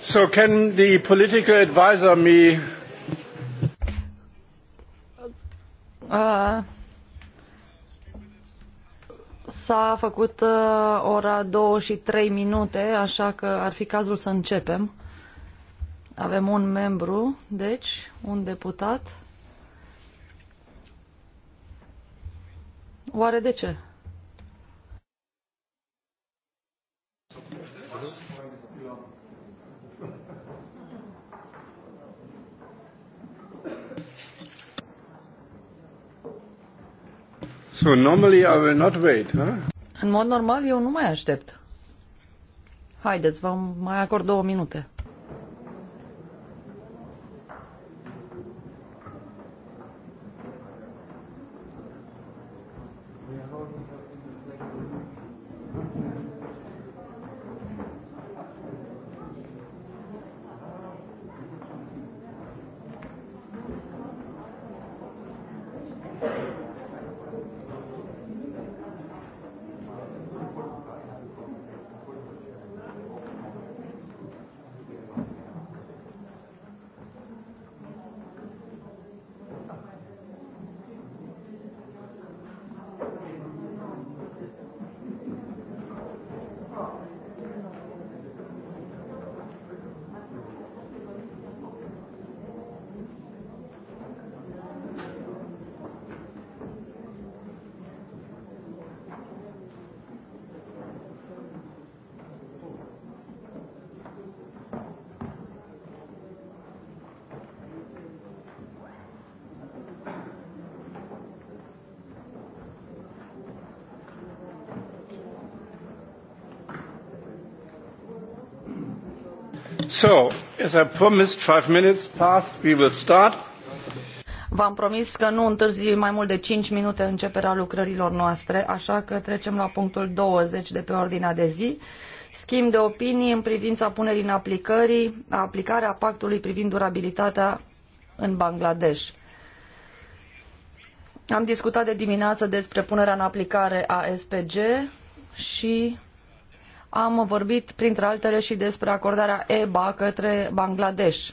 So can the political advisor me uh, S-a făcut uh, ora 2 și 3 minute, așa că ar fi cazul să începem. Avem un membru, deci, un deputat. Oare de ce? So normally I will not wait, huh? În mod normal eu nu mai aștept. Haideți, vă mai acord două minute. So, as I promised, five minutes past, we will start. V-am promis că nu întârzi mai mult de 5 minute începerea lucrărilor noastre, așa că trecem la punctul 20 de pe ordinea de zi. Schimb de opinii în privința punerii în aplicării, a aplicarea pactului privind durabilitatea în Bangladesh. Am discutat de dimineață despre punerea în aplicare a SPG și am vorbit, printre altele, și despre acordarea EBA către Bangladesh.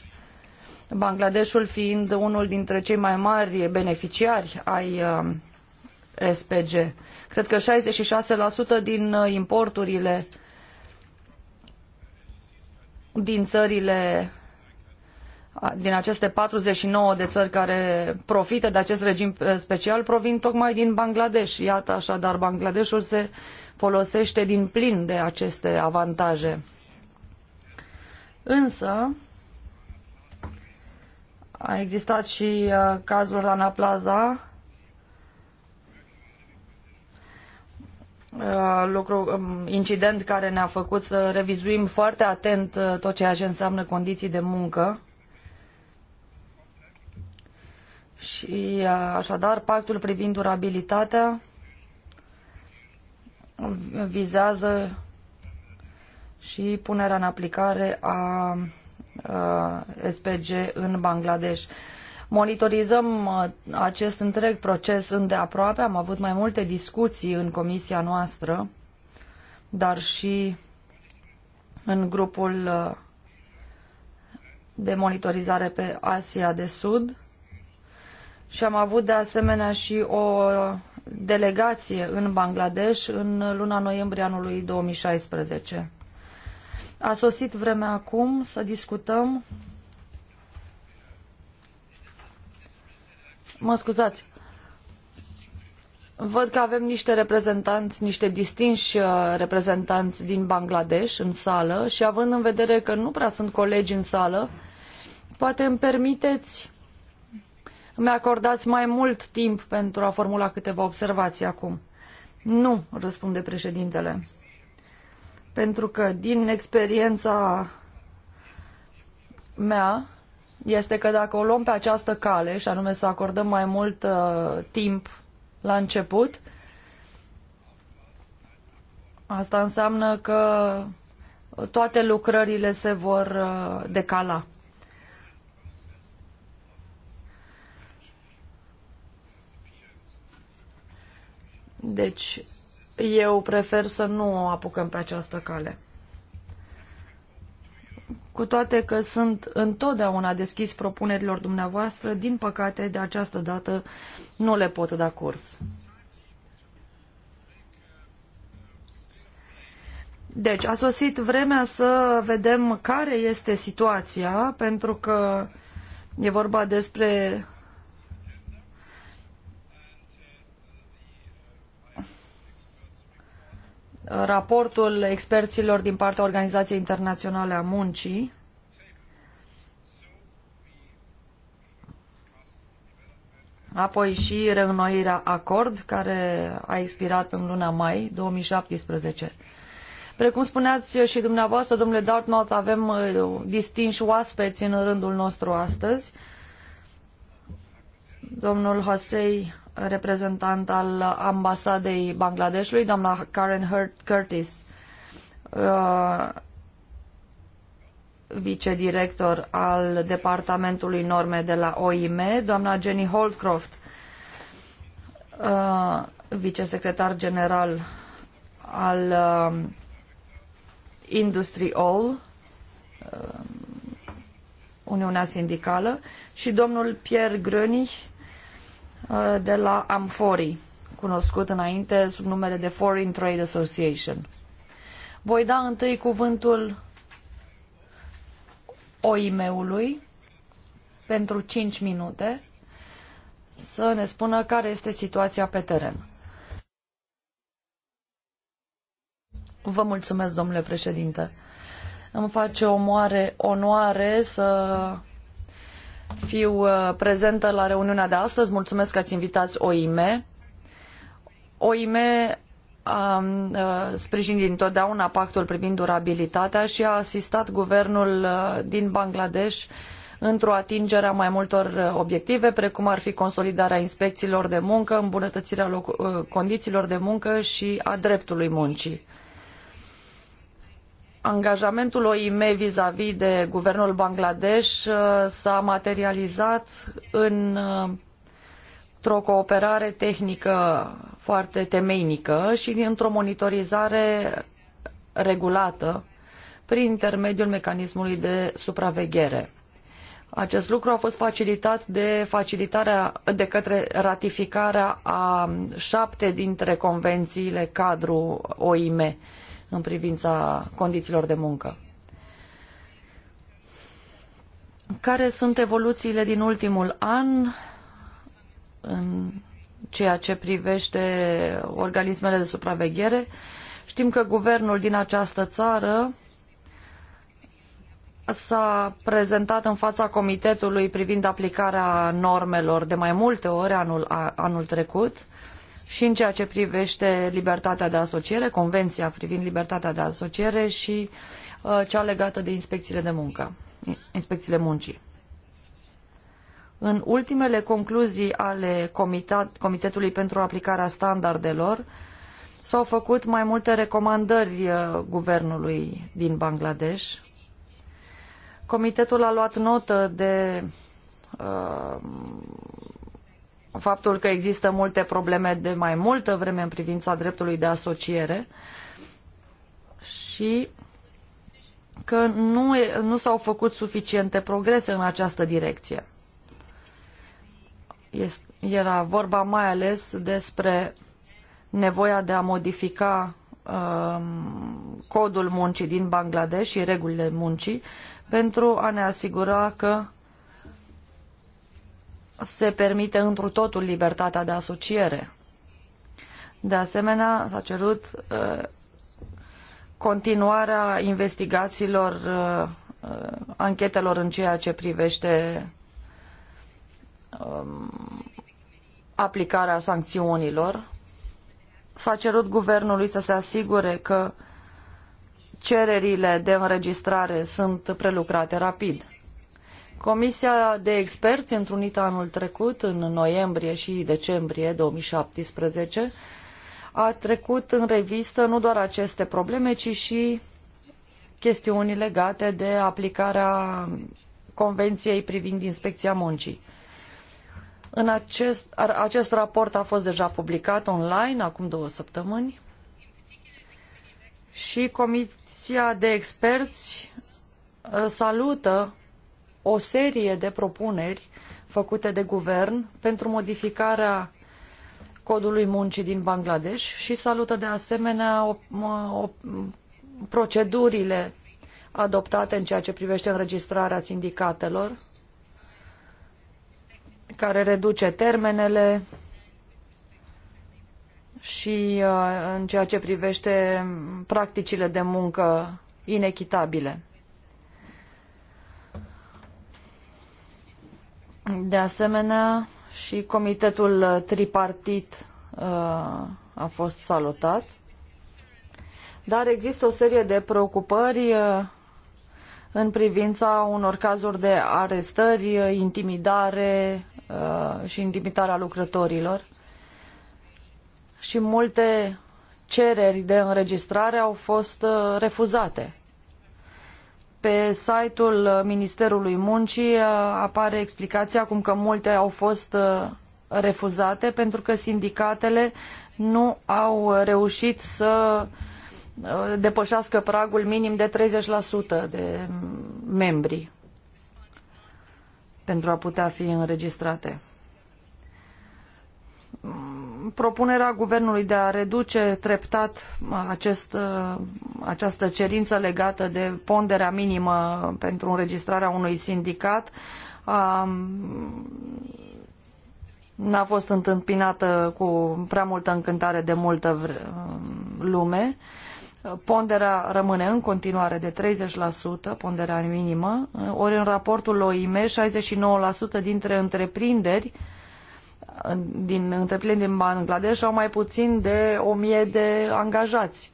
Bangladeshul fiind unul dintre cei mai mari beneficiari ai uh, SPG. Cred că 66% din uh, importurile din țările din aceste 49 de țări care profită de acest regim eh, special provin tocmai din Bangladesh. Iată așadar, Bangladeshul se folosește din plin de aceste avantaje. Însă, a existat și eh, cazul Rana Plaza, eh, lucru, mm, incident care ne-a făcut să revizuim foarte atent tot ceea ce înseamnă condiții de muncă Și uh, așadar, pactul privind durabilitatea vizează și punerea în aplicare a uh, SPG în Bangladesh. Monitorizăm uh, acest întreg proces îndeaproape, am avut mai multe discuții în comisia noastră, dar și în grupul de monitorizare pe Asia de Sud și am avut de asemenea și o delegație în Bangladesh în luna noiembrie anului 2016. A sosit vremea acum să discutăm Mă scuzați. Văd că avem niște reprezentanți, niște distinși uh, reprezentanți din Bangladesh în sală și având în vedere că nu prea sunt colegi în sală, poate îmi permiteți îmi acordați mai mult timp pentru a formula câteva observații acum. Nu, răspunde președintele. Pentru că din experiența mea este că dacă o luăm pe această cale, și anume să acordăm mai mult uh, timp la început, asta înseamnă că toate lucrările se vor uh, decala. Deci, eu prefer să nu o apucăm pe această cale. Cu toate că sunt întotdeauna deschis propunerilor dumneavoastră, din păcate, de această dată nu le pot da curs. Deci, a sosit vremea să vedem care este situația, pentru că e vorba despre raportul experților din partea Organizației Internaționale a Muncii. Apoi și reînnoirea acord, care a expirat în luna mai 2017. Precum spuneați și dumneavoastră, domnule Dartmouth, avem uh, distinși oaspeți în rândul nostru astăzi. Domnul Hosei reprezentant al ambasadei Bangladeshului, doamna Karen Hurt Curtis, uh, vicedirector al Departamentului Norme de la OIM, doamna Jenny Holdcroft, uh, vicesecretar general al uh, Industry All, Uniunea Sindicală, și domnul Pierre Grönich, Uh, de la Amfori, cunoscut înainte sub numele de Foreign Trade Association. Voi da întâi cuvântul OIM-ului pentru 5 minute să ne spună care este situația pe teren. Vă mulțumesc, domnule președinte. Îmi face o mare onoare să fiu uh, prezentă la reuniunea de astăzi. Mulțumesc că ați invitat OIM. OIM a um, uh, sprijinit dintotdeauna pactul privind durabilitatea și a asistat guvernul uh, din Bangladesh într-o atingere a mai multor obiective, precum ar fi consolidarea inspecțiilor de muncă, îmbunătățirea condițiilor de muncă și a dreptului muncii angajamentul OIM vis-a-vis de guvernul Bangladesh uh, s-a materializat în uh, într-o cooperare tehnică foarte temeinică și într-o monitorizare regulată prin intermediul mecanismului de supraveghere. Acest lucru a fost facilitat de, facilitarea, de către ratificarea a șapte dintre convențiile cadru OIM în privința condițiilor de muncă. Care sunt evoluțiile din ultimul an în ceea ce privește organismele de supraveghere? Știm că guvernul din această țară s-a prezentat în fața comitetului privind aplicarea normelor de mai multe ori anul, anul trecut și în ceea ce privește libertatea de asociere, convenția privind libertatea de asociere și uh, cea legată de inspecțiile de muncă, inspecțiile muncii. În ultimele concluzii ale Comitat, Comitetului pentru aplicarea standardelor s-au făcut mai multe recomandări uh, guvernului din Bangladesh. Comitetul a luat notă de uh, faptul că există multe probleme de mai multă vreme în privința dreptului de asociere și că nu, nu s-au făcut suficiente progrese în această direcție. era vorba mai ales despre nevoia de a modifica um, codul muncii din Bangladesh și regulile muncii pentru a ne asigura că se permite întru totul libertatea de asociere. De asemenea, s-a cerut uh, continuarea investigațiilor, uh, uh anchetelor în ceea ce privește um, aplicarea sancțiunilor. S-a cerut guvernului să se asigure că cererile de înregistrare sunt prelucrate rapid. Comisia de experți întrunită anul trecut, în noiembrie și decembrie 2017, a trecut în revistă nu doar aceste probleme, ci și chestiuni legate de aplicarea Convenției privind inspecția muncii. În acest, acest raport a fost deja publicat online acum două săptămâni și Comisia de Experți uh, salută o serie de propuneri făcute de guvern pentru modificarea codului muncii din Bangladesh și salută de asemenea o, o, procedurile adoptate în ceea ce privește înregistrarea sindicatelor, care reduce termenele și uh, în ceea ce privește practicile de muncă inechitabile. De asemenea, și comitetul tripartit uh, a fost salutat. Dar există o serie de preocupări uh, în privința unor cazuri de arestări, uh, intimidare și intimidarea lucrătorilor. Și multe cereri de înregistrare au fost refuzate. Pe site-ul Ministerului Muncii uh, apare explicația cum că multe au fost uh, refuzate pentru că sindicatele nu au reușit să uh, depășească pragul minim de 30% de membri pentru a putea fi înregistrate propunerea guvernului de a reduce treptat acest, uh, această cerință legată de ponderea minimă pentru înregistrarea unui sindicat n-a fost întâmpinată cu prea multă încântare de multă um, lume. Ponderea rămâne în continuare de 30%, ponderea minimă, ori în raportul OIM 69% dintre întreprinderi uh, din întreprinderi din Bangladesh au mai puțin de 1000 de angajați.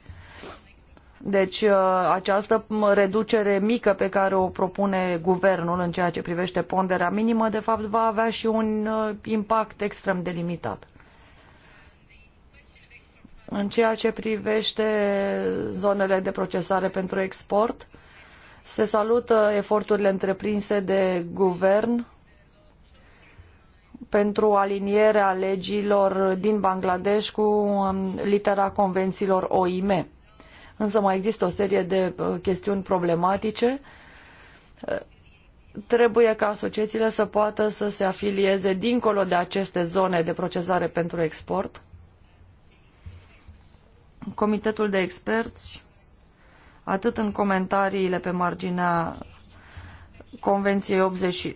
Deci uh, această reducere mică pe care o propune guvernul în ceea ce privește ponderea minimă, de fapt, va avea și un uh, impact extrem de limitat. În ceea ce privește zonele de procesare pentru export, se salută eforturile întreprinse de guvern pentru alinierea legilor din Bangladesh cu um, litera convențiilor OIM. Însă mai există o serie de uh, chestiuni problematice. Uh, trebuie ca asociațiile să poată să se afilieze dincolo de aceste zone de procesare pentru export. Comitetul de experți, atât în comentariile pe marginea Convenției 80,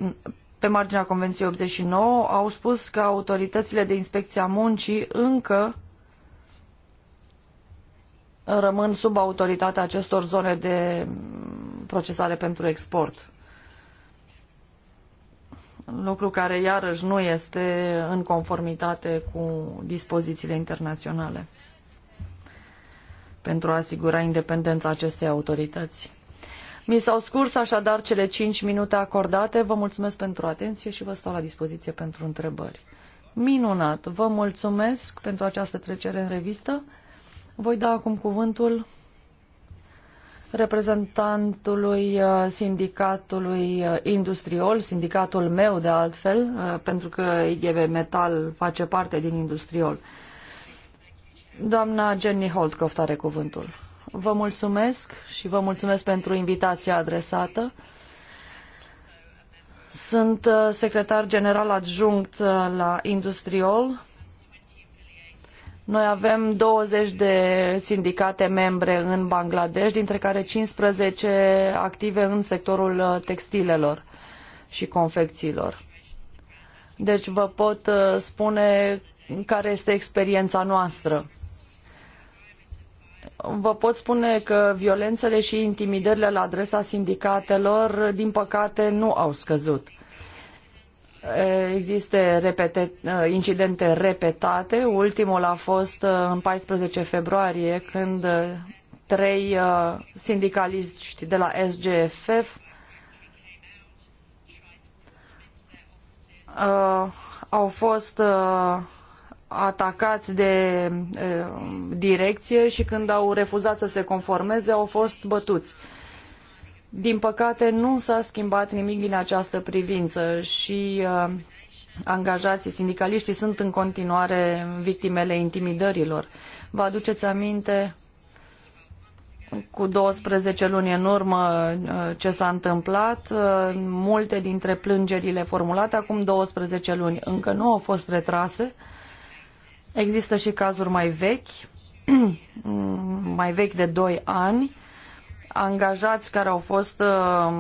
pe marginea Convenției 89 au spus că autoritățile de inspecție a muncii încă rămân sub autoritatea acestor zone de procesare pentru export. Lucru care iarăși nu este în conformitate cu dispozițiile internaționale pentru a asigura independența acestei autorități. Mi s-au scurs așadar cele cinci minute acordate. Vă mulțumesc pentru atenție și vă stau la dispoziție pentru întrebări. Minunat! Vă mulțumesc pentru această trecere în revistă. Voi da acum cuvântul reprezentantului uh, sindicatului uh, Industriol, sindicatul meu de altfel, uh, pentru că IGB Metal face parte din Industriol. Doamna Jenny Holdcroft are cuvântul. Vă mulțumesc și vă mulțumesc pentru invitația adresată. Sunt uh, secretar general adjunct uh, la Industriol. Noi avem 20 de sindicate membre în Bangladesh, dintre care 15 active în sectorul uh, textilelor și confecțiilor. Deci vă pot spune care este experiența noastră vă pot spune că violențele și intimidările la adresa sindicatelor, din păcate, nu au scăzut. Există repete, incidente repetate. Ultimul a fost uh, în 14 februarie, când uh, trei uh, sindicaliști de la SGFF au fost atacați de direcție și când au refuzat să se conformeze au fost bătuți. Din păcate nu s-a schimbat nimic din această privință și uh, angajații sindicaliștii sunt în continuare victimele intimidărilor. Vă aduceți aminte cu 12 luni în urmă ce s-a întâmplat, multe dintre plângerile formulate acum 12 luni încă nu au fost retrase. Uh, Există și cazuri mai vechi, mai vechi de 2 ani, angajați care au fost uh,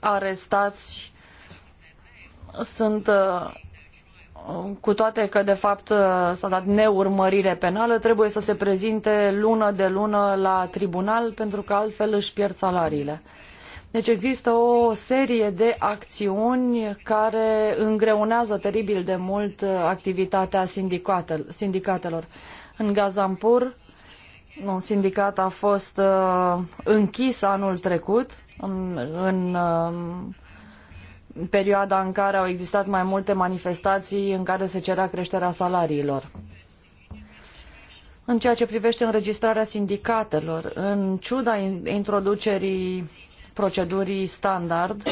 arestați sunt uh, cu toate că de fapt uh, s-a dat neurmărire penală, trebuie să se prezinte lună de lună la tribunal pentru că altfel își pierd salariile. Deci există o serie de acțiuni care îngreunează teribil de mult uh, activitatea sindicatelor. În Gazampur, un sindicat a fost uh, închis anul trecut, în, în uh, perioada în care au existat mai multe manifestații în care se cerea creșterea salariilor. În ceea ce privește înregistrarea sindicatelor, în ciuda introducerii procedurii standard,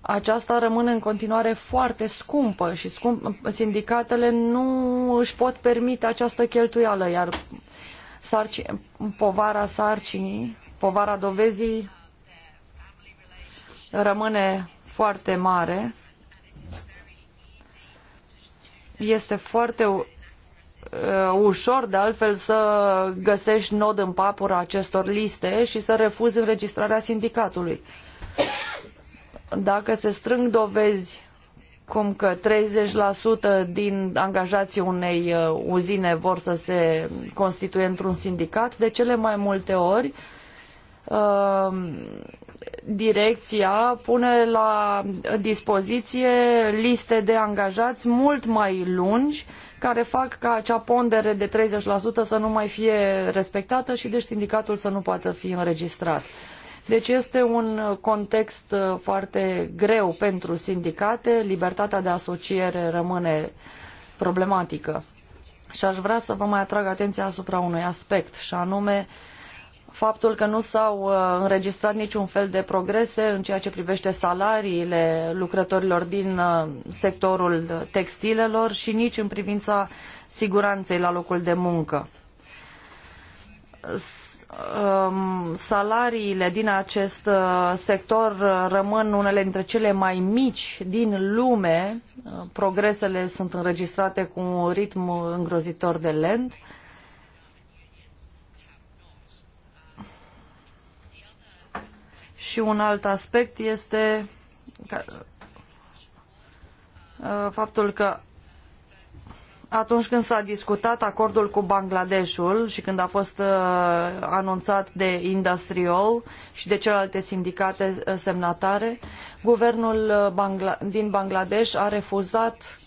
aceasta rămâne în continuare foarte scumpă și scump, sindicatele nu își pot permite această cheltuială, iar sarci, povara sarcinii, povara dovezii rămâne foarte mare. Este foarte Uh, ușor de altfel să găsești nod în papura acestor liste și să refuzi înregistrarea sindicatului. Dacă se strâng dovezi cum că 30% din angajații unei uh, uzine vor să se constituie într-un sindicat, de cele mai multe ori uh, direcția pune la dispoziție liste de angajați mult mai lungi uh, care fac ca acea pondere de 30% să nu mai fie respectată și deci sindicatul să nu poată fi înregistrat. Deci este un context uh, foarte greu pentru sindicate, libertatea de asociere rămâne problematică. Și aș vrea să vă mai atrag atenția asupra unui aspect, și anume uh, faptul că nu s-au uh, înregistrat niciun fel de progrese în ceea ce privește salariile lucrătorilor din uh, sectorul textilelor și nici în privința siguranței la locul de muncă. Um, salariile din acest uh, sector rămân unele dintre cele mai mici din lume. Progresele sunt înregistrate cu un ritm îngrozitor de lent. Și un alt aspect este uh, faptul că atunci când s-a discutat acordul cu Bangladeshul și când a fost uh, anunțat de Industriol și de celelalte sindicate uh, semnatare, guvernul din Bangladesh a refuzat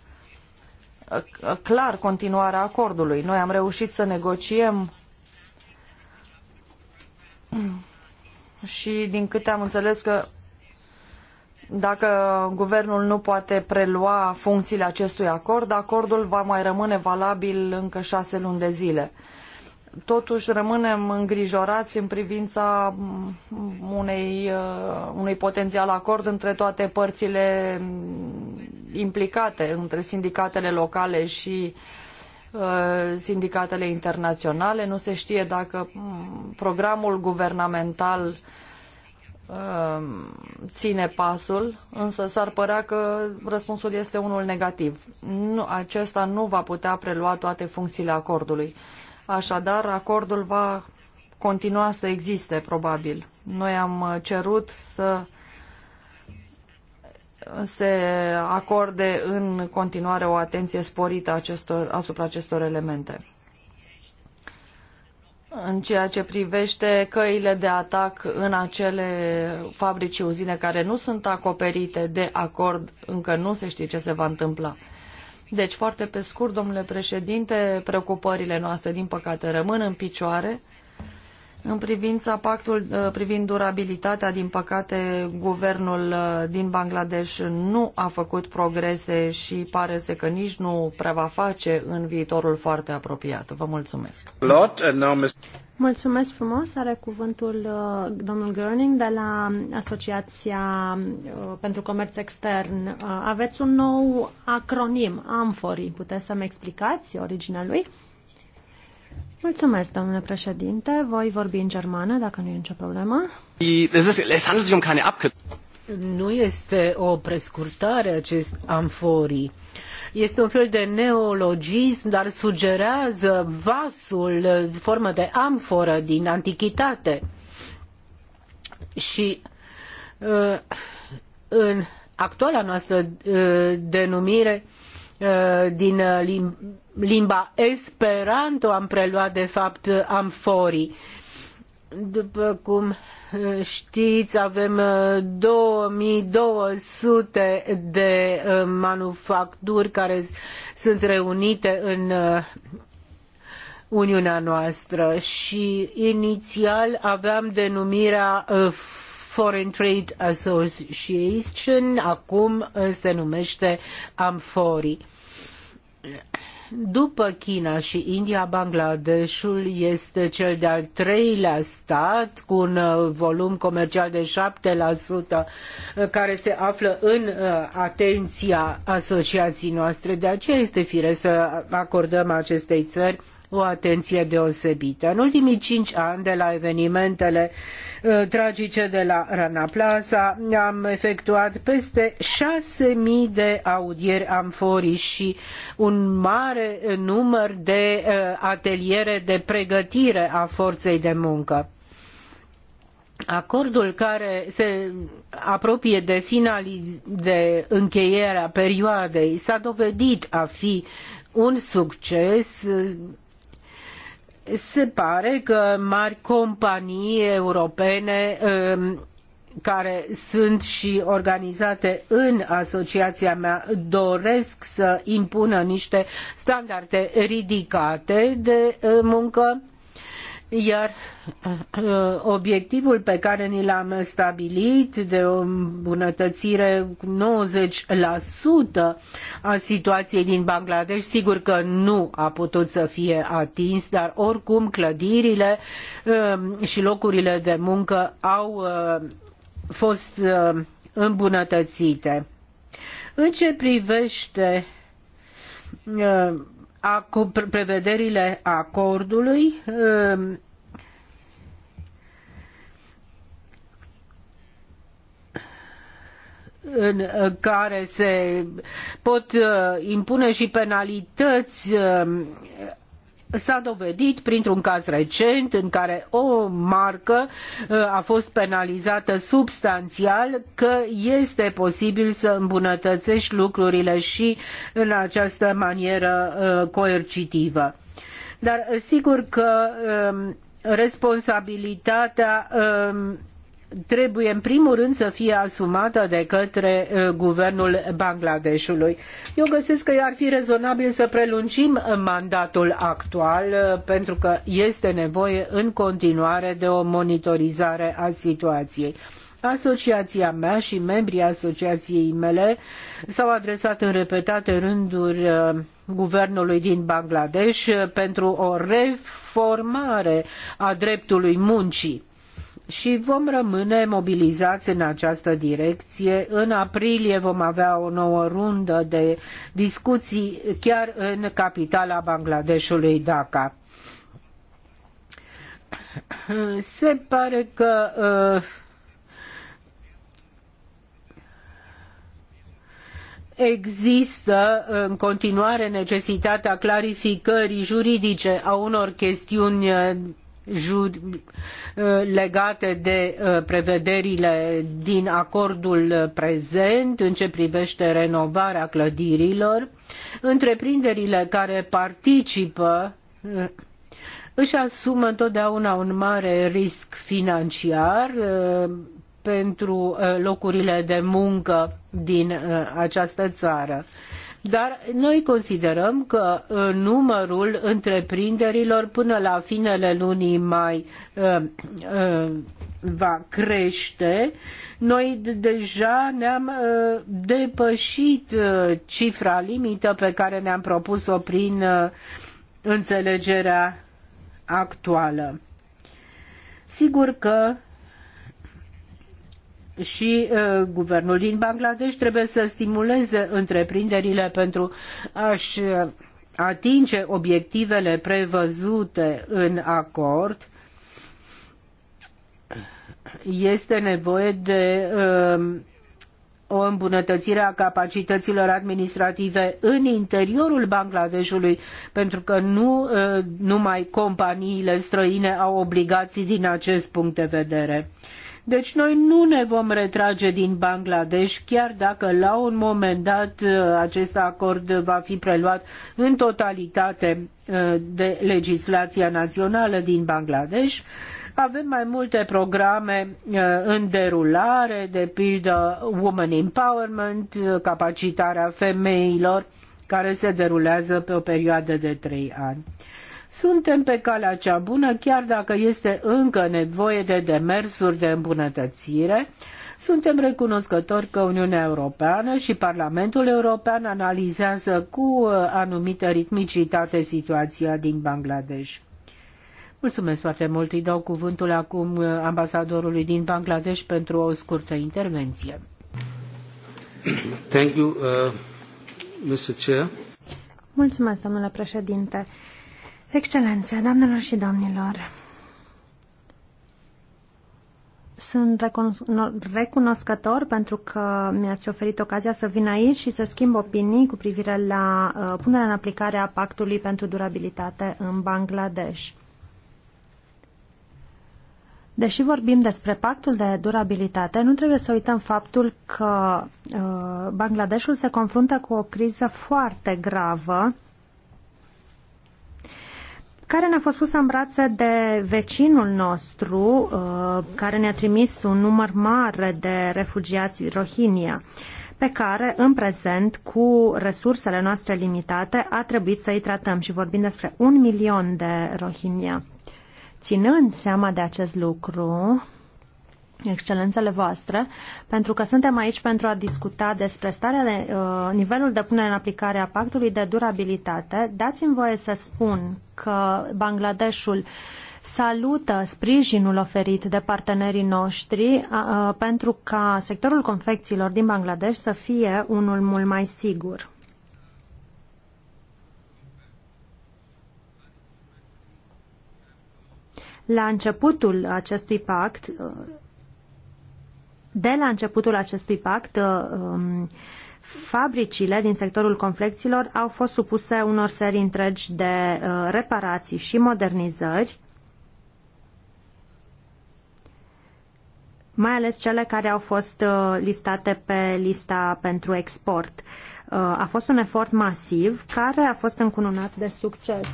clar continuarea acordului. Noi am reușit să negociem și din câte am înțeles că dacă guvernul nu poate prelua funcțiile acestui acord, acordul va mai rămâne valabil încă șase luni de zile. Totuși rămânem îngrijorați în privința unei, uh, unui potențial acord între toate părțile implicate, între sindicatele locale și uh, Uh, sindicatele internaționale, nu se știe dacă mm, programul guvernamental uh, ține pasul, însă s-ar părea că răspunsul este unul negativ. Nu, acesta nu va putea prelua toate funcțiile acordului. Așadar, acordul va continua să existe, probabil. Noi am cerut să se acorde în continuare o atenție sporită acestor, asupra acestor elemente. În ceea ce privește căile de atac în acele fabrici uzine care nu sunt acoperite de acord, încă nu se știe ce se va întâmpla. Deci, foarte pe scurt, domnule președinte, preocupările noastre, din păcate, rămân în picioare în privința pactul uh, privind durabilitatea, din păcate, guvernul uh, din Bangladesh nu a făcut progrese și pare să că nici nu prea va face în viitorul foarte apropiat. Vă mulțumesc. Mulțumesc frumos. Are cuvântul uh, domnul Gurning, de la Asociația pentru Comerț Extern. Aveți un nou acronim, AMFORI. Puteți să-mi explicați originea lui? Mulțumesc, domnule președinte. Voi vorbi în germană, dacă nu e nicio problemă. Um nu este o prescurtare acest amforii. Este un fel de neologism, dar sugerează vasul, formă de amforă din antichitate. Și uh, în actuala noastră uh, denumire Uh, din uh, limba esperanto am preluat de fapt amforii. După cum uh, știți, avem 2200 de manufacturi care sunt reunite în Uniunea noastră și inițial aveam denumirea Foreign Trade Association, acum se numește Amfori. După China și India, Bangladeshul este cel de-al treilea stat cu un uh, volum comercial de 7% uh, care se află în uh, atenția asociației noastre. De aceea este firesc să acordăm acestei țări o atenție deosebită. În ultimii cinci ani de la evenimentele uh, tragice de la Rana Plaza am efectuat peste șase mii de audieri amforii și un mare număr de uh, ateliere de pregătire a forței de muncă. Acordul care se apropie de, finaliz- de încheierea perioadei s-a dovedit a fi un succes se pare că mari companii europene um, care sunt și organizate în asociația mea doresc să impună niște standarde ridicate de uh, muncă iar uh, obiectivul pe care ni l-am stabilit de o îmbunătățire cu 90% a situației din Bangladesh, sigur că nu a putut să fie atins, dar oricum clădirile um, și locurile de muncă au uh, fost uh, îmbunătățite. În ce privește prevederile acordului um, în care se pot uh, impune și penalități um, S-a dovedit printr-un caz recent în care o marcă uh, a fost penalizată substanțial că este posibil să îmbunătățești lucrurile și în această manieră uh, coercitivă. Dar uh, sigur că um, responsabilitatea um, trebuie în primul rând să fie asumată de către uh, guvernul Bangladeshului. Eu găsesc că ar fi rezonabil să prelungim mandatul actual uh, pentru că este nevoie în continuare de o monitorizare a situației. Asociația mea și membrii asociației mele s-au adresat în repetate rânduri uh, guvernului din Bangladesh pentru o reformare a dreptului muncii și vom rămâne mobilizați în această direcție. În aprilie vom avea o nouă rundă de discuții chiar în capitala Bangladeshului, Dhaka. Se pare că uh, există în continuare necesitatea clarificării juridice a unor chestiuni uh, Uh, legate de uh, prevederile din acordul prezent în ce privește renovarea clădirilor, întreprinderile care participă uh, își asumă întotdeauna un mare risc financiar pentru locurile de muncă din această țară dar noi considerăm că uh, numărul întreprinderilor până la finele lunii mai uh, uh, va crește. Noi deja ne-am depășit cifra limită pe care ne-am propus-o prin înțelegerea actuală. Sigur că și uh, guvernul din Bangladesh trebuie să stimuleze întreprinderile pentru a-și uh, atinge obiectivele prevăzute în acord. Este nevoie de uh, o îmbunătățire a capacităților administrative în interiorul Bangladeshului, pentru că nu uh, numai companiile străine au obligații din acest punct de vedere. Uh, deci noi nu ne vom retrage din Bangladesh, chiar dacă la un moment dat uh, acest acord va fi preluat în totalitate uh, de legislația națională din Bangladesh. Avem mai multe programe uh, în derulare, de pildă Women Empowerment, capacitarea femeilor, care se derulează pe o perioadă de trei ani. Suntem pe calea cea bună, chiar dacă este încă nevoie de demersuri de îmbunătățire. Suntem recunoscători că Uniunea Europeană și Parlamentul European analizează cu uh, anumită ritmicitate situația din Bangladesh. Mulțumesc foarte mult. Îi dau cuvântul acum uh, ambasadorului din Bangladesh pentru o scurtă intervenție. Thank you, uh, Mr. Chair. Mulțumesc, domnule președinte. Excelențe, doamnelor și domnilor, sunt recunoscător pentru că mi-ați oferit ocazia să vin aici și să schimb opinii cu privire la uh, punerea în aplicare a Pactului pentru Durabilitate în Bangladesh. Deși vorbim despre pactul de durabilitate, nu trebuie să uităm faptul că uh, Bangladeshul se confruntă cu o criză foarte gravă care ne-a fost pusă în brațe de vecinul nostru, uh, care ne-a trimis un număr mare de refugiați Rohinia, pe care, în prezent, cu resursele noastre limitate, a trebuit să i tratăm și vorbim despre un milion de Rohinia. Ținând seama de acest lucru, excelențele voastre, pentru că suntem aici pentru a discuta despre starea de, uh, nivelul de punere în aplicare a pactului de durabilitate. Dați-mi voie să spun că Bangladeshul salută sprijinul oferit de partenerii noștri uh, uh pentru ca sectorul confecțiilor din Bangladesh să fie unul mult mai sigur. La începutul acestui pact, uh, de la începutul acestui pact, uh, um, fabricile din sectorul confecțiilor au fost supuse unor serii întregi de uh, reparații și modernizări, mai ales cele care au fost uh, listate pe lista pentru export. A fost un efort masiv care a fost încununat de succes.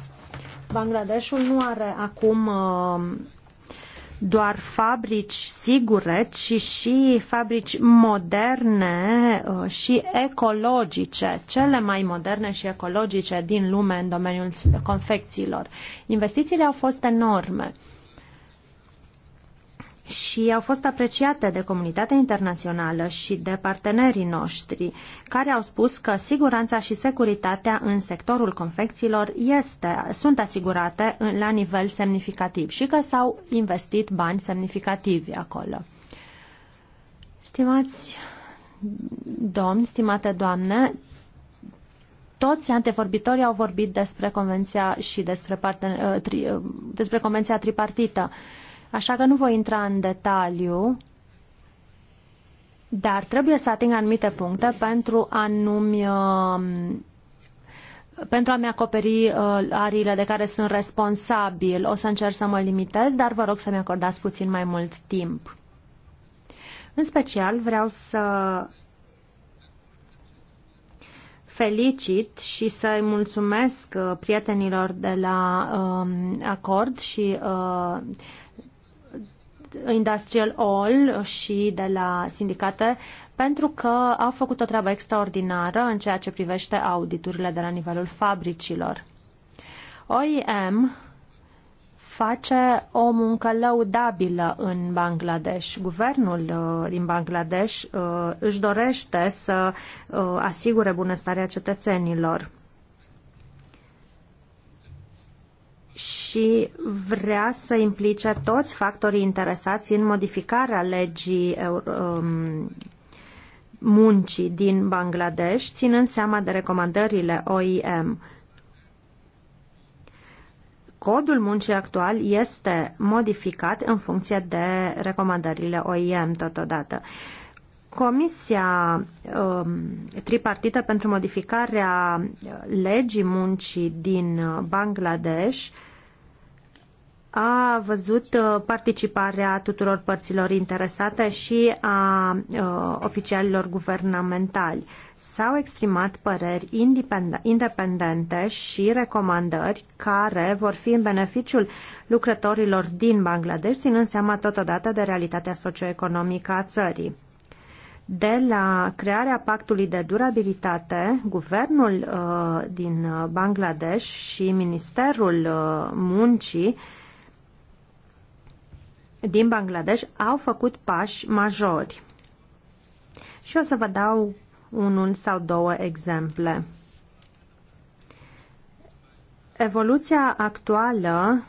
Bangladeshul nu are acum doar fabrici sigure, ci și fabrici moderne uh, și ecologice, cele mai moderne și ecologice din lume în domeniul confecțiilor. Investițiile au fost enorme și au fost apreciate de comunitatea internațională și de partenerii noștri, care au spus că siguranța și securitatea în sectorul confecțiilor este, sunt asigurate la nivel semnificativ și că s-au investit bani semnificativi acolo. Stimați domni, stimate doamne, toți antevorbitorii au vorbit despre convenția și despre, parten, ă, ă, despre convenția tripartită. Uh, așa că nu voi intra în detaliu, dar trebuie să ating anumite puncte pentru anumi um, pentru a-mi acoperi uh, ariile de care sunt responsabil, o să încerc să mă limitez, dar vă rog să-mi acordați puțin mai mult timp. În special vreau să felicit și să-i mulțumesc uh, prietenilor de la uh, acord și uh, Industrial All și de la sindicate pentru că au făcut o treabă extraordinară în ceea ce privește auditurile de la nivelul fabricilor. OIM face o muncă laudabilă în Bangladesh. Guvernul uh, din Bangladesh uh, își dorește să uh, asigure bunăstarea cetățenilor. și vrea să implice toți factorii interesați în modificarea legii uh, um, muncii din Bangladesh, ținând seama de recomandările OIM. Codul muncii actual este modificat în funcție de recomandările OIM totodată. Uh, Comisia um, tripartită pentru modificarea uh, legii muncii din uh, Bangladesh a văzut uh, participarea tuturor părților interesate și a oficialilor guvernamentali. S-au exprimat păreri independente și recomandări care vor fi în beneficiul lucrătorilor din Bangladesh, ținând seama totodată de realitatea socioeconomică a țării. De la crearea pactului de durabilitate, guvernul uh, din uh, Bangladesh și Ministerul uh, Muncii din Bangladesh au făcut pași majori. Și o să vă dau unul sau două exemple. Evoluția actuală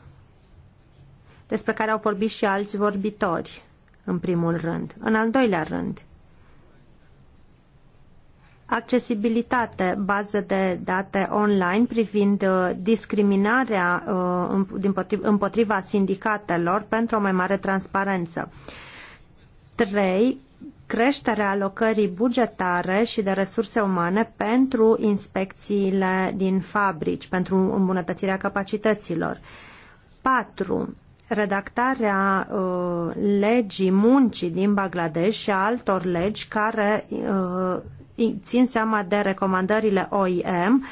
despre care au vorbit și alți vorbitori, în primul rând. În al doilea rând, accesibilitate, bază de date online privind uh, discriminarea uh, împotriva sindicatelor pentru o mai mare transparență. 3. Creșterea alocării bugetare și de resurse umane pentru inspecțiile din fabrici, pentru îmbunătățirea capacităților. 4 redactarea uh, legii muncii din Bangladesh și a altor legi care uh, țin seama de recomandările OIM.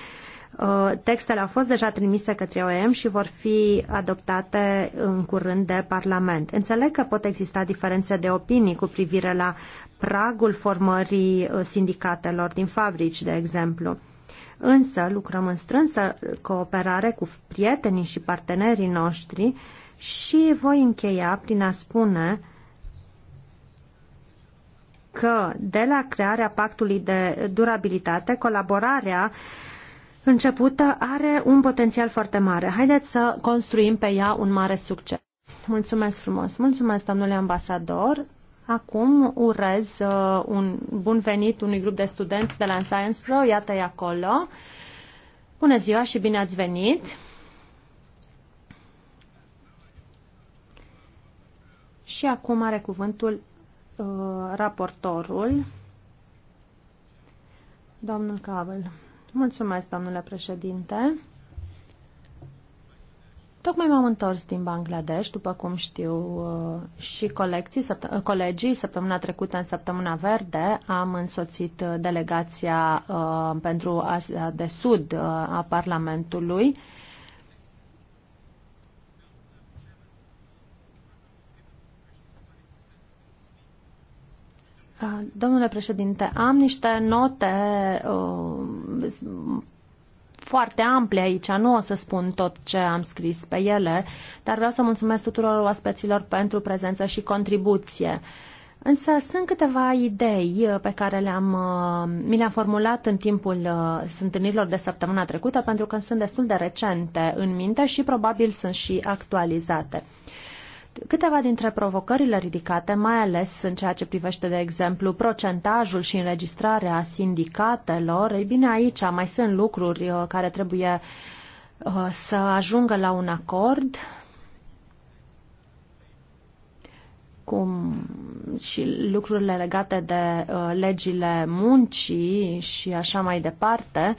Uh, textele au fost deja trimise către OIM și vor fi adoptate în curând de Parlament. Înțeleg că pot exista diferențe de opinii cu privire la pragul formării uh, sindicatelor din fabrici, de exemplu. Însă lucrăm în strânsă cooperare cu prietenii și partenerii noștri și voi încheia prin a spune că de la crearea pactului de durabilitate, colaborarea începută are un potențial foarte mare. Haideți să construim pe ea un mare succes. Mulțumesc frumos. Mulțumesc, domnule ambasador. Acum urez uh, un bun venit unui grup de studenți de la Science Pro. Iată-i acolo. Bună ziua și bine ați venit. Și acum are cuvântul Uh, raportorul, domnul Cavel. Mulțumesc, domnule președinte. Tocmai m-am întors din Bangladesh, după cum știu uh, și colegii, săpt- uh, colegii săptămâna trecută în săptămâna verde am însoțit delegația pentru Asia de Sud a Parlamentului Domnule președinte, am niște note uh, foarte ample aici, nu o să spun tot ce am scris pe ele, dar vreau să mulțumesc tuturor oaspeților pentru prezență și contribuție. Însă sunt câteva idei pe care le-am, uh, mi le-am formulat în timpul uh, întâlnirilor de săptămâna trecută, pentru că sunt destul de recente în minte și probabil sunt și actualizate. Uh, Câteva dintre provocările ridicate, mai ales în ceea ce privește, de exemplu, procentajul și înregistrarea sindicatelor, ei bine, aici mai sunt lucruri uh, care trebuie uh, să ajungă la un acord, cum și lucrurile legate de uh, legile muncii și așa mai departe,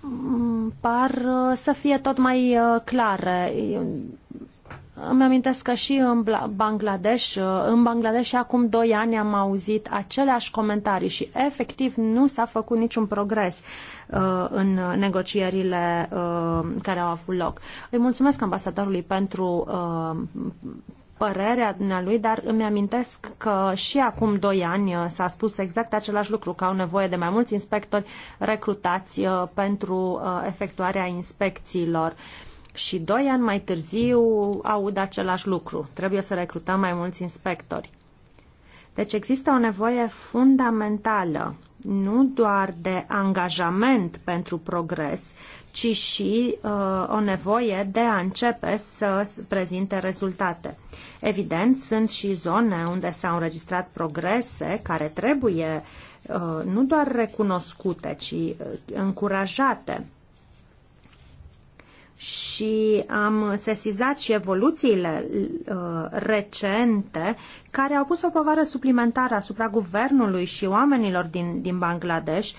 mm, par să fie tot mai clare. Îmi amintesc că și în Bangladesh, uh, în Bangladesh acum doi ani am auzit aceleași comentarii și efectiv nu s-a făcut niciun progres uh, în negocierile uh, care au avut loc. Îi mulțumesc ambasadorului pentru părerea lui, dar îmi amintesc că și acum doi ani s-a spus exact același lucru, că au nevoie de mai mulți inspectori recrutați pentru efectuarea inspecțiilor. Uh, și doi ani mai târziu aud același lucru. Trebuie să recrutăm mai mulți inspectori. Deci există o nevoie fundamentală, nu doar de angajament pentru progres, ci și uh, o nevoie de a începe să prezinte rezultate. Evident, sunt și zone unde s-au înregistrat progrese care trebuie uh, nu doar recunoscute, ci uh, încurajate și am sesizat și evoluțiile uh, recente care au pus o povară suplimentară asupra guvernului și oamenilor din, din Bangladesh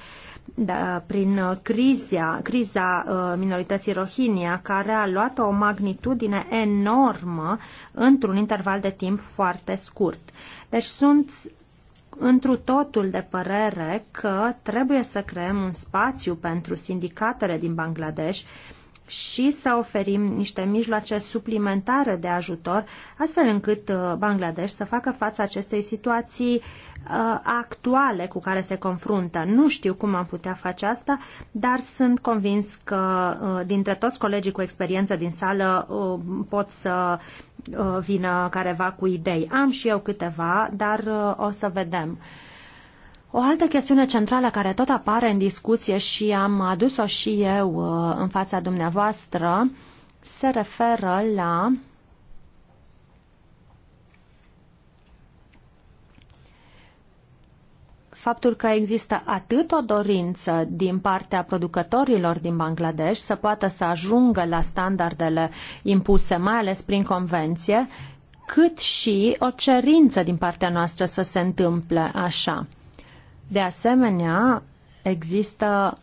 da, prin crizia, criza uh, minorității Rohingya, care a luat o magnitudine enormă într-un interval de timp foarte scurt. Deci sunt întru totul de părere că trebuie să creăm un spațiu pentru sindicatele din Bangladesh uh, și să oferim niște mijloace suplimentare de ajutor, astfel încât uh, Bangladesh să facă față acestei situații uh, actuale cu care se confruntă. Nu știu cum am putea face asta, dar sunt convins că uh, dintre toți colegii cu experiență din sală pot să vină careva cu idei. Am și eu câteva, dar o să vedem. O altă chestiune centrală care tot apare în discuție și am adus-o și eu uh, în fața dumneavoastră se referă la faptul că există atât o dorință din partea producătorilor din Bangladesh să poată să ajungă la standardele impuse, mai ales prin convenție, cât și o cerință din partea noastră să se întâmple așa. De asemenea, există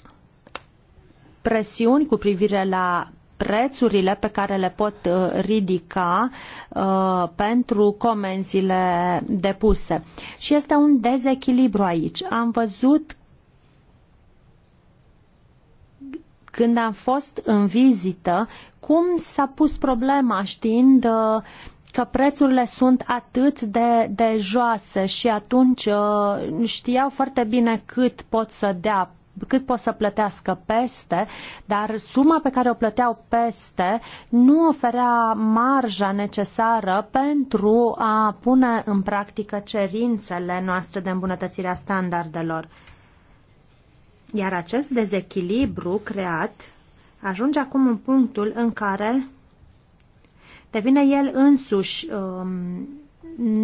presiuni cu privire la prețurile pe care le pot uh, ridica uh, pentru comenzile depuse. Și este un dezechilibru aici. Am văzut când am fost în vizită cum s-a pus problema știind uh, că prețurile sunt atât de, de joase și atunci uh, știau foarte bine cât pot să dea cât pot să plătească peste, dar suma pe care o plăteau peste nu oferea marja necesară pentru a pune în practică cerințele noastre de îmbunătățire a standardelor. Iar acest dezechilibru creat ajunge acum în punctul în care devine el însuși um,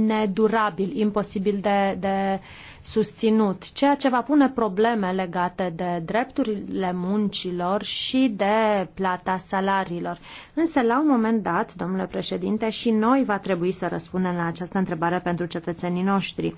nedurabil, imposibil de, de susținut, ceea ce va pune probleme legate de drepturile muncilor și de plata salariilor. Însă, la un moment dat, domnule președinte, și noi va trebui să răspundem la această întrebare pentru cetățenii noștri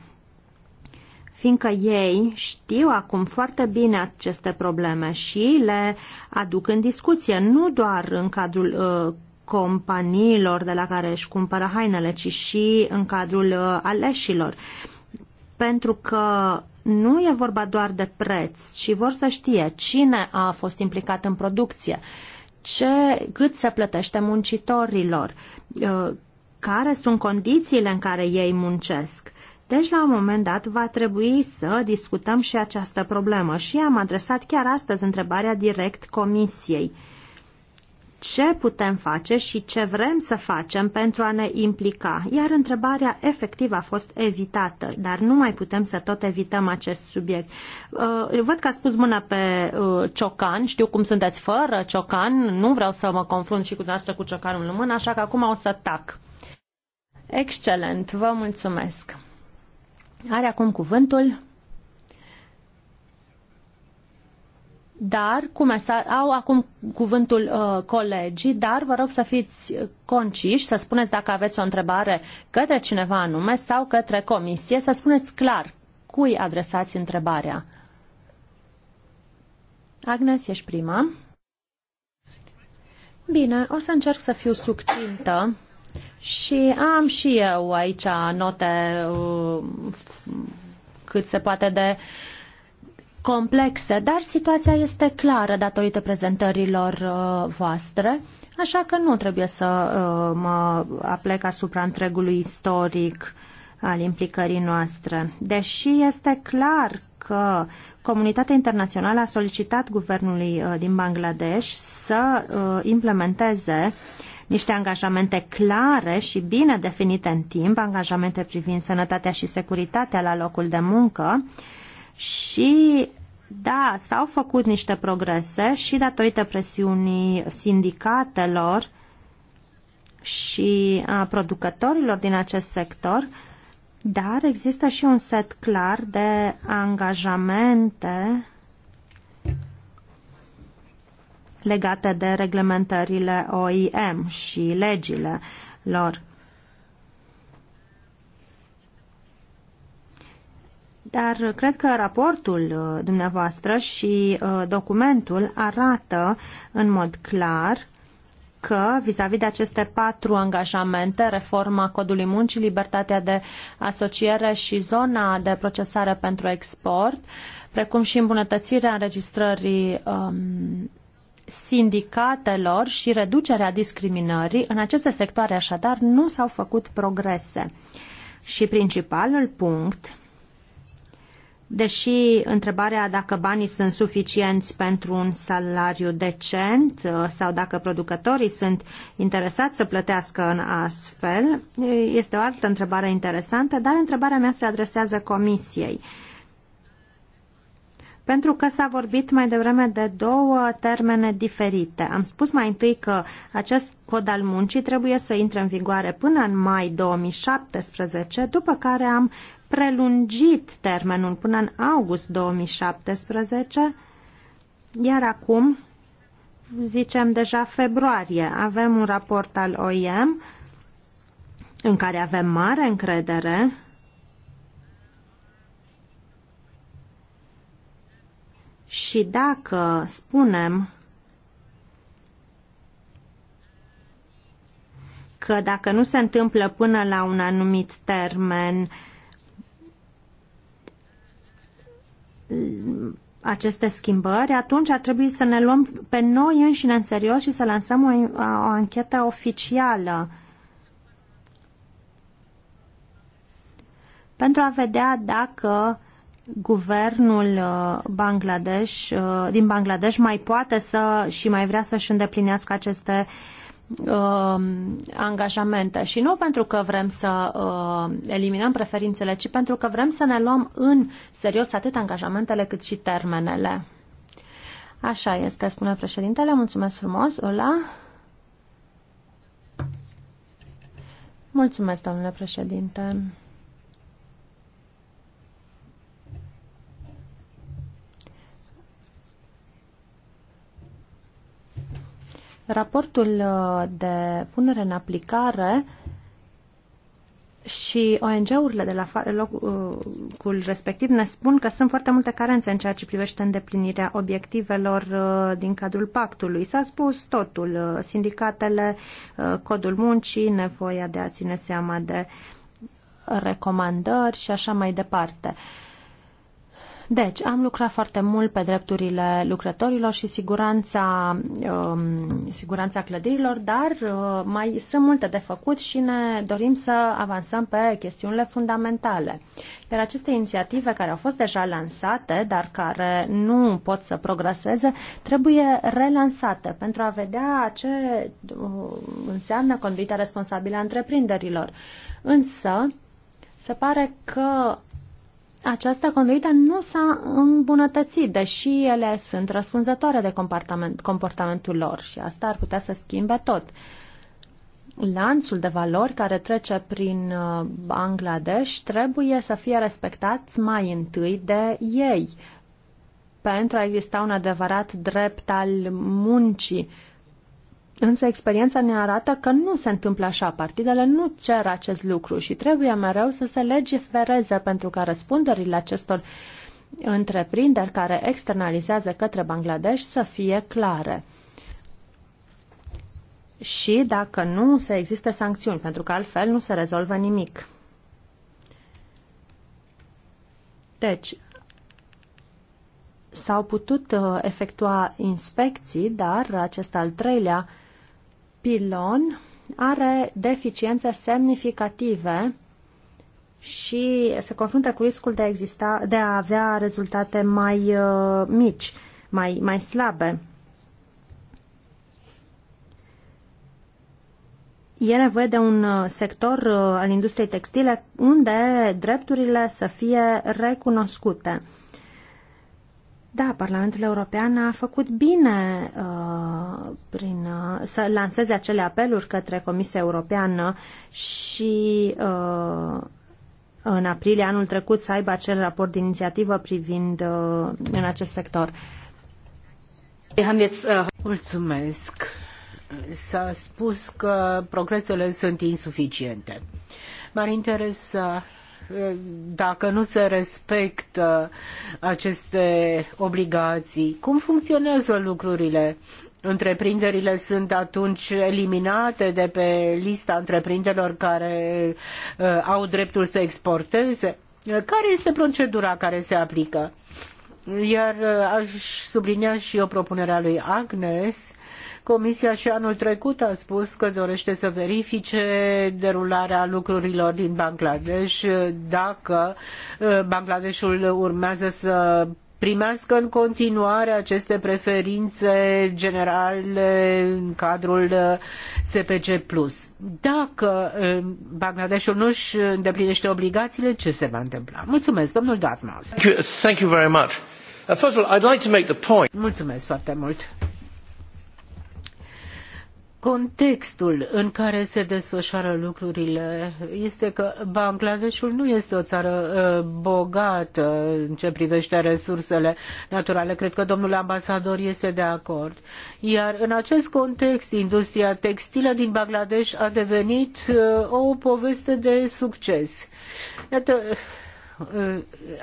fiindcă ei știu acum foarte bine aceste probleme și le aduc în discuție, nu doar în cadrul uh, companiilor de la care își cumpără hainele, ci și în cadrul uh, aleșilor. Pentru că nu e vorba doar de preț, ci vor să știe cine a fost implicat în producție, ce, cât se plătește muncitorilor, uh, care sunt condițiile în care ei muncesc. Deci, la un moment dat, va trebui să discutăm și această problemă și am adresat chiar astăzi întrebarea direct Comisiei ce putem face și ce vrem să facem pentru a ne implica, iar întrebarea efectiv a fost evitată, dar nu mai putem să tot evităm acest subiect. Uh, văd că a spus mâna pe uh, ciocan, știu cum sunteți fără ciocan, nu vreau să mă confrunt și cu dumneavoastră cu ciocanul în mână, așa că acum o să tac. Excelent, vă mulțumesc. Are acum cuvântul dar cu mesaj, au acum cuvântul uh, colegii, dar vă rog să fiți conciși, să spuneți dacă aveți o întrebare către cineva anume sau către comisie, să spuneți clar cui adresați întrebarea. Agnes, ești prima. Bine, o să încerc să fiu succintă și am și eu aici note uh, cât se poate de uh, complexe, dar situația este clară datorită prezentărilor uh, voastre, așa că nu trebuie să uh, mă aplec asupra întregului istoric al implicării noastre. Deși este clar că comunitatea internațională a solicitat guvernului uh, din Bangladesh să implementeze niște angajamente clare și bine definite în timp, angajamente privind sănătatea și securitatea la locul de muncă și da, s-au făcut niște progrese și datorită presiunii sindicatelor și a producătorilor din acest sector, dar există și un set clar de angajamente legate de reglementările OIM și legile lor. Dar cred că raportul uh, dumneavoastră și uh, documentul arată în mod clar că, vis-a-vis -vis de aceste patru angajamente, reforma codului muncii, libertatea de asociere și zona de procesare pentru export, precum și îmbunătățirea înregistrării um, sindicatelor și reducerea discriminării, în aceste sectoare așadar nu s-au făcut progrese. Și principalul punct Deși întrebarea dacă banii sunt suficienți pentru un salariu decent uh, sau dacă producătorii sunt interesați să plătească în astfel, uh, este o altă întrebare interesantă, dar întrebarea mea se adresează Comisiei. Pentru că s-a vorbit mai devreme de două termene diferite. Am spus mai întâi că acest cod al muncii trebuie să intre în vigoare până în mai 2017, după care am prelungit termenul până în august 2017, iar acum, zicem deja februarie, avem un raport al OIM în care avem mare încredere și dacă spunem că dacă nu se întâmplă până la un anumit termen, uh, Uh, aceste schimbări, atunci ar trebui să ne luăm pe noi înșine în serios și să lansăm o, o anchetă oficială. Pentru a vedea dacă guvernul uh, Bangladesh, uh, din Bangladesh mai poate să și mai vrea să-și îndeplinească aceste uh, uh, angajamente și nu pentru că vrem să uh, eliminăm preferințele, ci pentru că vrem să ne luăm în serios atât angajamentele cât și termenele. Așa este, spune președintele. Mulțumesc frumos. Ola. Mulțumesc, domnule președinte. Raportul uh, de punere în aplicare și ONG-urile de la locul uh, respectiv ne spun că sunt foarte multe carențe în ceea ce privește îndeplinirea obiectivelor uh, din cadrul pactului. S-a spus totul, sindicatele, codul muncii, nevoia de a ține seama de recomandări și așa mai departe. Uh, deci, am lucrat foarte mult pe drepturile lucrătorilor și siguranța, um, siguranța clădirilor, dar uh, mai sunt multe de făcut și ne dorim să avansăm pe chestiunile fundamentale. Iar aceste inițiative care au fost deja lansate, dar care nu pot să progreseze, trebuie relansate pentru a vedea ce uh, înseamnă conduita responsabilă a întreprinderilor. Însă, se pare că această conduită nu s-a îmbunătățit, deși ele sunt răspunzătoare de comportament, comportamentul lor și asta ar putea să schimbe tot. Lanțul de valori care trece prin uh, Bangladesh trebuie să fie respectat mai întâi de ei pentru a exista un adevărat drept al muncii Însă experiența ne arată că nu se întâmplă așa. Partidele nu cer acest lucru și trebuie mereu să se legifereze pentru ca răspunderile acestor întreprinderi care externalizează către Bangladesh să fie clare. Și dacă nu, să existe sancțiuni, pentru că altfel nu se rezolvă nimic. Deci, s-au putut uh, efectua inspecții, dar acest al treilea pilon are deficiențe semnificative și se confruntă cu riscul de, exista, de a avea rezultate mai uh, mici, mai, mai slabe. E nevoie de un uh, sector uh, al industriei textile unde drepturile să fie recunoscute. Da, Parlamentul European a făcut bine uh, prin, uh, să lanseze acele apeluri către Comisia Europeană și uh, în aprilie anul trecut să aibă acel raport de inițiativă privind uh, în acest sector. Uh, Mulțumesc. S-a spus că progresele sunt insuficiente. M-ar interesa dacă nu se respectă aceste obligații. Cum funcționează lucrurile? Întreprinderile sunt atunci eliminate de pe lista întreprinderilor care uh, au dreptul să exporteze? Care este procedura care se aplică? Iar uh, aș sublinea și eu propunerea lui Agnes Comisia și anul trecut a spus că dorește să verifice derularea lucrurilor din Bangladesh dacă uh, Bangladeshul urmează să primească în continuare aceste preferințe generale în cadrul uh, SPC+. Dacă uh, Bangladeshul nu își îndeplinește obligațiile, ce se va întâmpla? Mulțumesc, domnul Dartmouth. Mulțumesc foarte mult contextul în care se desfășoară lucrurile este că Bangladeshul nu este o țară uh, bogată în ce privește resursele naturale. Cred că domnul ambasador este de acord. Iar în acest context, industria textilă din Bangladesh a devenit uh, o poveste de succes. Iată, uh,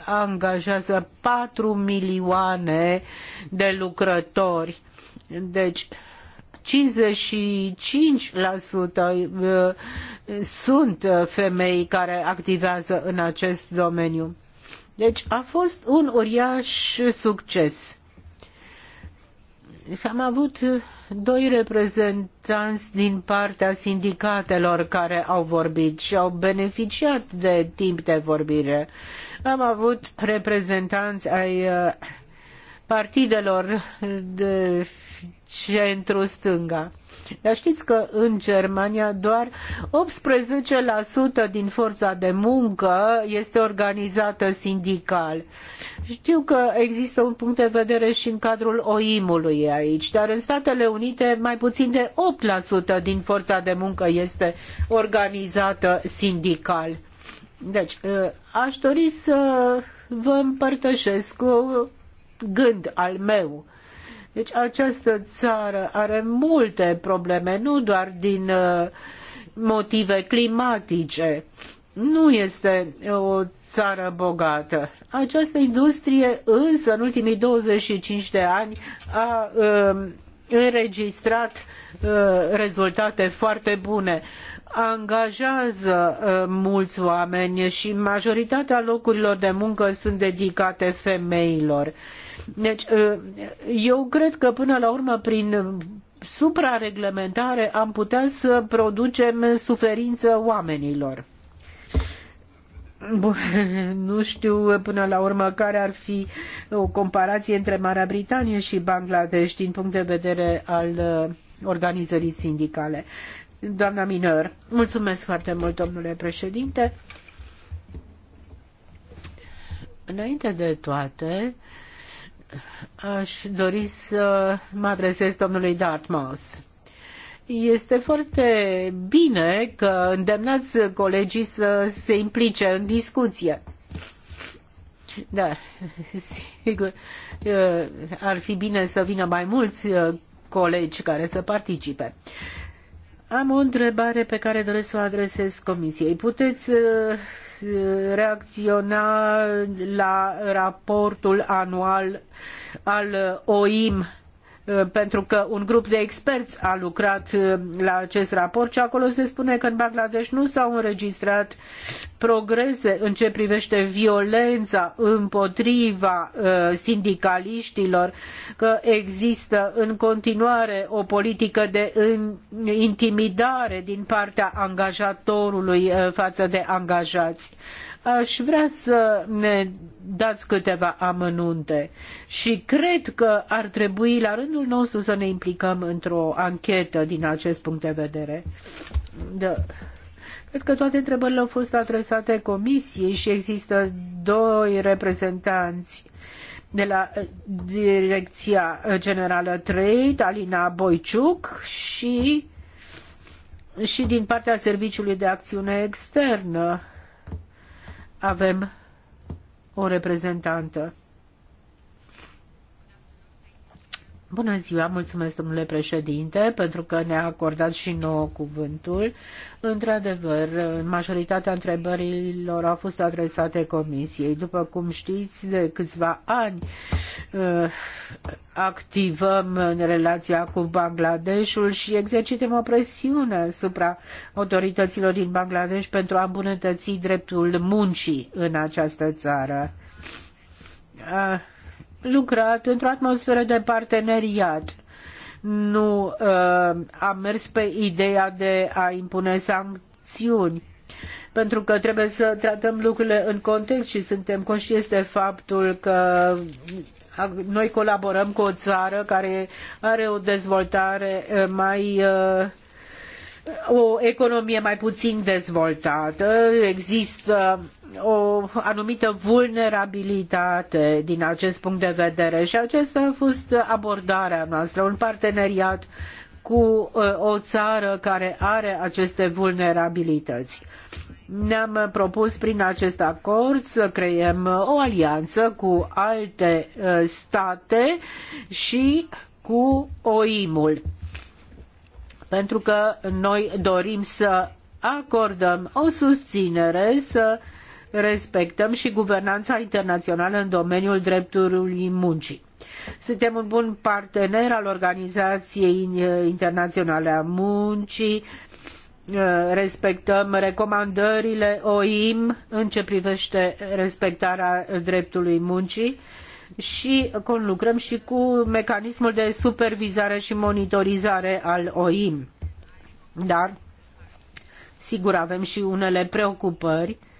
angajează patru milioane de lucrători. Deci, 55% uh, sunt uh, femei care activează în acest domeniu. Deci a fost un uriaș succes. Am avut uh, doi reprezentanți din partea sindicatelor care au vorbit și au beneficiat de timp de vorbire. Am avut reprezentanți ai partidelor de centru-stânga. Dar știți că în Germania doar 18% din forța de muncă este organizată sindical. Știu că există un punct de vedere și în cadrul OIM-ului aici, dar în Statele Unite mai puțin de 8% din forța de muncă este organizată sindical. Deci, ă, aș dori să vă împărtășesc gând al meu deci această țară are multe probleme, nu doar din uh, motive climatice. Nu este uh, o țară bogată. Această industrie însă în ultimii 25 de ani a um, înregistrat uh, rezultate foarte bune angajează mulți oameni și majoritatea locurilor de muncă sunt dedicate femeilor. Deci, ă, eu cred că până la urmă, prin suprareglementare, am putea să producem suferință oamenilor. Bun, nu știu până la urmă care ar fi o comparație între Marea Britanie și Bangladesh din punct de vedere al ă, organizării sindicale. Doamna Minor, mulțumesc foarte mult, domnule președinte. Înainte de toate, aș dori să mă adresez domnului Dartmouth. Este foarte bine că îndemnați colegii să se implice în discuție. Da, sigur, uh, ar fi bine să vină mai mulți uh, colegi care să participe. Am o întrebare pe care doresc să o adresez Comisiei. Puteți uh, reacționa la raportul anual al OIM Eh, pentru că un grup de experți a lucrat eh, la acest raport și acolo se spune că în Bangladesh nu s-au înregistrat progrese în ce privește violența împotriva eh, sindicaliștilor, că există în continuare o politică de intimidare din partea angajatorului față de angajați aș vrea să ne dați câteva amănunte și cred că ar trebui la rândul nostru să ne implicăm într-o anchetă din acest punct de vedere. Da. Cred că toate întrebările au fost adresate comisiei și există doi reprezentanți de la eh, Direcția Generală Trade, Alina Boiciuc și și din partea Serviciului de Acțiune Externă, avem o reprezentantă. Bună ziua, mulțumesc domnule președinte pentru că ne-a acordat și nouă cuvântul. Într-adevăr, majoritatea întrebărilor au fost adresate comisiei. După cum știți, de câțiva ani uh, activăm în relația cu Bangladeshul și exercităm o presiune asupra autorităților din Bangladesh pentru a îmbunătăți dreptul muncii în această țară uh, lucrat într-o atmosferă de parteneriat. Nu uh, am mers pe ideea de a impune sancțiuni, pentru că trebuie să tratăm lucrurile în context și suntem conștienți de faptul că noi colaborăm cu o țară care are o dezvoltare uh, mai uh, o economie mai puțin dezvoltată, există o anumită vulnerabilitate din acest punct de vedere și aceasta a fost abordarea noastră, un parteneriat cu uh, o țară care are aceste vulnerabilități. Ne-am propus prin acest acord să creăm o alianță cu alte uh, state și cu OIM-ul. Pentru că noi dorim să acordăm o susținere, să respectăm și guvernanța internațională în domeniul drepturilor muncii. Suntem un bun partener al Organizației Internaționale a Muncii, respectăm recomandările OIM în ce privește respectarea dreptului muncii și conlucrăm și cu mecanismul de supervizare și monitorizare al OIM. Dar, sigur, avem și unele preocupări uh,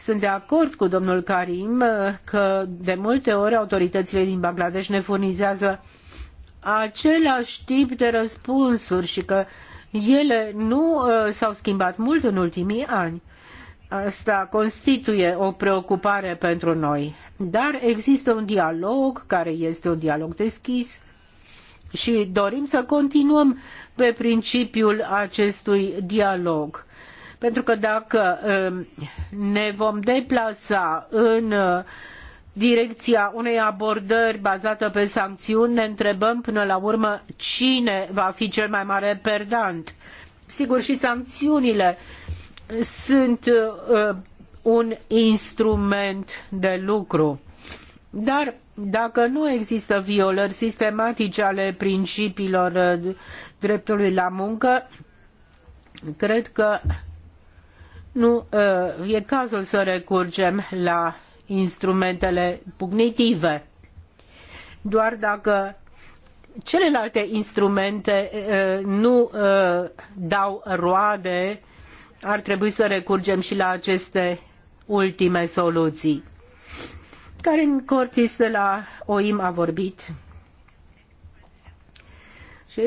sunt de acord cu domnul Karim uh, că de multe ori autoritățile din Bangladesh ne furnizează același tip de răspunsuri și că ele nu uh, s-au schimbat mult în ultimii ani. Asta constituie o preocupare pentru noi. Dar există un dialog care este un dialog deschis și dorim să continuăm pe principiul acestui dialog. Pentru că dacă um, ne vom deplasa în uh, direcția unei abordări bazată pe sancțiuni, ne întrebăm până la urmă cine va fi cel mai mare perdant. Sigur, și sancțiunile sunt uh, un instrument de lucru. Dar dacă nu există violări sistematice ale principiilor uh, dreptului la muncă, cred că nu uh, e cazul să recurgem la instrumentele pugnitive. Doar dacă celelalte instrumente uh, nu uh, dau roade, ar trebui să recurgem și la aceste ultime soluții. Karen Cortis de la OIM a vorbit și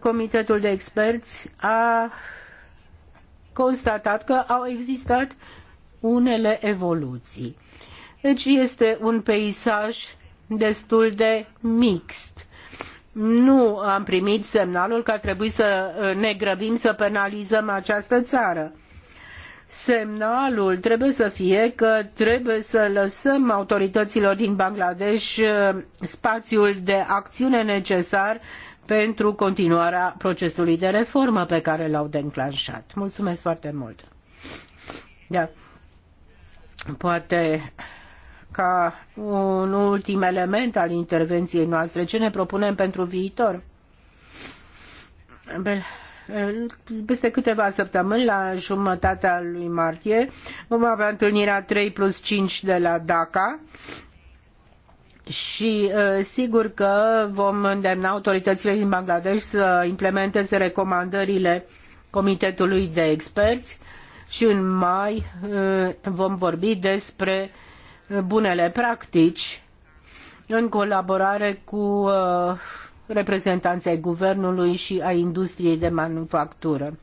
Comitetul de Experți a constatat că au existat unele evoluții. Deci este un peisaj destul de mixt. Nu am primit semnalul că ar trebui să uh, ne grăbim să penalizăm această țară semnalul trebuie să fie că trebuie să lăsăm autorităților din Bangladesh uh, spațiul de acțiune necesar pentru continuarea procesului de reformă pe care l-au declanșat. Mulțumesc foarte mult! Da. Poate ca un ultim element al intervenției noastre, ce ne propunem pentru viitor? Bine peste câteva săptămâni, la jumătatea lui martie, vom avea întâlnirea 3 plus 5 de la DACA și uh, sigur că vom îndemna autoritățile din Bangladesh să implementeze recomandările Comitetului de Experți și în mai uh, vom vorbi despre uh, bunele practici în colaborare cu reprezentanții guvernului și a industriei de manufactură.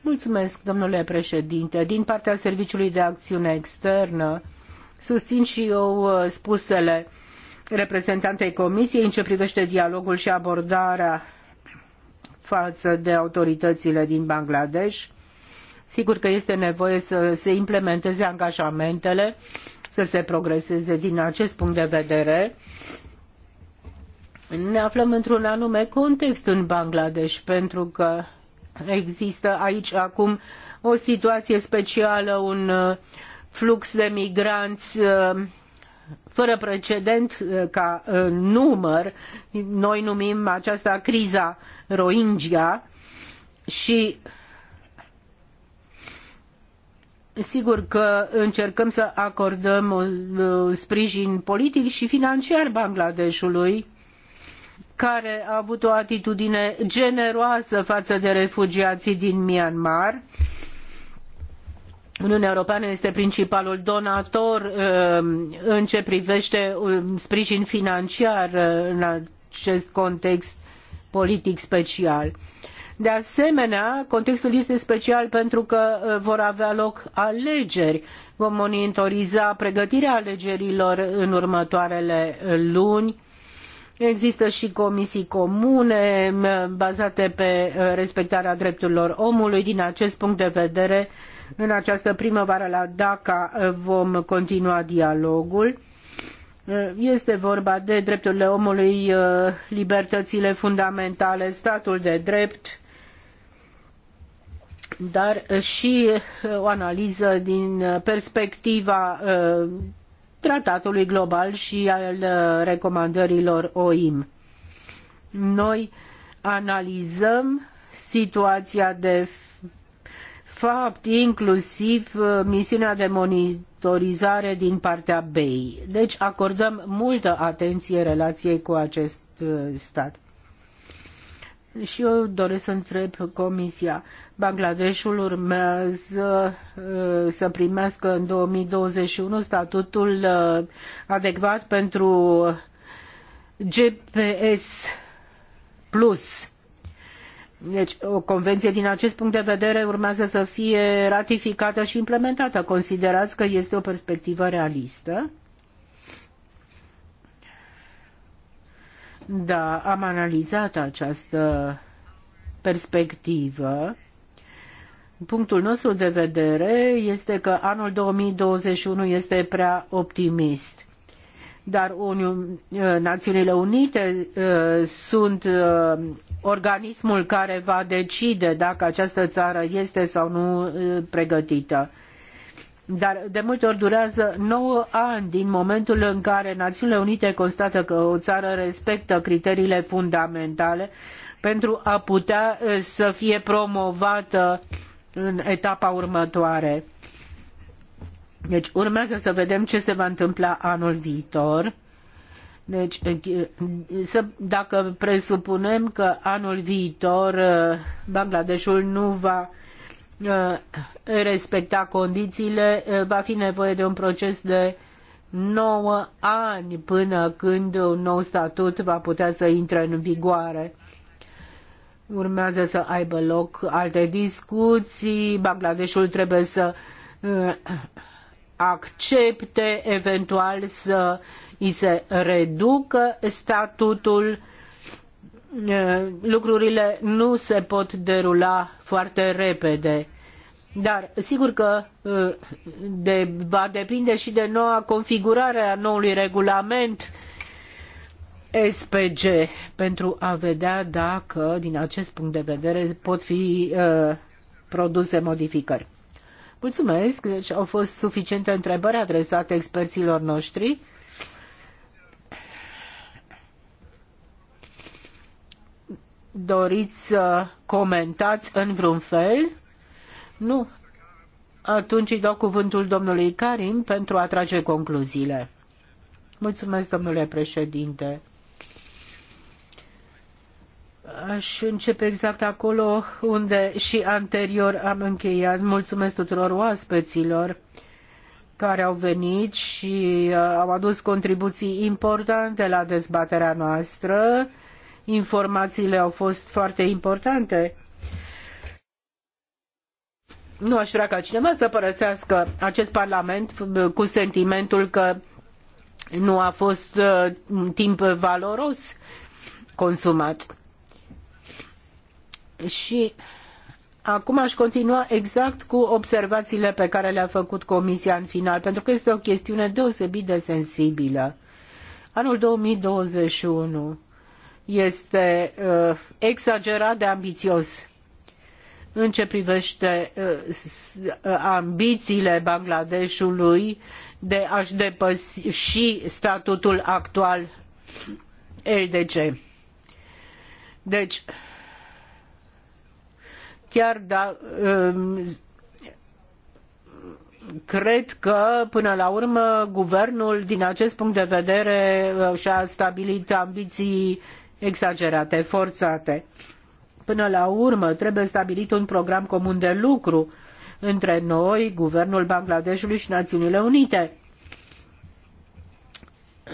Mulțumesc, domnule președinte. Din partea Serviciului de Acțiune Externă, Susțin și eu uh, spusele reprezentantei Comisiei în ce privește dialogul și abordarea față de autoritățile din Bangladesh. Sigur că este nevoie să se implementeze angajamentele, să se progreseze din acest punct de vedere. Ne aflăm într-un anume context în Bangladesh, pentru că există aici acum o situație specială, un uh, flux de migranți uh, fără precedent uh, ca uh, număr, noi numim aceasta criza Rohingya și sigur că încercăm să acordăm un sprijin politic și financiar Bangladeshului care a avut o atitudine generoasă față de refugiații din Myanmar. Uniunea Europeană este principalul donator um, în ce privește um, sprijin financiar uh, în acest context politic special. De asemenea, contextul este special pentru că uh, vor avea loc alegeri. Vom monitoriza pregătirea alegerilor în următoarele uh, luni. Există și comisii comune bazate pe respectarea drepturilor omului. Din acest punct de vedere, în această primăvară la Dhaka uh, vom continua dialogul. Uh, este vorba de drepturile omului, uh, libertățile fundamentale, statul de drept, dar și o analiză din perspectiva tratatului global și al recomandărilor OIM. Noi analizăm situația de fapt inclusiv uh, misiunea de monitorizare din partea BEI. Deci acordăm multă atenție relației cu acest uh, stat. Și eu doresc să întreb Comisia. Bangladeshul urmează uh, să primească în 2021 statutul adecvat pentru GPS Plus deci, o convenție din acest punct de vedere urmează să fie ratificată și implementată. Considerați că este o perspectivă realistă? Da, am analizat această perspectivă. Punctul nostru de vedere este că anul 2021 este prea optimist dar Uni- eh, Națiunile Unite eh, sunt eh, organismul care va decide dacă această țară este sau nu pregătită. Dar de multe ori durează 9 ani din momentul în care Națiunile Unite constată că o țară respectă criteriile fundamentale pentru a putea să fie promovată în etapa următoare. Deci urmează să vedem ce se va întâmpla anul viitor. Deci, să, dacă presupunem că anul viitor uh, Bangladeshul nu va uh, respecta condițiile, uh, va fi nevoie de un proces de 9 ani până când un nou statut va putea să intre în vigoare. Urmează să aibă loc alte discuții, Bangladeshul trebuie să accepte, eventual să i se reducă statutul. Lucrurile nu se pot derula foarte repede. Dar sigur că de, va depinde și de noua configurare a noului regulament SPG pentru a vedea dacă, din acest punct de vedere, pot fi uh, produse modificări. Mulțumesc, deci au fost suficiente întrebări adresate experților noștri. Doriți să comentați în vreun fel? Nu. Atunci îi dau cuvântul domnului Karim pentru a trage concluziile. Mulțumesc, domnule președinte. Aș începe exact acolo unde și anterior am încheiat. Mulțumesc tuturor oaspeților care au venit și uh, au adus contribuții importante la dezbaterea noastră. Informațiile au fost foarte importante. Nu aș vrea ca cineva să părăsească acest Parlament uh, cu sentimentul că nu a fost uh, timp valoros consumat și Acum aș continua exact cu observațiile pe care le-a făcut Comisia în final, pentru că este o chestiune deosebit de sensibilă. Anul 2021 este uh, exagerat de ambițios în ce privește uh, ambițiile Bangladeshului de a-și depăși statutul actual LDC. Deci, chiar dacă um, cred că până la urmă guvernul din acest punct de vedere uh, și-a stabilit ambiții exagerate, forțate. Până la urmă trebuie stabilit un program comun de lucru între noi, guvernul Bangladeshului și Națiunile Unite.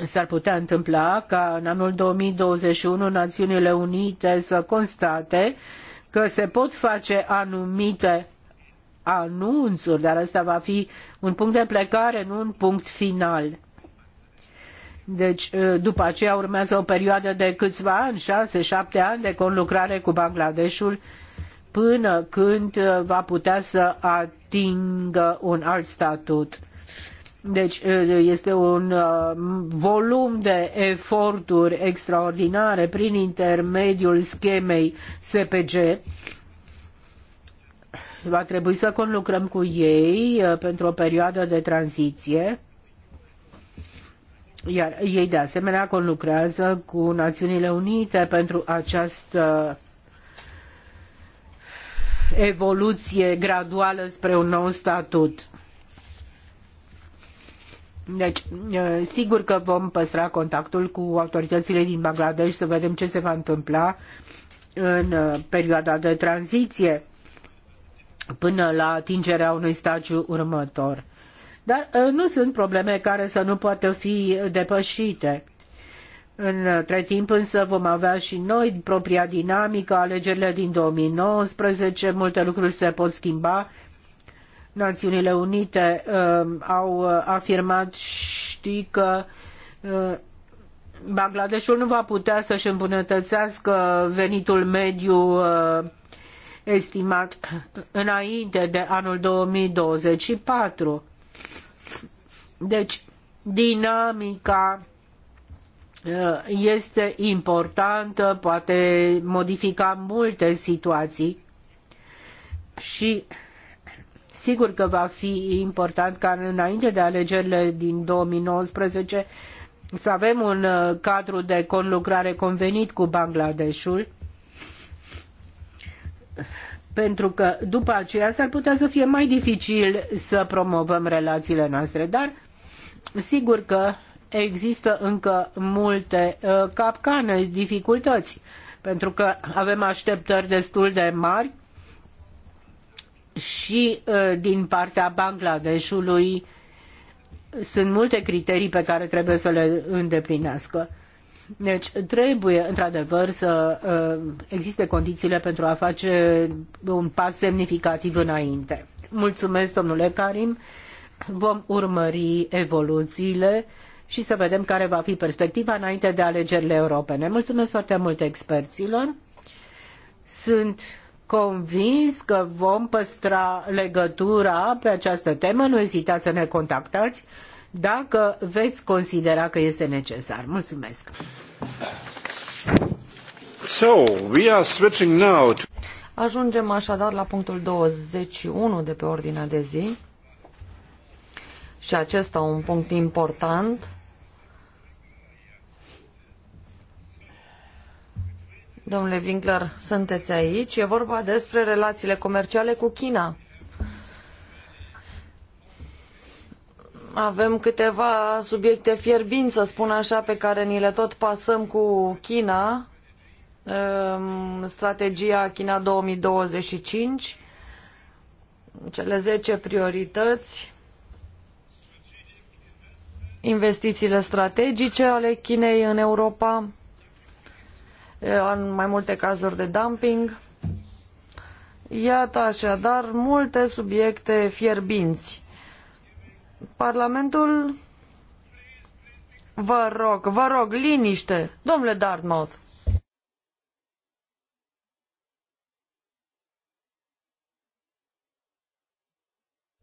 S-ar putea întâmpla ca în anul 2021 Națiunile Unite să constate uh, că se pot face anumite anunțuri, dar asta va fi un punct de plecare, nu un punct final. Deci, ă, după aceea urmează o perioadă de câțiva ani, șase, șapte ani de conlucrare cu Bangladeshul, până când ă, va putea să atingă un alt statut. Deci este un uh, volum de eforturi extraordinare prin intermediul schemei SPG. Va trebui să conlucrăm cu ei uh, pentru o perioadă de tranziție iar ei de asemenea conlucrează cu Națiunile Unite pentru această evoluție graduală spre un nou statut. Deci, sigur că vom păstra contactul cu autoritățile din Bangladesh să vedem ce se va întâmpla în perioada de tranziție până la atingerea unui stagiu următor. Dar nu sunt probleme care să nu poată fi depășite. Între timp însă vom avea și noi propria dinamică, alegerile din 2019, multe lucruri se pot schimba Națiunile Unite um, au uh, afirmat știi că uh, Bangladeshul nu va putea să-și îmbunătățească venitul mediu uh, estimat înainte de anul 2024. Deci, dinamica este importantă, poate modifica multe situații și sigur că va fi important ca înainte de alegerile din 2019 să avem un uh, cadru de conlucrare convenit cu Bangladeshul pentru că după aceea s-ar putea să fie mai dificil să promovăm relațiile noastre, dar sigur că există încă multe uh, capcane, dificultăți, pentru că avem așteptări destul de mari și uh, din partea Bangladeshului sunt multe criterii pe care trebuie să le îndeplinească. Deci trebuie, într-adevăr, să uh, existe condițiile pentru a face un pas semnificativ înainte. Mulțumesc, domnule Karim. Vom urmări evoluțiile și să vedem care va fi perspectiva înainte de alegerile europene. Mulțumesc foarte mult experților. Sunt convins că vom păstra legătura pe această temă. Nu ezitați să ne contactați dacă veți considera că este necesar. Mulțumesc! So, we are switching now to... Ajungem așadar la punctul 21 de pe ordinea de zi. Și acesta un punct important Domnule Winkler, sunteți aici. E vorba despre relațiile comerciale cu China. Avem câteva subiecte fierbinți, să spun așa, pe care ni le tot pasăm cu China. Ehm, strategia China 2025, cele zece priorități, investițiile strategice ale Chinei în Europa, în mai multe cazuri de dumping. Iată așadar multe subiecte fierbinți. Parlamentul Vă rog, vă rog, liniște, domnule Dartmouth.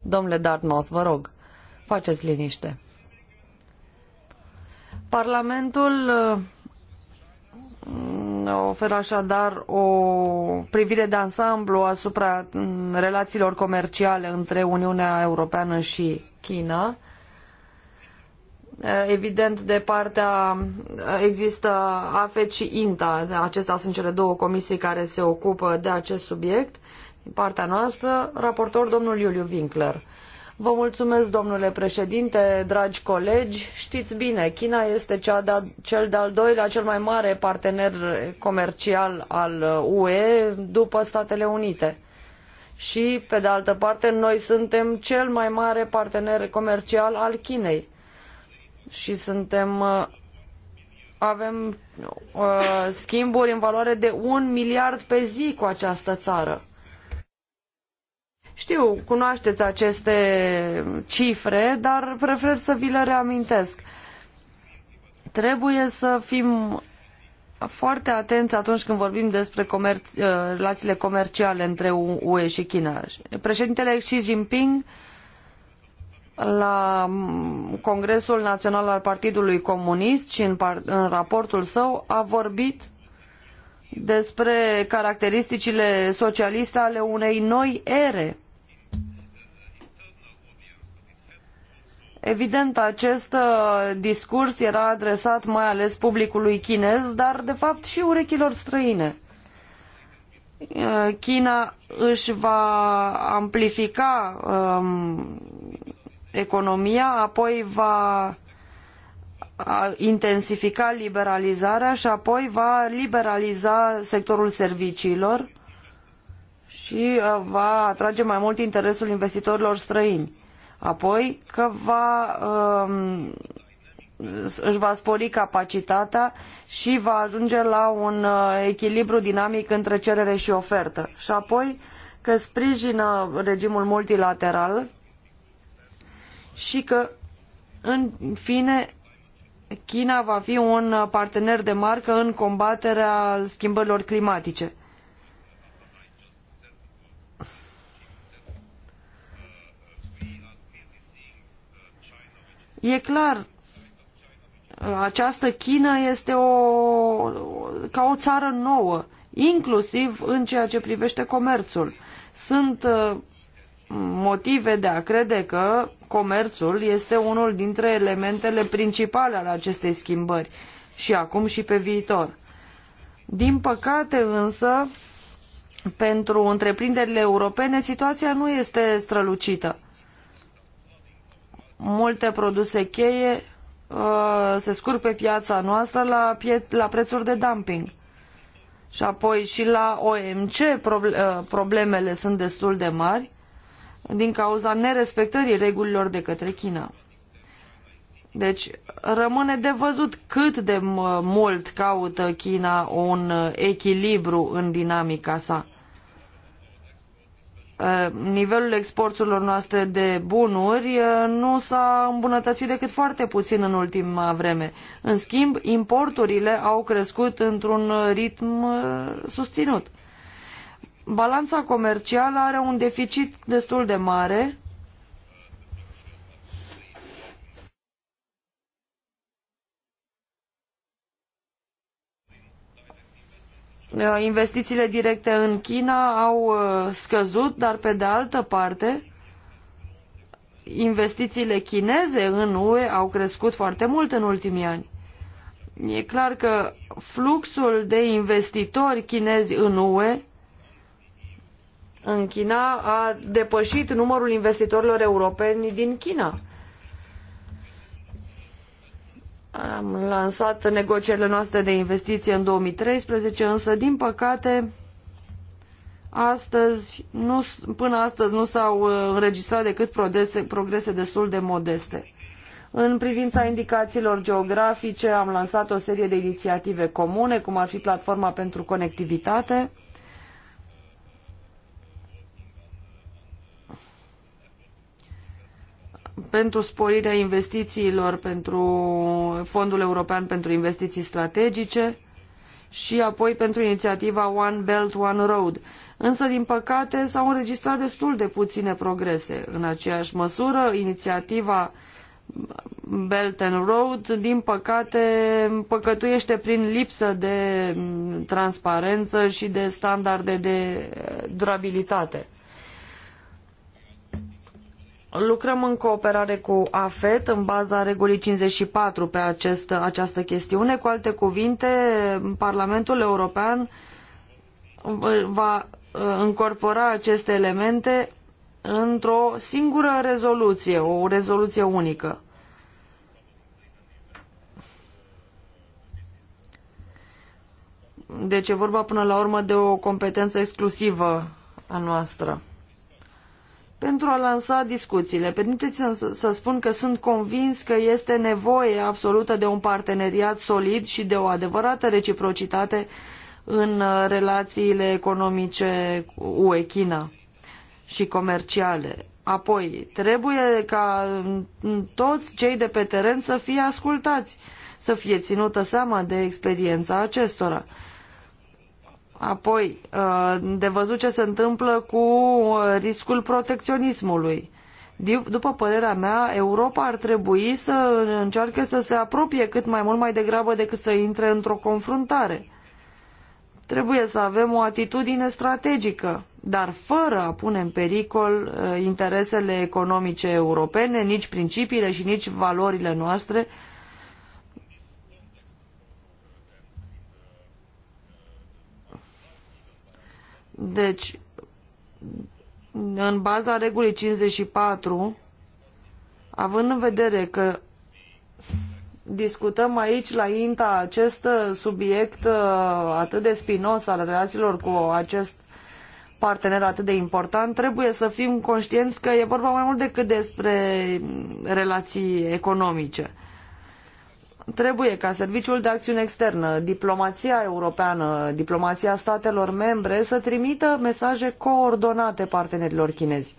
Domnule Dartmouth, vă rog, faceți liniște. Parlamentul Mm, oferă așadar o privire de ansamblu asupra mm, relațiilor comerciale între Uniunea Europeană și China. Evident, de partea există AFET și INTA. Acestea sunt cele două comisii care se ocupă de acest subiect. Din partea noastră, raportor domnul Iuliu Winkler. Vă mulțumesc, domnule președinte, dragi colegi. Știți bine, China este de cel de-al doilea, cel mai mare partener comercial al UE după Statele Unite. Și, pe de altă parte, noi suntem cel mai mare partener comercial al Chinei. Și suntem uh, avem uh, schimburi în valoare de un miliard pe zi cu această țară știu, cunoașteți aceste cifre, dar prefer să vi le reamintesc. Trebuie să fim foarte atenți atunci când vorbim despre comer- uh, relațiile comerciale între UE și China. Președintele Xi Jinping la mm, Congresul Național al Partidului Comunist și în, în raportul său a vorbit despre caracteristicile socialiste ale unei noi ere Evident, acest uh, discurs era adresat mai ales publicului chinez, dar de fapt și urechilor străine. Uh, China își va amplifica um, economia, apoi va intensifica liberalizarea și apoi va liberaliza sectorul serviciilor și uh, va atrage mai mult interesul investitorilor străini. Apoi că va, um, își va spori capacitatea și va ajunge la un uh, echilibru dinamic între cerere și ofertă. Și apoi că sprijină regimul multilateral și că, în fine, China va fi un partener de marcă în combaterea schimbărilor climatice. E clar, această China este o, ca o țară nouă, inclusiv în ceea ce privește comerțul. Sunt uh, motive de a crede că comerțul este unul dintre elementele principale ale acestei schimbări și acum și pe viitor. Din păcate însă, pentru întreprinderile europene situația nu este strălucită. Multe produse cheie uh, se scurg pe piața noastră la, pie- la prețuri de dumping. Și apoi și la OMC uh, problemele sunt destul de mari din cauza nerespectării regulilor de către China. Deci rămâne de văzut cât de mult caută China un echilibru în dinamica sa. Uh, nivelul exporturilor noastre de bunuri uh, nu s-a îmbunătățit decât foarte puțin în ultima vreme. În schimb, importurile au crescut într-un ritm uh, susținut. Balanța comercială are un deficit destul de mare Uh, investițiile directe în China au uh, scăzut, dar pe de altă parte investițiile chineze în UE au crescut foarte mult în ultimii ani. E clar că fluxul de investitori chinezi în UE în China a depășit numărul investitorilor europeni din China. Am lansat negocierile noastre de investiție în 2013, însă, din păcate, astăzi nu, până astăzi nu s-au uh, înregistrat decât progrese, progrese destul de modeste. În privința indicațiilor geografice, am lansat o serie de inițiative comune, cum ar fi platforma pentru conectivitate, pentru sporirea investițiilor pentru Fondul European pentru Investiții Strategice și apoi pentru inițiativa One Belt, One Road. Însă, din păcate, s-au înregistrat destul de puține progrese. În aceeași măsură, inițiativa Belt and Road, din păcate, păcătuiește prin lipsă de transparență și de standarde de durabilitate. Lucrăm în cooperare cu AFET în baza regulii 54 pe acest, această chestiune. Cu alte cuvinte, Parlamentul European va uh, încorpora aceste elemente într-o singură rezoluție, o rezoluție unică. Deci e vorba până la urmă de o competență exclusivă a noastră pentru a lansa discuțiile. Permiteți-mi să, să spun că sunt convins că este nevoie absolută de un parteneriat solid și de o adevărată reciprocitate în uh, relațiile economice UE-China și comerciale. Apoi, trebuie ca mm, mm, toți cei de pe teren să fie ascultați, să fie ținută seama de experiența acestora. Apoi, uh, de văzut ce se întâmplă cu uh, riscul protecționismului. După părerea mea, Europa ar trebui să încearcă să se apropie cât mai mult mai degrabă decât să intre într-o confruntare. Trebuie să avem o atitudine strategică, dar fără a pune în pericol uh, interesele economice europene, nici principiile și nici valorile noastre, Deci, în baza regulii 54, având în vedere că discutăm aici la INTA acest subiect uh, atât de spinos al relațiilor cu acest partener atât de important, trebuie să fim conștienți că e vorba mai mult decât despre relații economice. Trebuie ca Serviciul de Acțiune Externă, diplomația europeană, diplomația statelor membre să trimită mesaje coordonate partenerilor chinezi.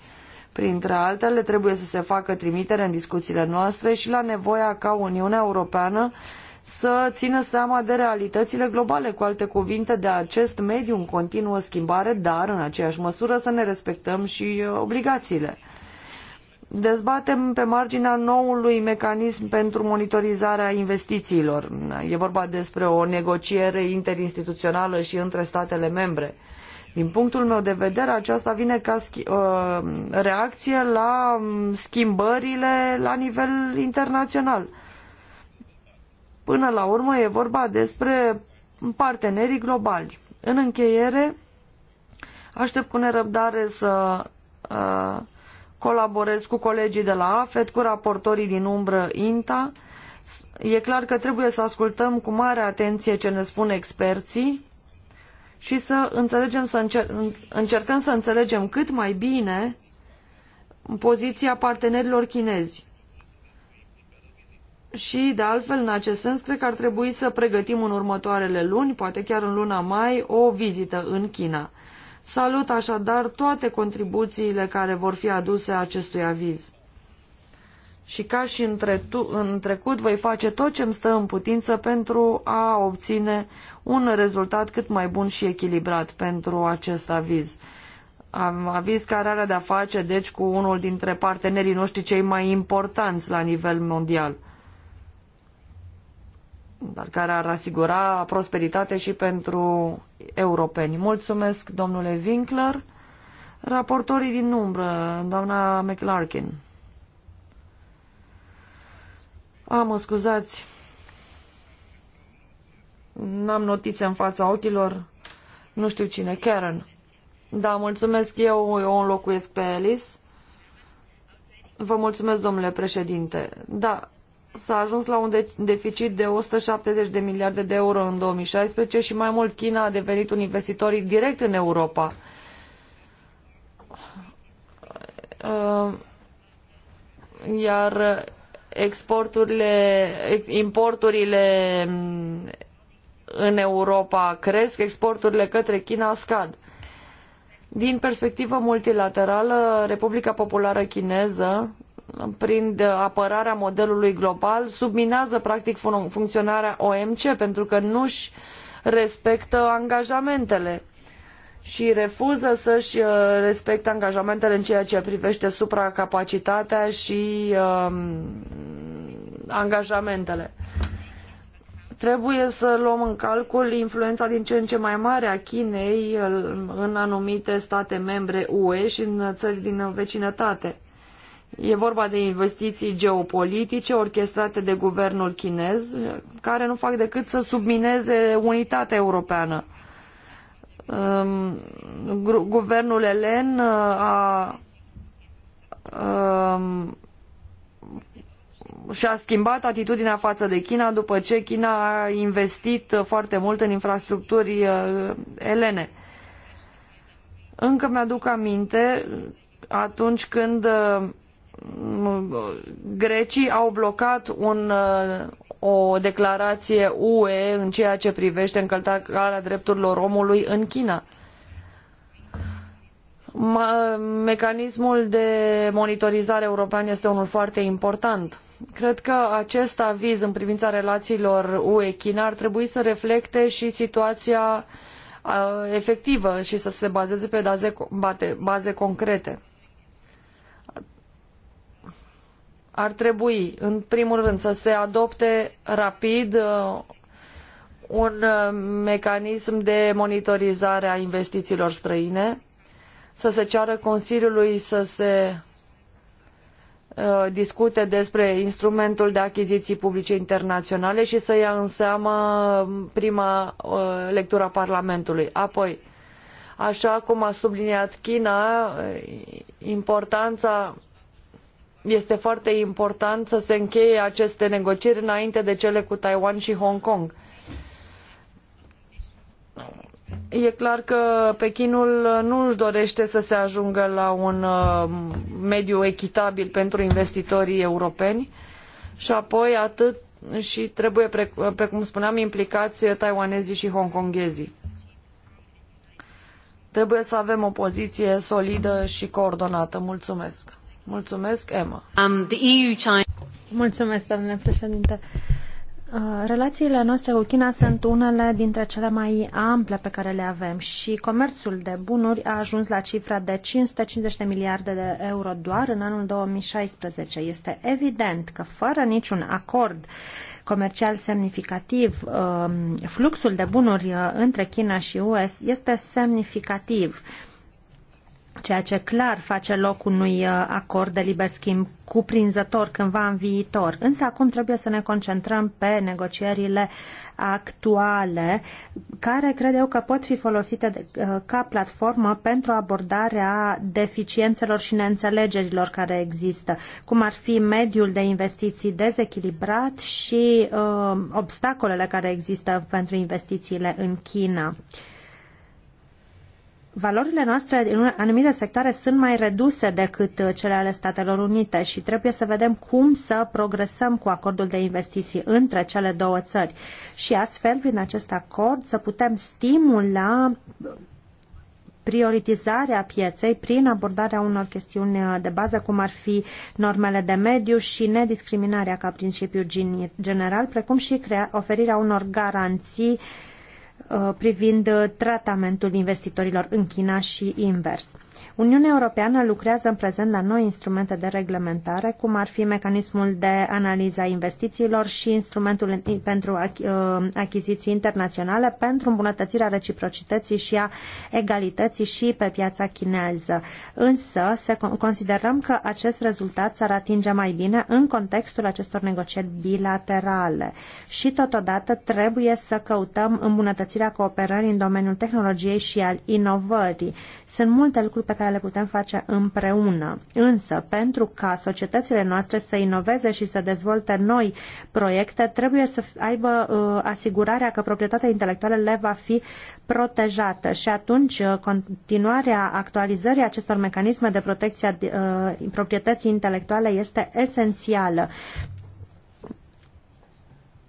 Printre altele, trebuie să se facă trimitere în discuțiile noastre și la nevoia ca Uniunea Europeană să țină seama de realitățile globale, cu alte cuvinte, de acest mediu în continuă schimbare, dar în aceeași măsură să ne respectăm și uh, obligațiile dezbatem pe marginea noului mecanism pentru monitorizarea investițiilor. E vorba despre o negociere interinstituțională și între statele membre. Din punctul meu de vedere, aceasta vine ca uh, reacție la um, schimbările la nivel internațional. Până la urmă e vorba despre partenerii globali. În încheiere, aștept cu nerăbdare să uh, colaborez cu colegii de la AFET, cu raportorii din umbră INTA. E clar că trebuie să ascultăm cu mare atenție ce ne spun experții și să, înțelegem, să încer încercăm să înțelegem cât mai bine poziția partenerilor chinezi. Și, de altfel, în acest sens, cred că ar trebui să pregătim în următoarele luni, poate chiar în luna mai, o vizită în China. Salut așadar toate contribuțiile care vor fi aduse acestui aviz. Și ca și în, tretu- în trecut, voi face tot ce îmi stă în putință pentru a obține un rezultat cât mai bun și echilibrat pentru acest aviz. aviz care are de-a face, deci, cu unul dintre partenerii noștri cei mai importanți la nivel mondial – dar care ar asigura prosperitate și pentru europeni. Mulțumesc, domnule Winkler. Raportorii din umbră, doamna McLarkin. Am mă scuzați. N-am notițe în fața ochilor. Nu știu cine, Karen. Da, mulțumesc eu, eu o înlocuiesc pe Alice. Vă mulțumesc, domnule președinte. Da, s-a ajuns la un de deficit de 170 de miliarde de euro în 2016 și mai mult China a devenit un investitor direct în Europa. Uh, iar exporturile, importurile mm, în Europa cresc, exporturile către China scad. Din perspectivă multilaterală, Republica Populară Chineză prin apărarea modelului global subminează practic fun funcționarea OMC pentru că nu-și respectă angajamentele și refuză să-și uh, respecte angajamentele în ceea ce privește supracapacitatea și um, angajamentele. Trebuie să luăm în calcul influența din ce în ce mai mare a Chinei uh, în anumite state membre UE și în țări din vecinătate. E vorba de investiții geopolitice orchestrate de guvernul chinez, care nu fac decât să submineze unitatea europeană. Guvernul elen uh, a, a um, și-a schimbat atitudinea față de China după ce China a investit foarte mult în infrastructuri uh, elene. Încă mi-aduc aminte atunci când uh, grecii au blocat un, uh, o declarație UE în ceea ce privește încălcarea drepturilor omului în China. Mecanismul de monitorizare european este unul foarte important. Cred că acest aviz în privința relațiilor UE-China ar trebui să reflecte și situația uh, efectivă și să se bazeze pe baze, baze concrete. ar trebui, în primul rând, să se adopte rapid uh, un uh, mecanism de monitorizare a investițiilor străine, să se ceară Consiliului să se uh, discute despre instrumentul de achiziții publice internaționale și să ia în seamă prima lectură a Parlamentului. Apoi, așa cum a subliniat China, importanța este foarte important să se încheie aceste negocieri înainte de cele cu Taiwan și Hong Kong. E clar că Pechinul nu își dorește să se ajungă la un uh, mediu echitabil pentru investitorii europeni și apoi atât și trebuie, precum spuneam, implicați taiwanezii și hongkongezii. Trebuie să avem o poziție solidă și coordonată. Mulțumesc! Mulțumesc, Emma. Um, the EU China... Mulțumesc, președinte. Uh, relațiile noastre cu China sunt unele dintre cele mai ample pe care le avem și comerțul de bunuri a ajuns la cifra de 550 de miliarde de euro doar în anul 2016. Este evident că fără niciun acord comercial semnificativ, uh, fluxul de bunuri uh, între China și US este semnificativ ceea ce clar face loc unui uh, acord de liber schimb cuprinzător cândva în viitor. Însă acum trebuie să ne concentrăm pe negocierile actuale, care cred eu că pot fi folosite de, uh, ca platformă pentru abordarea deficiențelor și neînțelegerilor care există, cum ar fi mediul de investiții dezechilibrat și uh, obstacolele care există pentru investițiile în China. Uh, valorile noastre în anumite sectoare sunt mai reduse decât uh, cele ale Statelor Unite și trebuie să vedem cum să progresăm cu acordul de investiții între cele două țări și astfel, prin acest acord, să putem stimula prioritizarea pieței prin abordarea unor chestiuni uh, de bază, cum ar fi normele de mediu și nediscriminarea ca principiu general, precum și oferirea unor garanții uh, Uh, privind uh, tratamentul investitorilor în China și invers. Uniunea Europeană lucrează în prezent la noi instrumente de reglementare, cum ar fi mecanismul de analiză a investițiilor și instrumentul pentru uh, achiziții internaționale pentru îmbunătățirea reciprocității și a egalității și pe piața chineză. Însă, se considerăm că acest rezultat s-ar atinge mai bine în contextul acestor negocieri bilaterale și totodată trebuie să căutăm îmbunătățirea cooperării în domeniul tehnologiei și al inovării. Sunt multe lucruri lucruri pe care le putem face împreună. Însă, pentru ca societățile noastre să inoveze și să dezvolte noi proiecte, trebuie să aibă uh, asigurarea că proprietatea intelectuală le va fi protejată și atunci uh, continuarea actualizării acestor mecanisme de protecție a uh, proprietății intelectuale este esențială.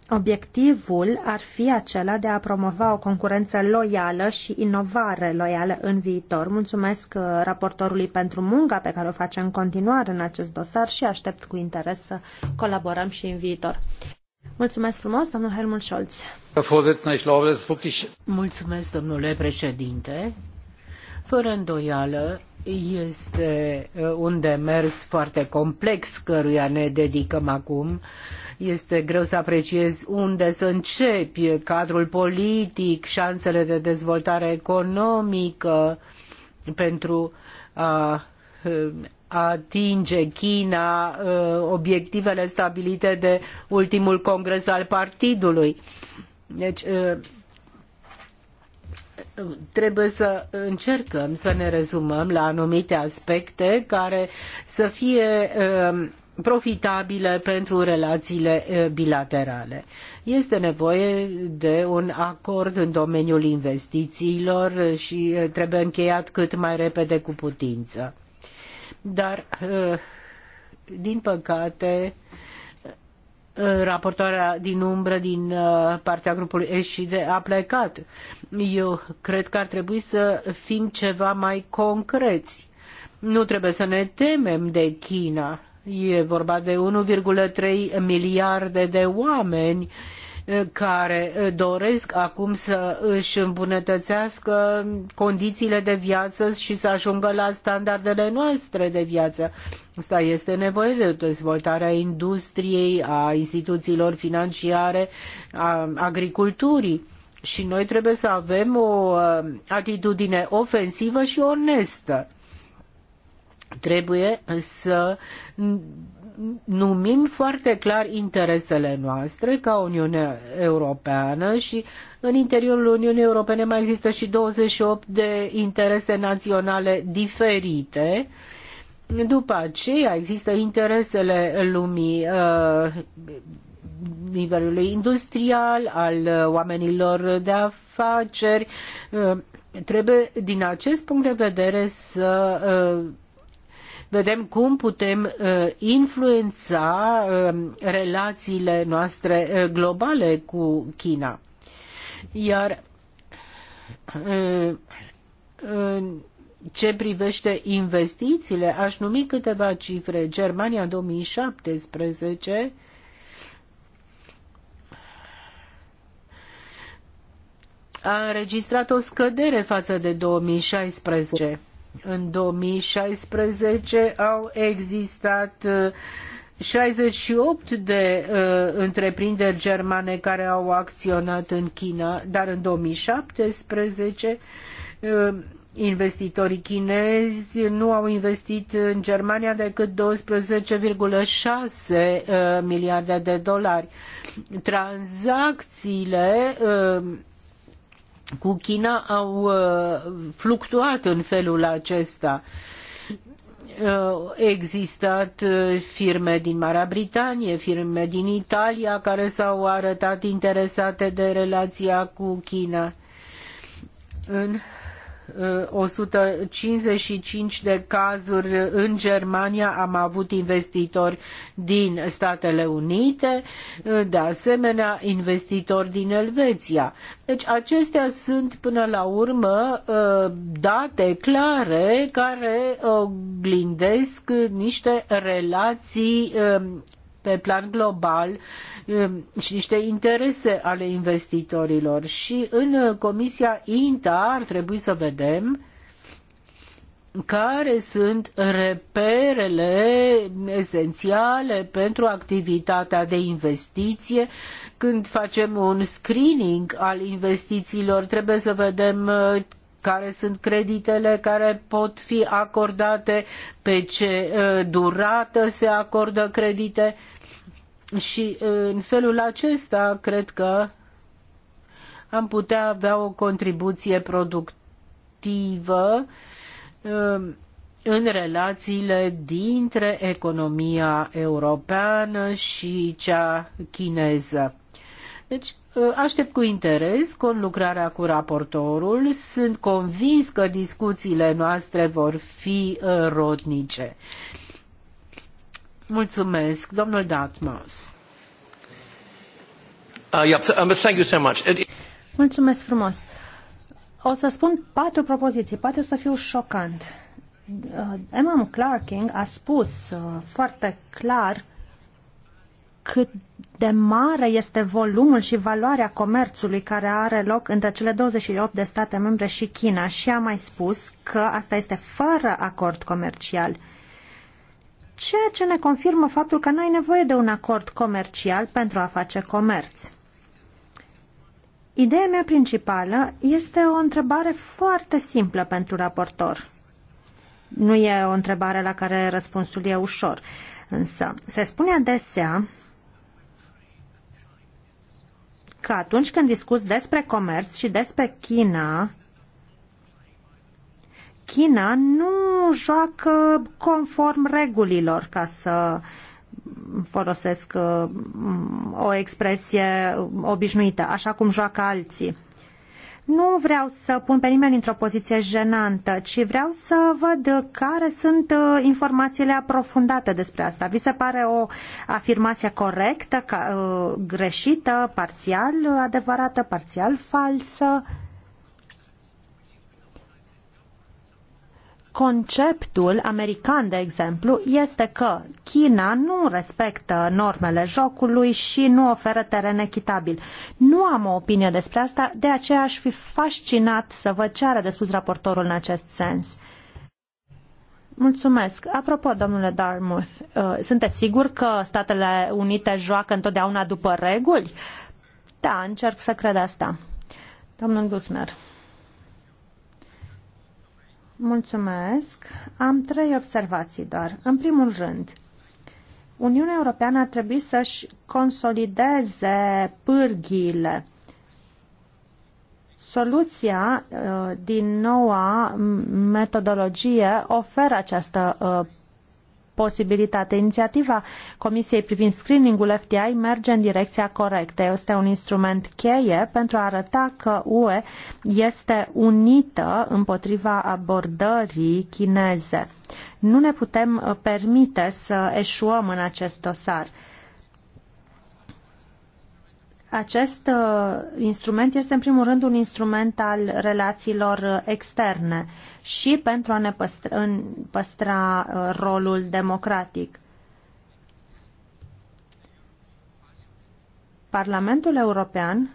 Obiectivul ar fi acela de a promova o concurență loială și inovare loială în viitor. Mulțumesc uh, raportorului pentru munca pe care o face în continuare în acest dosar și aștept cu interes să colaborăm și în viitor. Mulțumesc frumos, domnul Helmut Scholz. Mulțumesc, domnule președinte. Fără îndoială, este uh, un demers foarte complex căruia ne dedicăm acum este greu să apreciez unde să începi, cadrul politic, șansele de dezvoltare economică pentru a atinge China obiectivele stabilite de ultimul congres al partidului. Deci trebuie să încercăm să ne rezumăm la anumite aspecte care să fie profitabile pentru relațiile bilaterale. Este nevoie de un acord în domeniul investițiilor și trebuie încheiat cât mai repede cu putință. Dar, din păcate, raportoarea din umbră din partea grupului S a plecat. Eu cred că ar trebui să fim ceva mai concreți. Nu trebuie să ne temem de China E vorba de 1,3 miliarde de oameni eh, care eh, doresc acum să își îmbunătățească condițiile de viață și să ajungă la standardele noastre de viață. Asta este nevoie de dezvoltarea industriei, a instituțiilor financiare, a agriculturii. Și noi trebuie să avem o eh, atitudine ofensivă și onestă. Trebuie să numim foarte clar interesele noastre ca Uniunea Europeană și în interiorul Uniunii Europene mai există și 28 de interese naționale diferite. După aceea există interesele lumii uh, nivelului industrial, al uh, oamenilor de afaceri. Uh, trebuie din acest punct de vedere să uh, vedem cum putem uh, influența um, relațiile noastre uh, globale cu China. Iar uh, în ce privește investițiile, aș numi câteva cifre. Germania în 2017 a înregistrat o scădere față de 2016. În 2016 au existat 68 uh, de uh, întreprinderi germane care au acționat în China, dar în 2017 uh, investitorii chinezi nu au investit în Germania decât 12,6 uh, miliarde de dolari. Tranzacțiile uh, cu China au uh, fluctuat în felul acesta uh, existat uh, firme din Marea Britanie, firme din Italia care s-au arătat interesate de relația cu China. În 155 uh, de cazuri în Germania, am avut investitori din Statele Unite, uh, de asemenea investitori din Elveția. Deci acestea sunt până la urmă uh, date clare care oglindesc niște relații pe plan global um, și niște interese ale investitorilor. Și în uh, Comisia INTA ar trebui să vedem care sunt reperele esențiale pentru activitatea de investiție. Când facem un screening al investițiilor, trebuie să vedem uh, care sunt creditele care pot fi acordate, pe ce uh, durată se acordă credite. Și în felul acesta cred că am putea avea o contribuție productivă în relațiile dintre economia europeană și cea chineză. Deci, aștept cu interes conlucrarea cu raportorul. Sunt convins că discuțiile noastre vor fi rodnice. Mulțumesc, domnul Datmas. Uh, yeah, um, thank you so much. Mulțumesc frumos. O să spun patru propoziții, poate o să fiu șocant. Uh, M.M. Clarking a spus uh, foarte clar cât de mare este volumul și valoarea comerțului care are loc între cele 28 de state membre și China și a mai spus că asta este fără acord comercial ceea ce ne confirmă faptul că n-ai nevoie de un acord comercial pentru a face comerț. Ideea mea principală este o întrebare foarte simplă pentru raportor. Nu e o întrebare la care răspunsul e ușor, însă se spune adesea că atunci când discuți despre comerț și despre China, China nu joacă conform regulilor, ca să folosesc uh, o expresie obișnuită, așa cum joacă alții. Nu vreau să pun pe nimeni într-o poziție jenantă, ci vreau să văd care sunt uh, informațiile aprofundate despre asta. Vi se pare o afirmație corectă, uh, greșită, parțial adevărată, parțial falsă? Conceptul american, de exemplu, este că China nu respectă normele jocului și nu oferă teren echitabil. Nu am o opinie despre asta, de aceea aș fi fascinat să văd ce are de spus raportorul în acest sens. Mulțumesc. Apropo, domnule Dartmouth, uh, sunteți sigur că Statele Unite joacă întotdeauna după reguli? Da, încerc să cred asta. Domnul Buchner. Mulțumesc. Am trei observații doar. În primul rând, Uniunea Europeană ar trebui să-și consolideze pârghiile. Soluția uh, din noua metodologie oferă această uh, posibilitate. Inițiativa Comisiei privind screeningul FTI merge în direcția corectă. Este un instrument cheie pentru a arăta că UE este unită împotriva abordării chineze. Nu ne putem uh, permite să eșuăm în acest dosar. Acest uh, instrument este în primul rând un instrument al relațiilor uh, externe și pentru a ne păstra, în, păstra uh, rolul democratic. Parlamentul European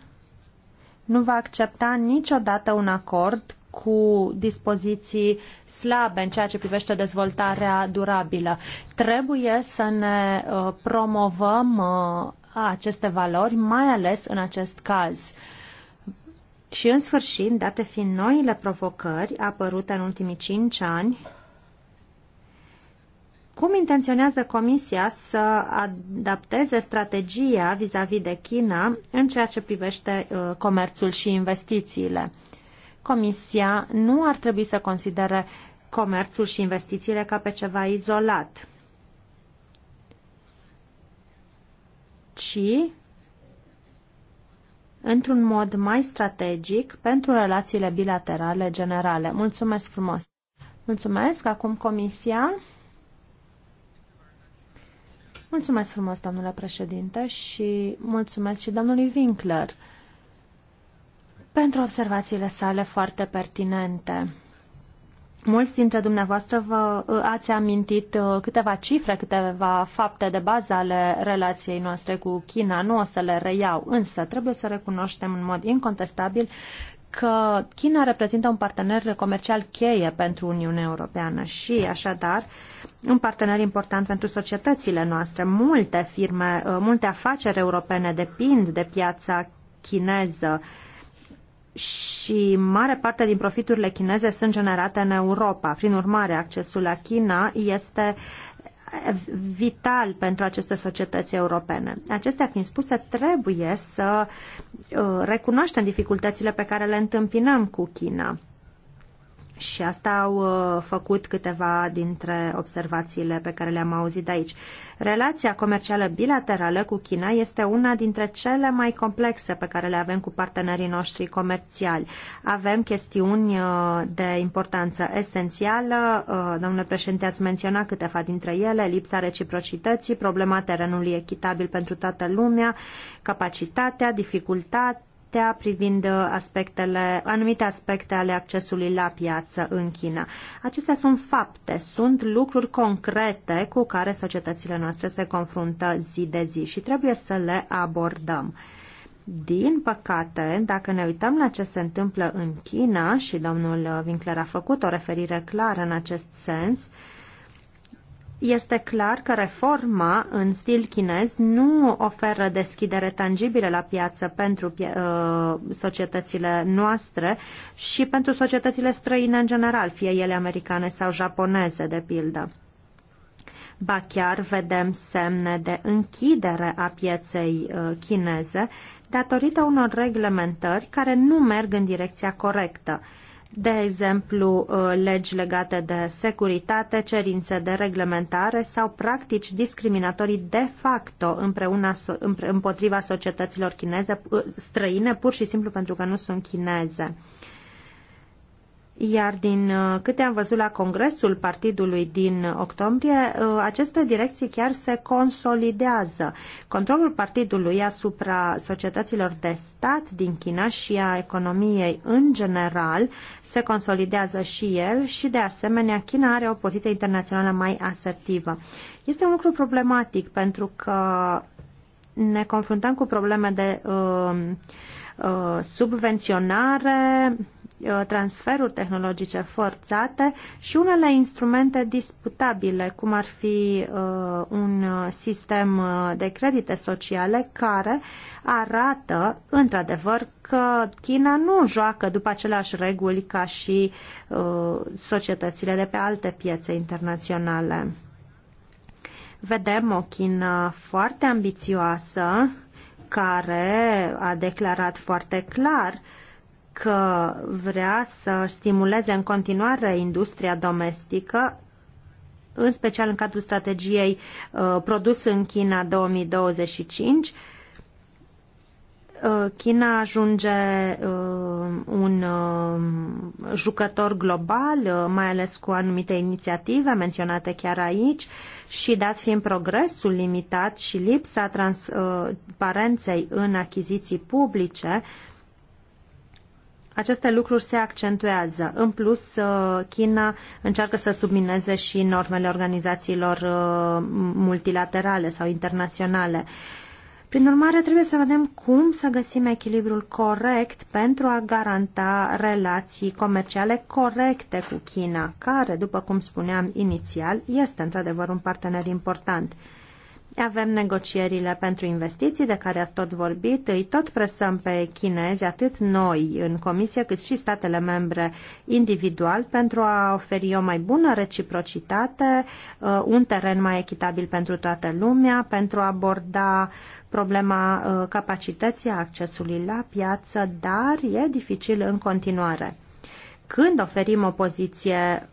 nu va accepta niciodată un acord cu dispoziții slabe în ceea ce privește dezvoltarea durabilă. Trebuie să ne uh, promovăm uh, aceste valori, mai ales în acest caz. Și în sfârșit, date fiind noile provocări apărute în ultimii cinci ani, cum intenționează Comisia să adapteze strategia vis-a-vis -vis de China în ceea ce privește uh, comerțul și investițiile? Comisia nu ar trebui să considere comerțul și investițiile ca pe ceva izolat. ci într-un mod mai strategic pentru relațiile bilaterale generale. Mulțumesc frumos! Mulțumesc! Acum Comisia. Mulțumesc frumos, domnule președinte, și mulțumesc și domnului Winkler pentru observațiile sale foarte pertinente. Mulți dintre dumneavoastră vă ă, ați amintit ă, câteva cifre, câteva fapte de bază ale relației noastre cu China. Nu o să le reiau, însă trebuie să recunoaștem în mod incontestabil că China reprezintă un partener comercial cheie pentru Uniunea Europeană și, așadar, un partener important pentru societățile noastre. Multe firme, ă, multe afaceri europene depind de piața chineză. Uh, și mare parte din profiturile chineze sunt generate în Europa. Prin urmare, accesul la China este vital pentru aceste societăți europene. Acestea fiind spuse, trebuie să uh, recunoaștem dificultățile pe care le întâmpinăm cu China. Și asta au uh, făcut câteva dintre observațiile pe care le-am auzit aici. Relația comercială bilaterală cu China este una dintre cele mai complexe pe care le avem cu partenerii noștri comerciali. Avem chestiuni uh, de importanță esențială. Uh, domnule președinte, ați menționat câteva dintre ele, lipsa reciprocității, problema terenului echitabil pentru toată lumea, capacitatea, dificultatea, cartea privind uh, aspectele, anumite aspecte ale accesului la piață în China. Acestea sunt fapte, sunt lucruri concrete cu care societățile noastre se confruntă zi de zi și trebuie să le abordăm. Din păcate, dacă ne uităm la ce se întâmplă în China, și domnul Winkler a făcut o referire clară în acest sens, uh, este clar că reforma în stil chinez nu oferă deschidere tangibilă la piață pentru uh, societățile noastre și pentru societățile străine în general, fie ele americane sau japoneze, de pildă. Ba chiar vedem semne de închidere a pieței uh, chineze datorită unor reglementări care nu merg în direcția corectă de exemplu uh, legi legate de securitate, cerințe de reglementare sau practici discriminatorii de facto împreună, împotriva societăților chineze uh, străine, pur și simplu pentru că nu sunt chineze. Uh, iar din uh, câte am văzut la congresul partidului din octombrie, uh, aceste direcții chiar se consolidează. Controlul partidului asupra societăților de stat din China și a economiei în general se consolidează și el și de asemenea China are o poziție internațională mai asertivă. Este un lucru problematic pentru că ne confruntăm cu probleme de uh, uh, subvenționare, Uh, transferuri tehnologice forțate și unele instrumente disputabile, cum ar fi uh, un sistem uh, de credite sociale care arată, într-adevăr, că China nu joacă după aceleași reguli ca și societățile de pe alte piețe internaționale. Vedem o China foarte ambițioasă, care a declarat foarte clar uh, că vrea să stimuleze în continuare industria domestică, în special în cadrul strategiei uh, produs în China 2025. Uh, China ajunge uh, un jucător global, mai ales cu anumite inițiative menționate chiar aici și dat fiind progresul limitat și lipsa transparenței în achiziții publice, aceste lucruri se accentuează. În plus, uh, China încearcă să submineze și normele organizațiilor uh, multilaterale sau internaționale. Prin urmare, trebuie să vedem cum să găsim echilibrul corect pentru a garanta relații comerciale corecte cu China, care, după cum spuneam inițial, este într-adevăr un partener important avem negocierile pentru investiții de care ați tot vorbit. Îi tot presăm pe chinezi, atât noi în comisie, cât și statele membre individual, pentru a oferi o mai bună reciprocitate, uh, un teren mai echitabil pentru toată lumea, pentru a aborda problema uh, capacității accesului la piață, dar e dificil în continuare. Când oferim o poziție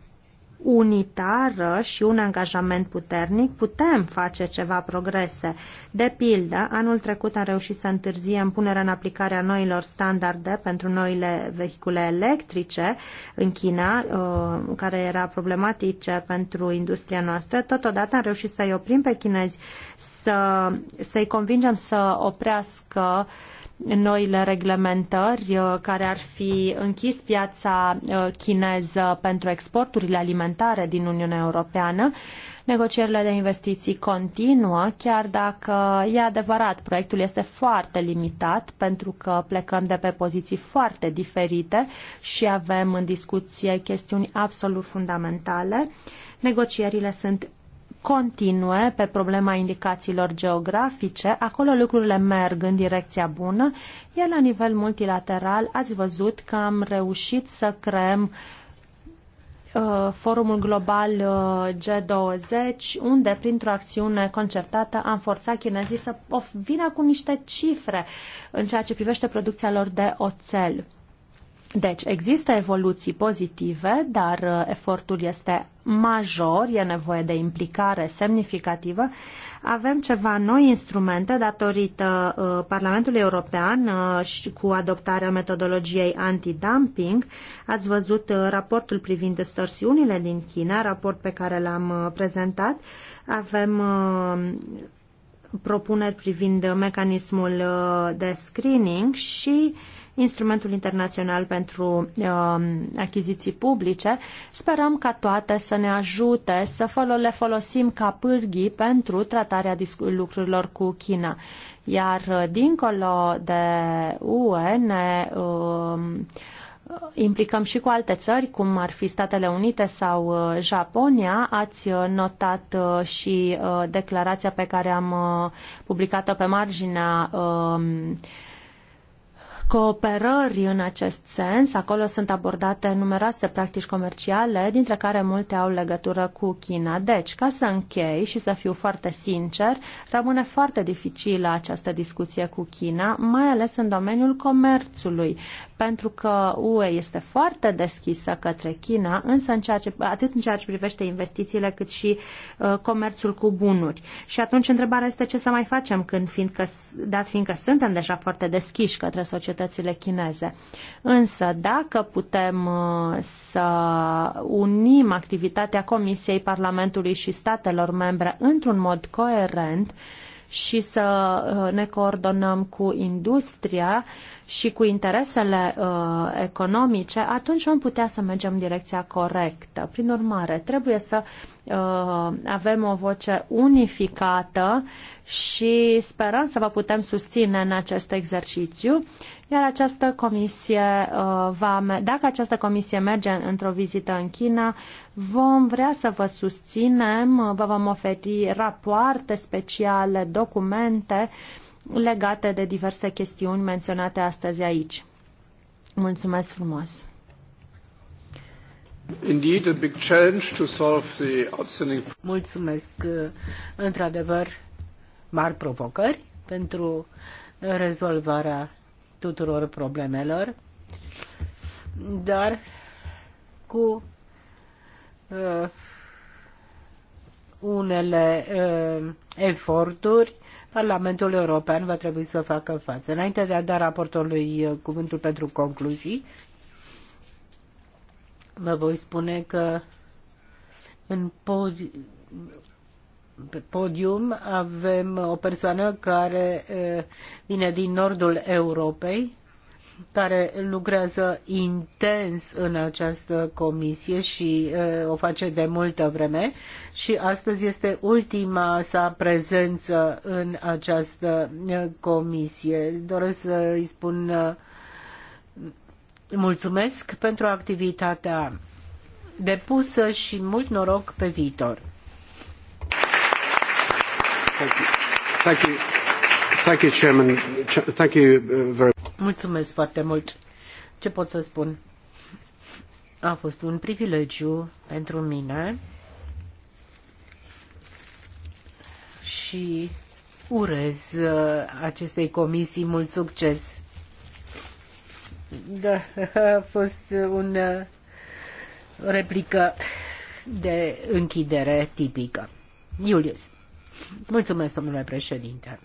unitară și un angajament puternic, putem face ceva progrese. De pildă, anul trecut am reușit să în punerea în aplicare a noilor standarde pentru noile vehicule electrice în China, uh, care era problematice pentru industria noastră. Totodată am reușit să-i oprim pe chinezi, să, să-i convingem să oprească uh, noile reglementări uh, care ar fi închis piața uh, chineză pentru exporturile alimentare din Uniunea Europeană. Negocierile de investiții continuă, chiar dacă e adevărat, proiectul este foarte limitat pentru că plecăm de pe poziții foarte diferite și avem în discuție chestiuni absolut fundamentale. Negocierile sunt continue pe problema indicațiilor geografice. Acolo lucrurile merg în direcția bună, iar la nivel multilateral ați văzut că am reușit să creăm uh, Forumul Global uh, G20, unde, printr-o acțiune concertată, am forțat chinezii să vină cu niște cifre în ceea ce privește producția lor de oțel. Deci, există evoluții pozitive, dar uh, efortul este major, e nevoie de implicare semnificativă. Avem ceva noi instrumente datorită uh, Parlamentului European uh, și cu adoptarea metodologiei anti-dumping. Ați văzut raportul privind distorsiunile din China, raport pe care l-am prezentat. Avem propuneri privind mecanismul de screening și uh, instrumentul internațional pentru um, achiziții publice. Sperăm ca toate să ne ajute să le folosim ca pârghii pentru tratarea lucrurilor cu China. Iar uh, dincolo de UE ne um, uh, implicăm și cu alte țări, cum ar fi Statele Unite sau uh, Japonia. Ați notat și declarația pe care am publicat-o pe marginea um, cooperări în acest sens. Acolo sunt abordate numeroase practici comerciale, dintre care multe au legătură cu China. Deci, ca să închei și să fiu foarte sincer, rămâne foarte dificilă această discuție cu China, mai ales în domeniul comerțului, pentru că UE este foarte deschisă către China, însă în ceea ce, atât în ceea ce privește investițiile, cât și uh, comerțul cu bunuri. Și atunci întrebarea este ce să mai facem, când fiindcă, dat fiindcă suntem deja foarte deschiși către societățile chineze. Însă, dacă putem uh, să unim activitatea Comisiei, Parlamentului și statelor membre într-un mod coerent, uh, și să uh, ne coordonăm cu industria și cu interesele uh, economice, atunci vom putea să mergem în direcția corectă. Prin urmare, trebuie să uh, avem o voce unificată și sperăm să vă putem susține în acest exercițiu iar această comisie uh, va, dacă această comisie merge într-o vizită în China, vom vrea să vă susținem, uh, vă vom oferi rapoarte speciale, documente legate de diverse chestiuni menționate astăzi aici. Mulțumesc frumos! Indeed, a big challenge to solve the outstanding... Mulțumesc, uh, într-adevăr, mari provocări pentru rezolvarea tuturor problemelor, dar cu uh, unele uh, eforturi, Parlamentul European va trebui să facă față. Înainte de a da uh, cuvântul pentru concluzii, vă voi spune că în po- pe podium avem o persoană care vine din nordul Europei, care lucrează intens în această comisie și o face de multă vreme și astăzi este ultima sa prezență în această comisie. Doresc să îi spun mulțumesc pentru activitatea depusă și mult noroc pe viitor. Mulțumesc foarte mult. Ce pot să spun? A fost un privilegiu pentru mine și urez uh, acestei comisii mult succes. Da, a fost un uh, replică de închidere tipică. Julius. Mulțumesc, domnule președinte.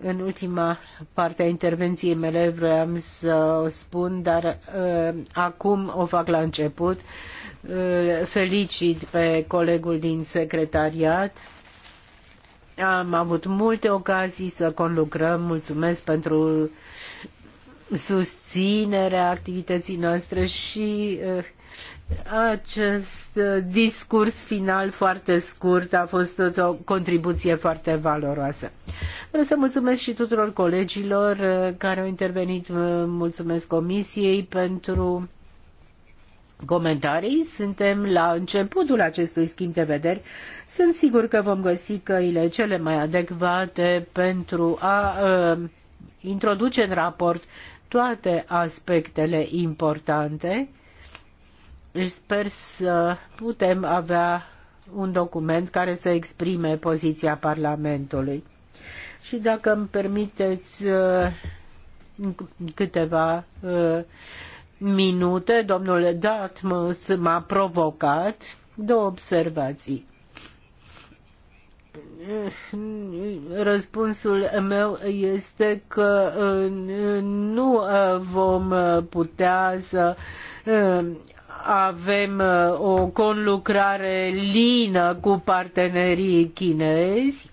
În ultima parte a intervenției mele vreau să o spun, dar uh, acum o fac la început. Uh, felicit pe colegul din secretariat. Am avut multe ocazii să conlucrăm. Mulțumesc pentru susținerea activității noastre și uh, acest uh, discurs final foarte scurt a fost o contribuție foarte valoroasă. Vreau să mulțumesc și tuturor colegilor uh, care au intervenit. Mulțumesc Comisiei pentru comentarii. Suntem la începutul acestui schimb de vederi. Sunt sigur că vom găsi căile cele mai adecvate pentru a uh, introduce în raport toate aspectele importante deci sper să putem avea un document care să exprime poziția Parlamentului. Și dacă îmi permiteți uh, câteva uh, minute, domnule Dartmouth m-a provocat două observații. Răspunsul meu este că uh, nu vom putea să avem uh, o conlucrare lină cu partenerii chinezi.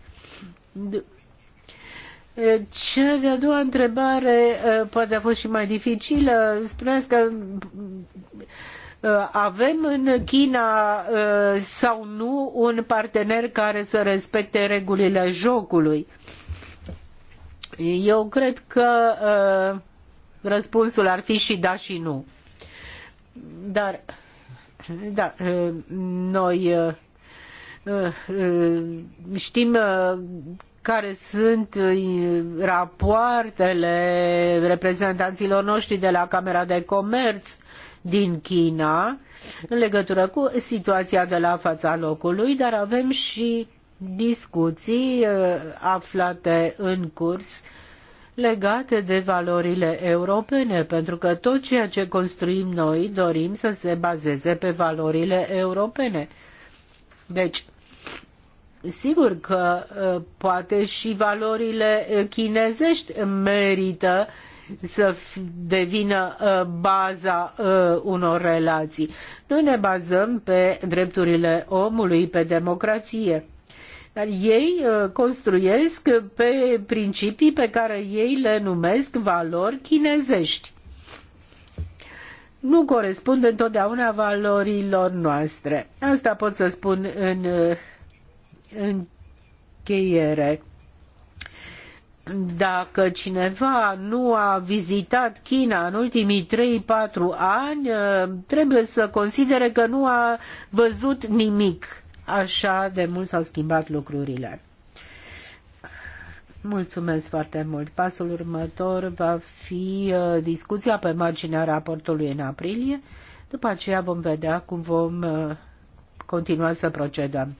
Cea de-a doua întrebare uh, poate a fost și mai dificilă. Spuneați că uh, avem în China sau nu un partener care să respecte regulile jocului. Eu cred că răspunsul ar fi și da și nu. Dar, da, noi uh, uh, știm uh, care sunt rapoartele reprezentanților noștri de la Camera de Comerț din China în legătură cu situația de la fața locului, dar avem și discuții aflate în curs uh, legate de valorile europene, pentru că tot ceea ce construim noi dorim să se bazeze pe valorile europene. Deci, sigur că ă, poate și valorile ă, chinezești merită să devină ă, baza unor relații. Noi ne bazăm pe drepturile omului, pe democrație. Dar ei uh, construiesc pe principii pe care ei le numesc valori chinezești. Nu corespund întotdeauna valorilor noastre. Asta pot să spun în uh, încheiere dacă cineva nu a vizitat China în ultimii 3-4 ani, uh, trebuie să considere că nu a văzut nimic așa de mult s-au schimbat lucrurile. Mulțumesc foarte mult. Pasul următor va fi uh, discuția pe marginea raportului în aprilie. După aceea vom vedea cum vom uh, continua să procedăm.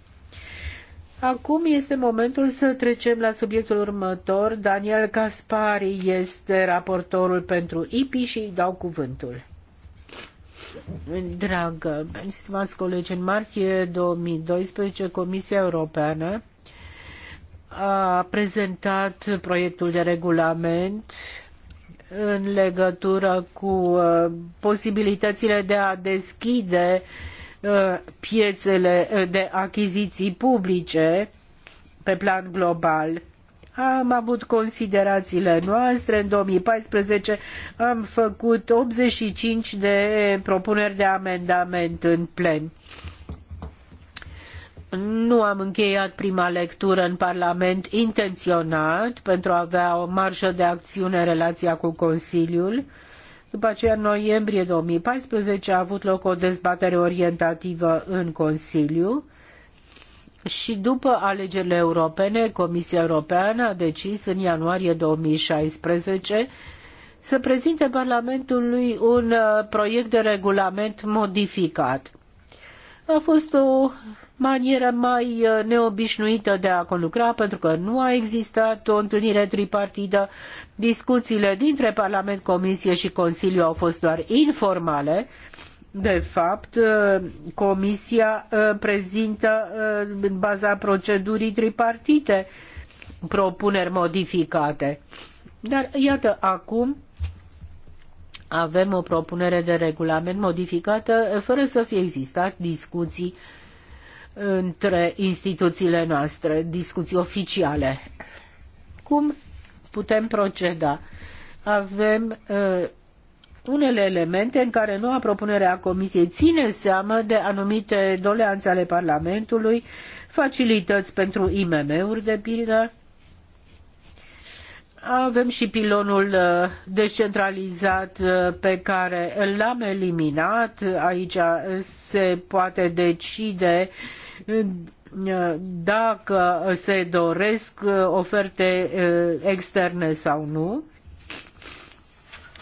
Acum este momentul să trecem la subiectul următor. Daniel Caspari este raportorul pentru IPI și îi dau cuvântul dragă, stimați colegi, în martie 2012 Comisia Europeană a prezentat proiectul de regulament în legătură cu uh, posibilitățile de a deschide uh, piețele uh, de achiziții publice pe plan global am avut considerațiile noastre. În 2014 am făcut 85 de propuneri de amendament în plen. Nu am încheiat prima lectură în Parlament intenționat pentru a avea o marjă de acțiune în relația cu Consiliul. După aceea, în noiembrie 2014, a avut loc o dezbatere orientativă în Consiliu și după alegerile europene, Comisia Europeană a decis în ianuarie 2016 să prezinte Parlamentului un uh, proiect de regulament modificat. A fost o manieră mai uh, neobișnuită de a conlucra, pentru că nu a existat o întâlnire tripartidă. Discuțiile dintre Parlament, Comisie și Consiliu au fost doar informale, de fapt, uh, Comisia uh, prezintă uh, în baza procedurii tripartite propuneri modificate. Dar iată, acum avem o propunere de regulament modificată fără să fie existat discuții între instituțiile noastre, discuții oficiale. Cum putem proceda? Avem uh, unele elemente în care noua propunere a Comisiei ține seama de anumite doleanțe ale Parlamentului, facilități pentru IMM-uri de pildă. Avem și pilonul uh, descentralizat uh, pe care l-am eliminat. Aici uh, se poate decide dacă se doresc oferte externe sau nu.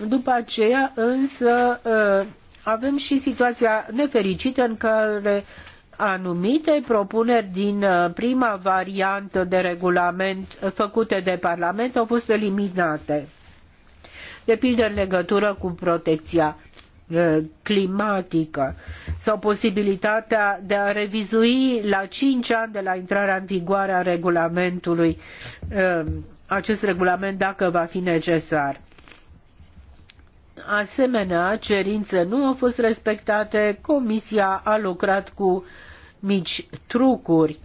După aceea, însă, uh, avem și situația nefericită în care anumite propuneri din uh, prima variantă de regulament făcute de Parlament au fost eliminate. De pildă în legătură cu protecția uh, climatică sau posibilitatea de a revizui la cinci ani de la intrarea în vigoare a regulamentului acest regulament dacă va fi necesar asemenea cerințe nu au fost respectate, comisia a lucrat cu mici trucuri.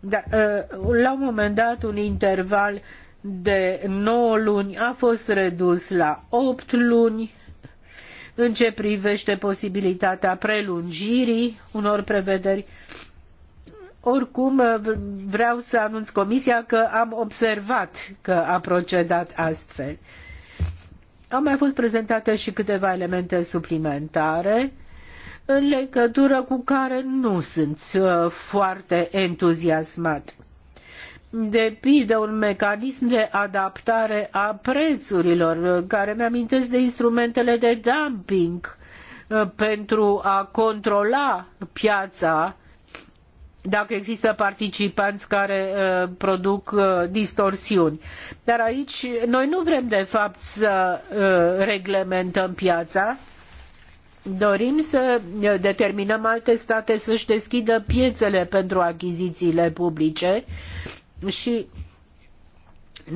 Dar, uh, la un moment dat, un interval de 9 luni a fost redus la 8 luni în ce privește posibilitatea prelungirii unor prevederi. Oricum, uh, vreau să anunț Comisia că am observat că a procedat astfel. Au mai fost prezentate și câteva elemente suplimentare în legătură cu care nu sunt uh, foarte entuziasmat. Depinde un mecanism de adaptare a prețurilor, uh, care mi-amintesc de instrumentele de dumping uh, pentru a controla piața dacă există participanți care uh, produc uh, distorsiuni. Dar aici noi nu vrem de fapt să uh, reglementăm piața, dorim să determinăm alte state să-și deschidă piețele pentru achizițiile publice și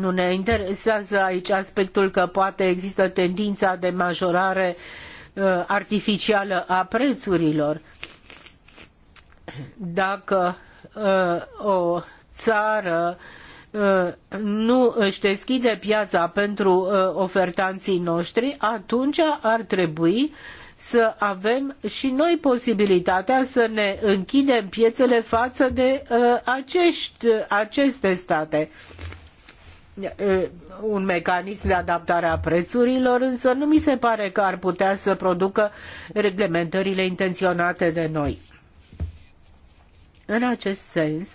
nu ne interesează aici aspectul că poate există tendința de majorare artificială a prețurilor. Uh, dacă uh, o țară uh, nu își deschide piața pentru uh, ofertanții noștri, atunci ar trebui să avem și noi posibilitatea să ne închidem piețele față de acești, aceste state. Un mecanism de adaptare a prețurilor însă nu mi se pare că ar putea să producă reglementările intenționate de noi. În acest sens,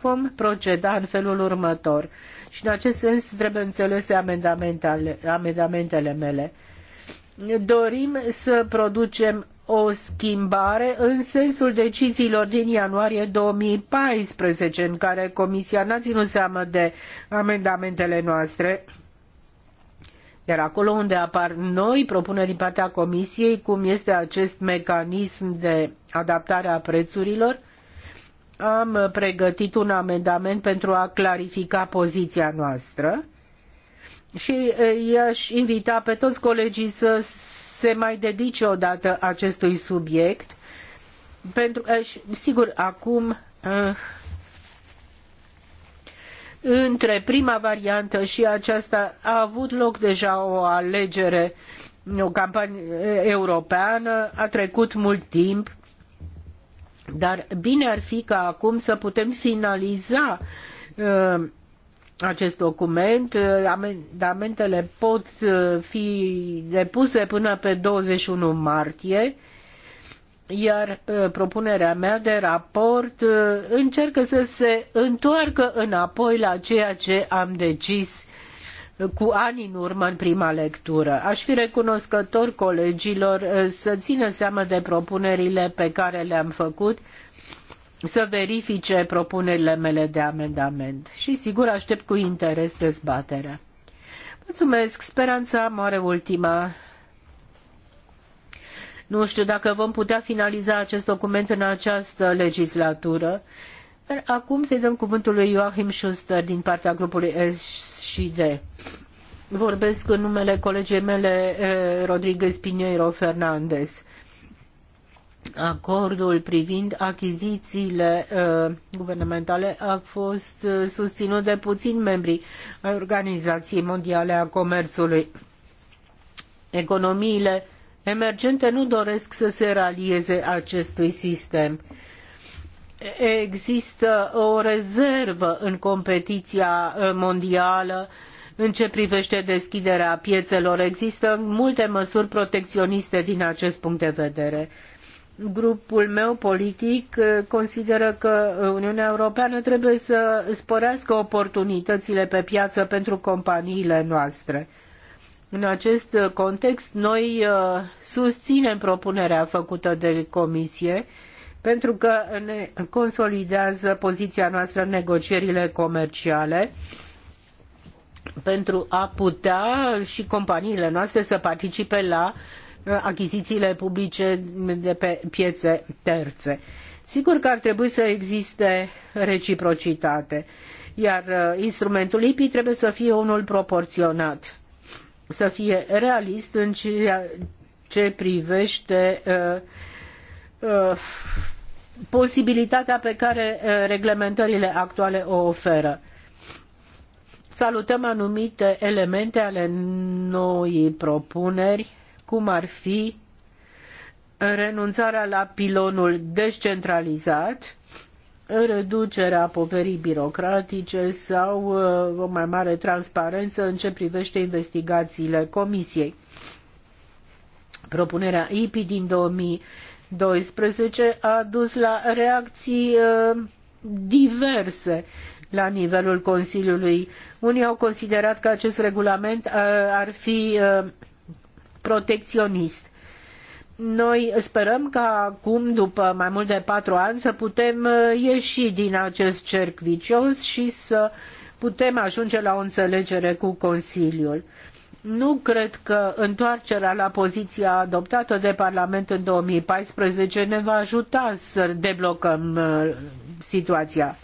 vom proceda în felul următor și în acest sens trebuie înțelese amendamentele, amendamentele mele. Dorim să producem o schimbare în sensul deciziilor din ianuarie 2014, în care Comisia n-a ținut seamă de amendamentele noastre, iar acolo unde apar noi propuneri din partea Comisiei, cum este acest mecanism de adaptare a prețurilor, am pregătit un amendament pentru a clarifica poziția noastră și i-aș invita pe toți colegii să se mai dedice odată acestui subiect pentru sigur acum între prima variantă și aceasta a avut loc deja o alegere o campanie europeană, a trecut mult timp dar bine ar fi ca acum să putem finaliza uh, acest document. Uh, amendamentele pot uh, fi depuse până pe 21 martie, iar uh, propunerea mea de raport încearcă să se întoarcă înapoi la ceea ce am decis cu ani în urmă în prima lectură. Aș fi recunoscător colegilor eh, să țină seama de propunerile pe care le-am făcut, să verifice propunerile mele de amendament și sigur aștept cu interes dezbaterea. Mulțumesc, speranța mare ultima. Nu știu dacă vom putea finaliza acest document în această legislatură. Acum să-i dăm cuvântul lui Joachim Schuster din partea grupului S și de. Vorbesc în numele colegei mele eh, Rodriguez Pinheiro Fernandez. Acordul privind achizițiile uh, guvernamentale a fost uh, susținut de puțini membri ai Organizației Mondiale a Comerțului. Economiile emergente nu doresc să se ralieze acestui sistem. Uh, există o rezervă în competiția uh, mondială în ce privește deschiderea piețelor. Există multe măsuri protecționiste din acest punct de vedere. Grupul meu politic uh, consideră că Uniunea Europeană trebuie să sporească oportunitățile pe piață pentru companiile noastre. În acest context, noi uh, susținem propunerea făcută de Comisie uh, pentru că ne consolidează poziția noastră în negocierile comerciale pentru a putea și companiile noastre să participe la uh, achizițiile publice de pe piețe terțe. Sigur că ar trebui să existe reciprocitate, iar uh, instrumentul IPI trebuie să fie unul proporționat, să fie realist în ceea ce privește uh, uh, posibilitatea pe care eh, reglementările actuale o oferă. Salutăm anumite elemente ale noii propuneri, cum ar fi renunțarea la pilonul descentralizat, reducerea poverii birocratice sau eh, o mai mare transparență în ce privește investigațiile Comisiei. Propunerea IPI din 2000 a dus la reacții uh, diverse la nivelul Consiliului. Unii au considerat că acest regulament uh, ar fi uh, protecționist. Noi sperăm ca acum, după mai mult de patru ani, să putem ieși din acest cerc vicios și să putem ajunge la o înțelegere cu Consiliul. Nu cred că întoarcerea la poziția adoptată de Parlament în 2014 ne va ajuta să deblocăm uh, situația.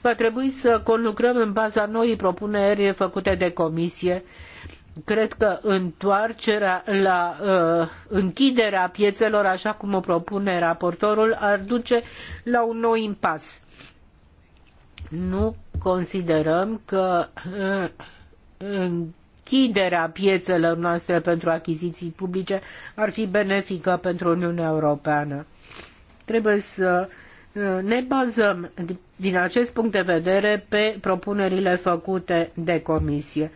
Va trebui să conlucrăm în baza noii propuneri făcute de Comisie cred că întoarcerea la uh, închiderea piețelor, așa cum o propune raportorul, ar duce la un nou impas. Nu considerăm că uh, deschiderea piețelor noastre pentru achiziții publice ar fi benefică pentru Uniunea Europeană. Trebuie să uh, ne bazăm din acest punct de vedere pe propunerile făcute de comisie.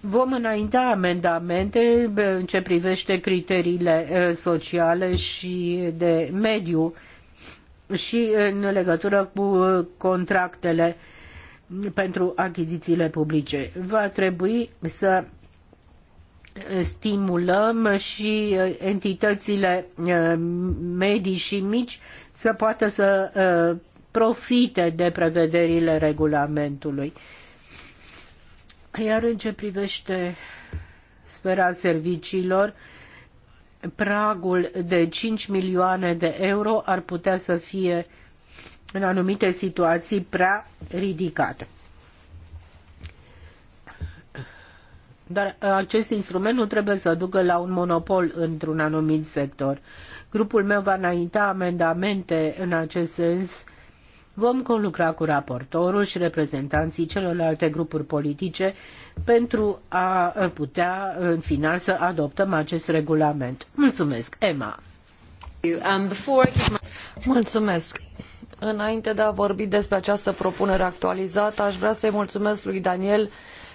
Vom înainta amendamente uh, în ce privește criteriile uh, sociale și de mediu și în legătură cu contractele pentru achizițiile publice. Va trebui să stimulăm și uh, entitățile uh, medii și mici să poată să uh, profite de prevederile regulamentului. Iar în ce privește sfera serviciilor, pragul de 5 milioane de euro ar putea să fie în anumite situații prea ridicat. Dar uh, acest instrument nu trebuie să ducă la un monopol într-un anumit sector. Grupul meu va înainta amendamente în acest sens. Vom conlucra cu raportorul și reprezentanții celorlalte grupuri politice pentru a putea în final să adoptăm acest regulament. Mulțumesc, Emma. Um, mulțumesc. Înainte de a vorbi despre această propunere actualizată, aș vrea să-i mulțumesc lui Daniel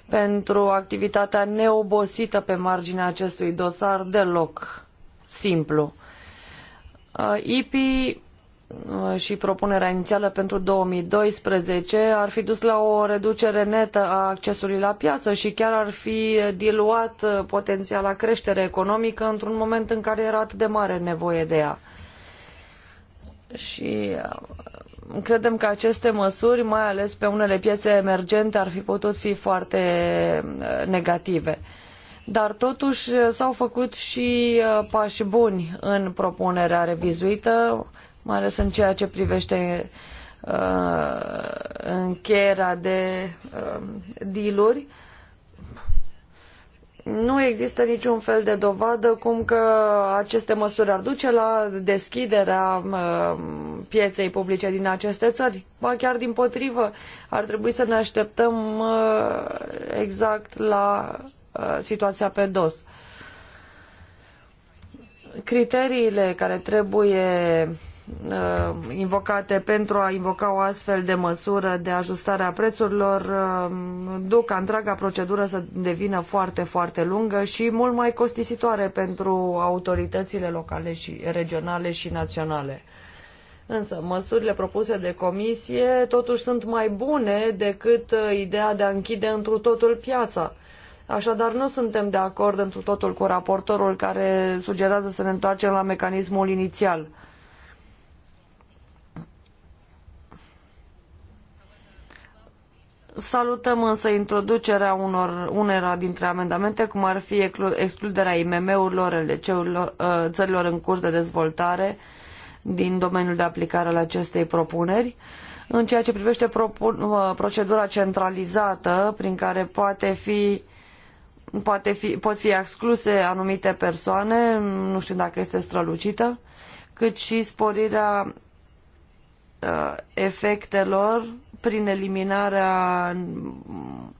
pentru activitatea neobosită pe marginea acestui dosar deloc simplu. IPI uh, uh, și propunerea inițială pentru 2012 ar fi dus la o reducere netă a accesului la piață și chiar ar fi diluat uh, potențiala creștere economică într-un moment în care era atât de mare nevoie de ea. Și Credem că aceste măsuri, mai ales pe unele piețe emergente, ar fi putut fi foarte uh, negative. Dar totuși uh, s-au făcut și uh, pași buni în propunerea revizuită, mai ales în ceea ce privește uh, încheierea de uh, dealuri. Nu există niciun fel de dovadă cum că aceste măsuri ar duce la deschiderea uh, pieței publice din aceste țări. Ba chiar din potrivă, ar trebui să ne așteptăm uh, exact la uh, situația pe dos. Criteriile care trebuie Uh, invocate pentru a invoca o astfel de măsură de ajustare a prețurilor uh, duc ca întreaga procedură să devină foarte, foarte lungă și mult mai costisitoare pentru autoritățile locale și regionale și naționale. Însă, măsurile propuse de comisie totuși sunt mai bune decât uh, ideea de a închide întru totul piața. Așadar, nu suntem de acord întru totul cu raportorul care sugerează să ne întoarcem la mecanismul inițial Salutăm însă introducerea unor, unera dintre amendamente, cum ar fi excluderea IMM-urilor, LC-urilor, uh, țărilor în curs de dezvoltare din domeniul de aplicare al acestei propuneri. În ceea ce privește uh, procedura centralizată, prin care poate fi, poate fi, pot fi excluse anumite persoane, nu știu dacă este strălucită, cât și sporirea uh, efectelor prin eliminarea uh,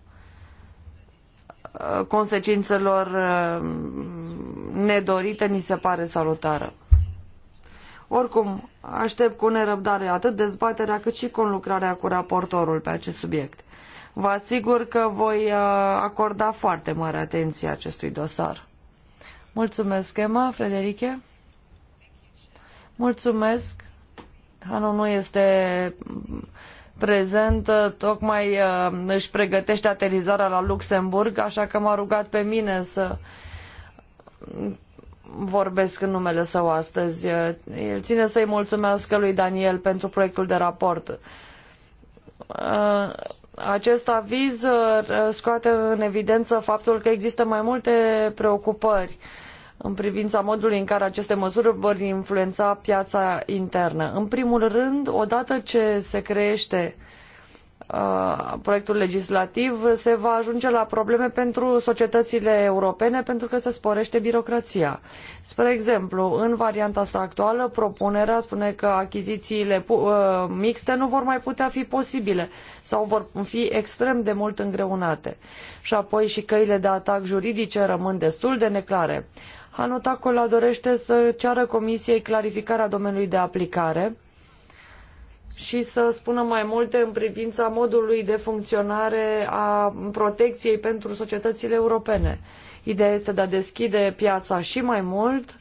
consecințelor uh, nedorite ni se pare salutară. Oricum, aștept cu nerăbdare atât dezbaterea cât și conlucrarea cu raportorul pe acest subiect. Vă asigur că voi uh, acorda foarte mare atenție acestui dosar. Mulțumesc, Emma, Frederiche. Mulțumesc. Hanu nu este prezent tocmai uh, își pregătește aterizarea la Luxemburg, așa că m-a rugat pe mine să vorbesc în numele său astăzi. Uh, el ține să-i mulțumească lui Daniel pentru proiectul de raport. Uh, acest aviz scoate în evidență faptul că există mai multe preocupări uh, în privința modului în care aceste măsuri vor influența piața internă. În primul rând, odată ce se creește uh, proiectul legislativ, se va ajunge la probleme pentru societățile europene pentru că se sporește birocrația. Spre exemplu, în varianta sa actuală, propunerea spune că achizițiile uh, mixte nu vor mai putea fi posibile sau vor fi extrem de mult îngreunate. Și apoi și căile de atac juridice rămân destul de neclare. Anotacula dorește să ceară Comisiei clarificarea domeniului de aplicare și să spună mai multe în privința modului de funcționare a protecției pentru societățile europene. Ideea este de a deschide piața și mai mult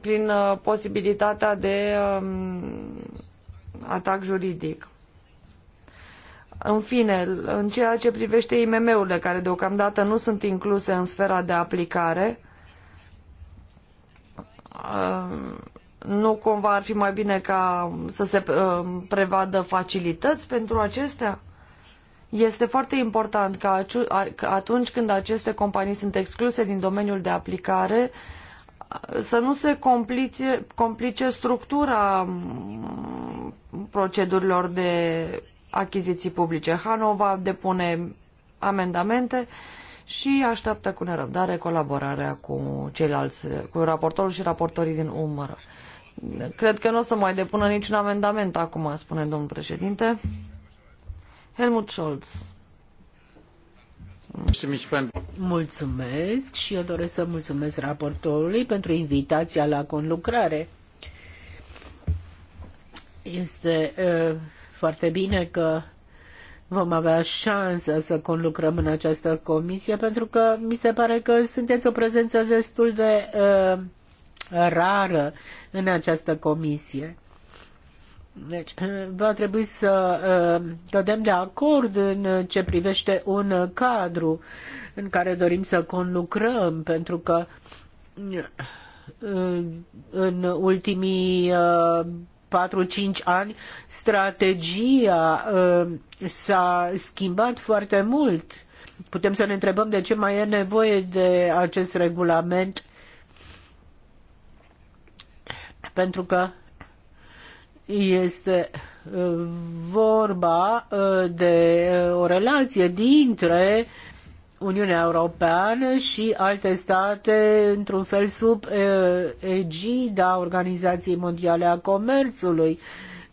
prin uh, posibilitatea de um, atac juridic. În fine, în ceea ce privește IMM-urile, care deocamdată nu sunt incluse în sfera de aplicare, nu cumva ar fi mai bine ca să se uh, prevadă facilități pentru acestea? Este foarte important ca atunci când aceste companii sunt excluse din domeniul de aplicare, să nu se complice, complice structura um, procedurilor de achiziții publice. Hanova depune amendamente uh, și așteaptă cu nerăbdare colaborarea cu ceilalți, cu raportorul și raportorii din umără. Cred că nu o să mai depună niciun amendament acum, spune domnul președinte. Helmut Scholz. Mulțumesc și eu doresc să mulțumesc raportorului pentru invitația la conlucrare. Este uh, foarte bine că vom avea șansa să conlucrăm în această comisie, pentru că mi se pare că sunteți o prezență destul de uh, rară în această comisie. Deci, uh, va trebui să uh, cădem de acord în ce privește un cadru în care dorim să conlucrăm, pentru că uh, în ultimii patru-cinci ani, strategia uh, s-a schimbat foarte mult. Putem să ne întrebăm de ce mai e nevoie de acest regulament, pentru că este uh, vorba uh, de o relație dintre uh, Uniunea Europeană și alte state, într-un fel sub egida Organizației Mondiale a Comerțului.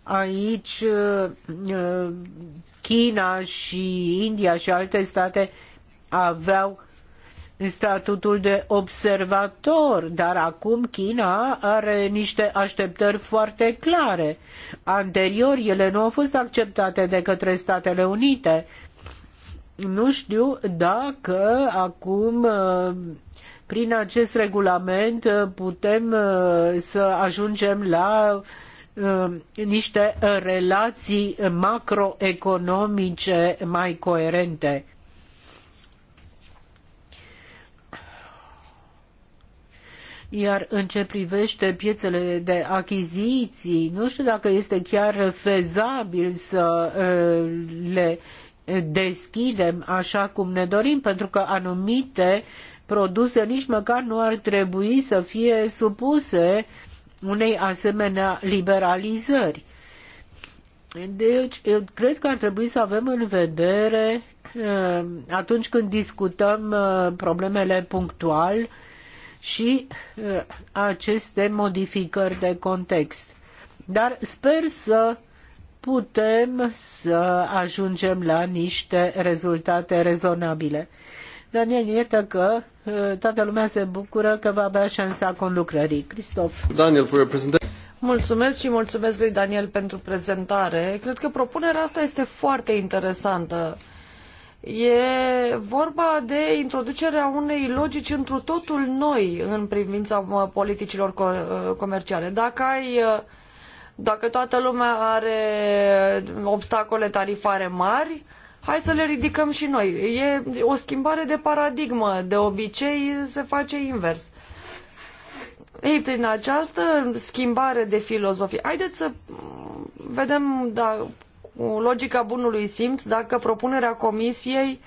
Aici China și India și alte state aveau statutul de observator, dar acum China are niște așteptări foarte clare. Anterior, ele nu au fost acceptate de către Statele Unite nu știu dacă acum uh, prin acest regulament uh, putem uh, să ajungem la niște relații macroeconomice mai coerente. Iar în ce privește piețele de achiziții, nu știu dacă este chiar fezabil să le deschidem așa cum ne dorim, pentru că anumite produse nici măcar nu ar trebui să fie supuse unei asemenea liberalizări. Deci, eu cred că ar trebui să avem în vedere uh, atunci când discutăm uh, problemele punctual și uh, aceste modificări de context. Dar sper să putem să ajungem la niște rezultate rezonabile. Daniel, iată că uh, toată lumea se bucură că va avea șansa conlucrării. Cristof. Daniel, for your Mulțumesc și mulțumesc lui Daniel pentru prezentare. Cred că propunerea asta este foarte interesantă. E vorba de introducerea unei logici într-o totul noi în privința politicilor comerciale. Dacă ai uh, dacă toată lumea are obstacole tarifare mari, hai să le ridicăm și noi. E o schimbare de paradigmă. De obicei se face invers. Ei, prin această schimbare de filozofie, haideți să vedem da, cu logica bunului simț dacă propunerea comisiei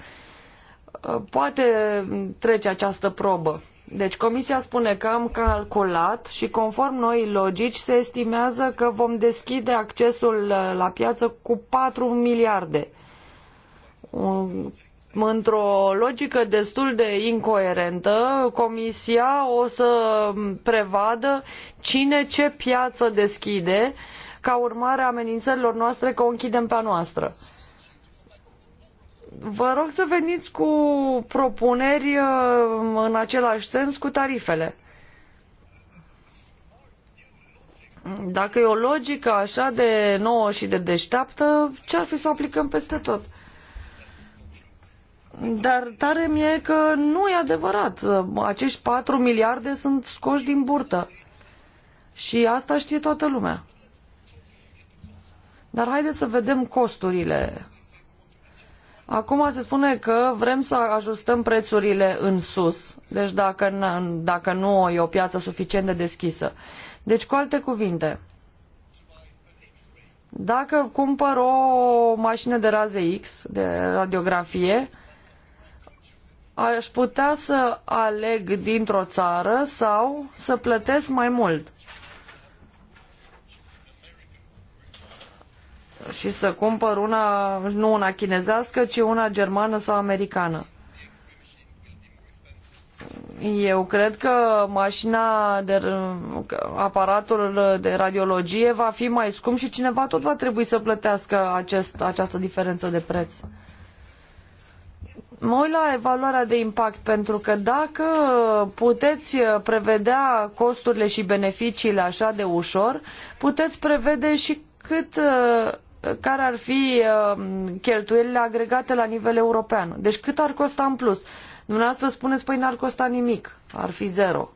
uh, poate trece această probă. Deci comisia spune că am calculat și conform noi logici se estimează că vom deschide accesul uh, la piață cu 4 miliarde. Într-o logică destul de incoerentă, comisia o să prevadă cine ce piață deschide ca urmare a amenințărilor noastre că o închidem pe a noastră vă rog să veniți cu propuneri uh, în același sens cu tarifele. Dacă e o logică așa de nouă și de deșteaptă, ce-ar fi să o aplicăm peste tot? Dar tare mie că nu e adevărat. Acești 4 miliarde sunt scoși din burtă. Și asta știe toată lumea. Dar haideți să vedem costurile Acum se spune că vrem să ajustăm prețurile în sus, deci dacă, dacă nu e o piață suficient de deschisă. Deci, cu alte cuvinte, dacă cumpăr o mașină de raze X, de radiografie, aș putea să aleg dintr-o țară sau să plătesc mai mult. și să cumpăr una, nu una chinezească, ci una germană sau americană. Eu cred că mașina de aparatul de radiologie va fi mai scump și cineva tot va trebui să plătească acest, această diferență de preț. Mă uit la evaluarea de impact pentru că dacă puteți prevedea costurile și beneficiile așa de ușor, puteți prevede și cât care ar fi um, cheltuielile agregate la nivel european. Deci cât ar costa în plus? Dumneavoastră spuneți, păi n-ar costa nimic, ar fi zero.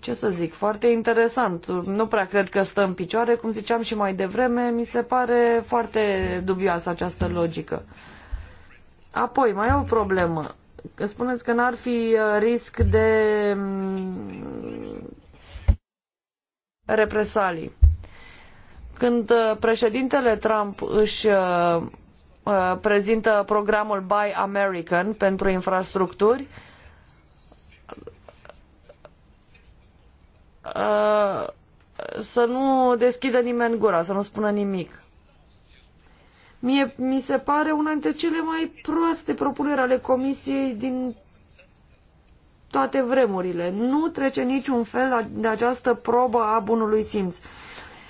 Ce să zic, foarte interesant. Nu prea cred că stă în picioare, cum ziceam și mai devreme, mi se pare foarte dubioasă această logică. Apoi, mai e o problemă. Spuneți că n-ar fi uh, risc de mm, represalii. Când uh, președintele Trump își uh, uh, prezintă programul Buy American pentru infrastructuri, să nu deschidă nimeni gura, să nu spună nimic. Mie mi se pare una dintre cele mai proaste propuneri ale comisiei din toate vremurile. Nu trece niciun fel de această probă a bunului simț.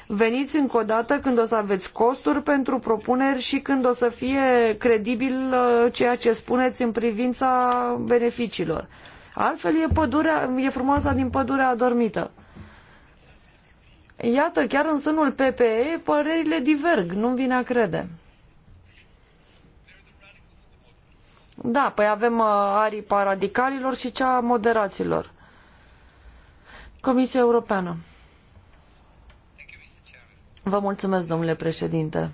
Veniți încă o dată când o să aveți costuri pentru propuneri și când o să fie credibil uh, ceea ce spuneți în privința beneficiilor. Altfel e, pădurea, e frumoasa din pădurea adormită. Iată, chiar în sânul PPE, părerile diverg, nu-mi vine a crede. Da, păi avem uh, aripa radicalilor și cea a moderaților. Comisia Europeană. Vă mulțumesc, domnule președinte.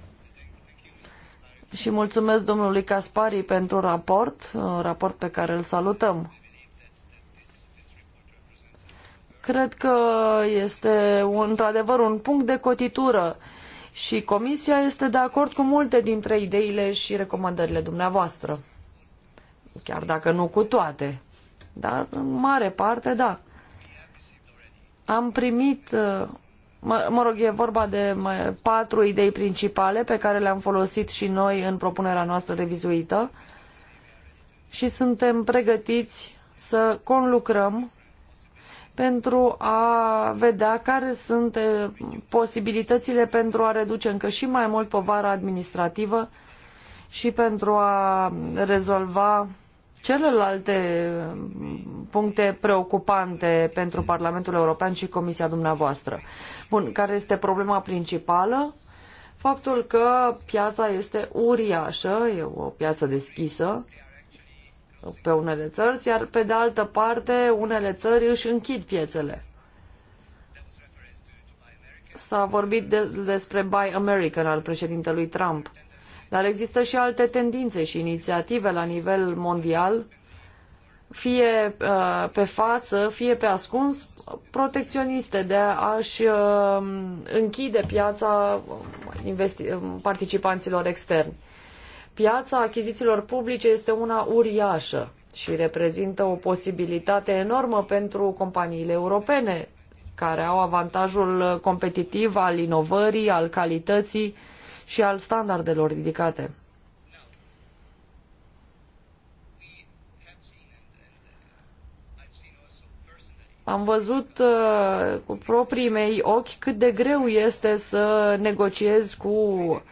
Și mulțumesc domnului Caspari pentru raport, un uh, raport pe care îl salutăm. Cred că este într-adevăr un punct de cotitură și Comisia este de acord cu multe dintre ideile și recomandările dumneavoastră. Chiar dacă nu cu toate, dar în mare parte da. Am primit uh, mă, mă rog, e vorba de patru idei principale pe care le-am folosit și noi în propunerea noastră revizuită și suntem pregătiți să conlucrăm pentru a vedea care sunt posibilitățile pentru a reduce încă și mai mult povara administrativă și pentru a rezolva celelalte mm, puncte preocupante pentru Parlamentul European și Comisia dumneavoastră? Bun, care este problema principală? Faptul că piața este uriașă, e o piață deschisă pe unele țări, iar pe de altă parte unele țări își închid piețele. S-a vorbit de, despre Buy American al președintelui Trump. Dar există și alte tendințe și inițiative la nivel mondial, fie uh, pe față, fie pe ascuns, protecționiste de a-și uh, închide piața participanților externi. Piața achizițiilor publice este una uriașă și reprezintă o posibilitate enormă pentru companiile europene, care au avantajul competitiv al inovării, al calității și al standardelor ridicate. Am văzut uh, cu proprii mei ochi cât de greu este să negociez cu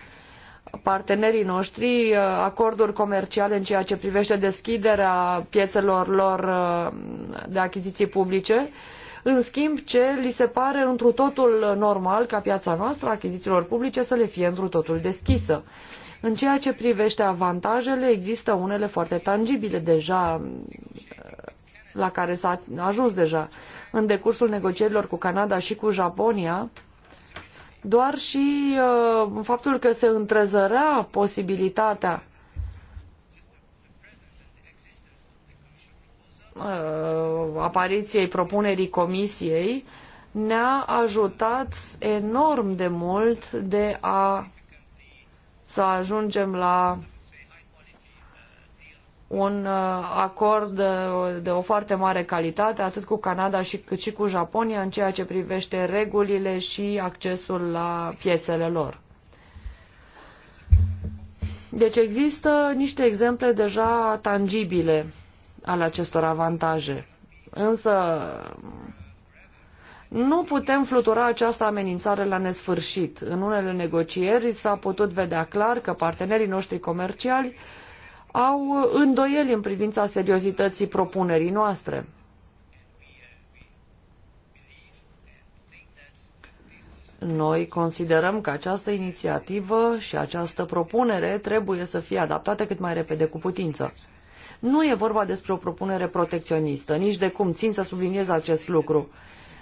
partenerii noștri uh, acorduri comerciale în ceea ce privește deschiderea piețelor lor uh, de achiziții publice în schimb ce li se pare întru totul normal ca piața noastră a achizițiilor publice să le fie întru totul deschisă. În ceea ce privește avantajele, există unele foarte tangibile deja la care s-a ajuns deja în decursul negocierilor cu Canada și cu Japonia, doar și uh, faptul că se întrezărea posibilitatea Uh, apariției propunerii comisiei ne-a ajutat enorm de mult de a să ajungem la un uh, acord uh, de o foarte mare calitate, atât cu Canada și, cât și cu Japonia, în ceea ce privește regulile și accesul la piețele lor. Deci există niște exemple deja tangibile al acestor avantaje. Însă nu putem flutura această amenințare la nesfârșit. În unele negocieri s-a putut vedea clar că partenerii noștri comerciali au îndoieli în privința seriozității propunerii noastre. Noi considerăm că această inițiativă și această propunere trebuie să fie adaptate cât mai repede cu putință. Nu e vorba despre o propunere protecționistă, nici de cum, țin să subliniez acest lucru.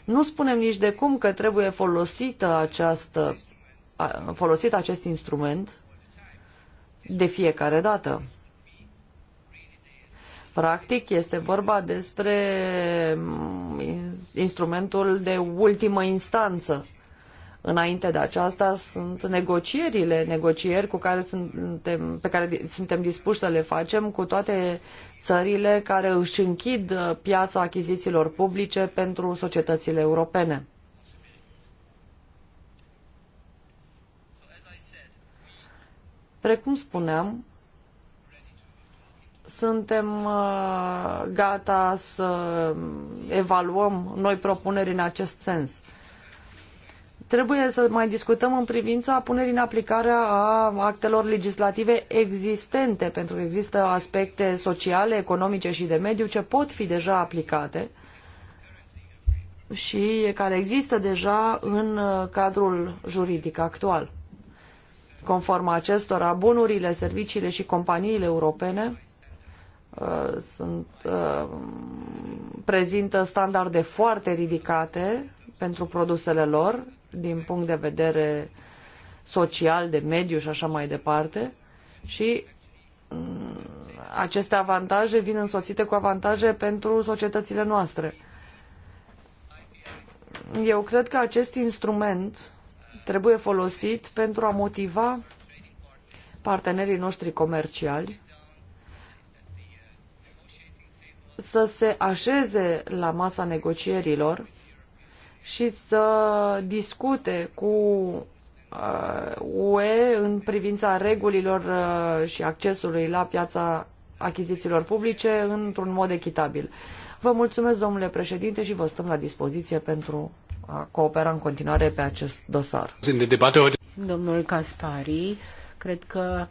Nu spunem nici de cum că trebuie folosită această, folosit acest instrument de fiecare dată. Practic este vorba despre mm, instrumentul de ultimă instanță Înainte de aceasta sunt negocierile, negocieri cu care suntem, pe care suntem dispuși să le facem cu toate țările care își închid uh, piața achizițiilor publice pentru societățile europene. Precum spuneam, suntem uh, gata să evaluăm noi propuneri în acest sens trebuie să mai discutăm în privința punerii în aplicare a actelor legislative existente, pentru că există aspecte sociale, economice și de mediu ce pot fi deja aplicate și care există deja în uh, cadrul juridic actual. Conform acestora, bunurile, serviciile și companiile europene uh, sunt, uh, prezintă standarde foarte ridicate pentru produsele lor, din punct de vedere social, de mediu și așa mai departe. Și mm, aceste avantaje vin însoțite cu avantaje pentru societățile noastre. Eu cred că acest instrument trebuie folosit pentru a motiva partenerii noștri comerciali să se așeze la masa negocierilor și să discute cu uh, UE în privința regulilor uh, și accesului la piața achizițiilor publice într-un mod echitabil. Vă mulțumesc, domnule președinte, și vă stăm la dispoziție pentru a coopera în continuare pe acest dosar. Domnul Caspari, cred că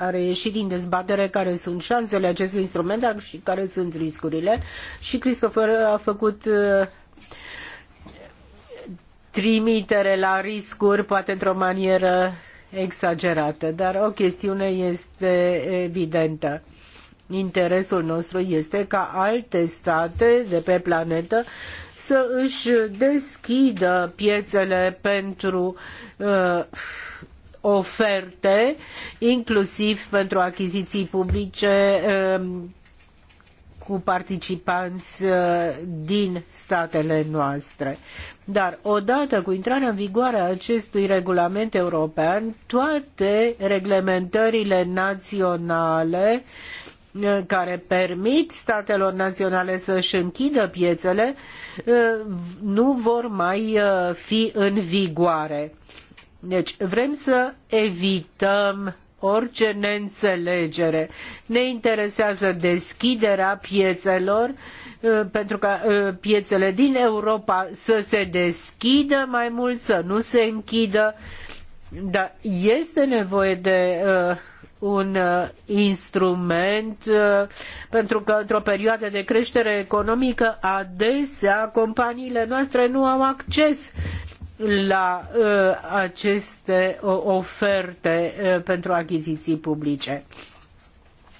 a reieșit din dezbatere care sunt șansele acestui instrument dar și care sunt riscurile și Christopher a făcut uh, trimitere la riscuri, poate într-o manieră exagerată, dar o chestiune este evidentă. Interesul nostru este ca alte state de pe planetă să își deschidă piețele pentru uh, oferte, inclusiv pentru achiziții publice um, cu participanți uh, din statele noastre. Dar odată cu intrarea în vigoare a acestui regulament european, toate reglementările naționale uh, care permit statelor naționale să-și închidă piețele uh, nu vor mai fi în vigoare. Deci vrem să evităm orice neînțelegere. Ne interesează deschiderea piețelor uh, pentru ca uh, piețele din Europa să se deschidă mai mult, să nu se închidă, dar este nevoie de uh, un instrument pentru că într-o perioadă de creștere economică adesea companiile noastre nu au acces la uh, aceste uh, oferte uh, pentru achiziții publice.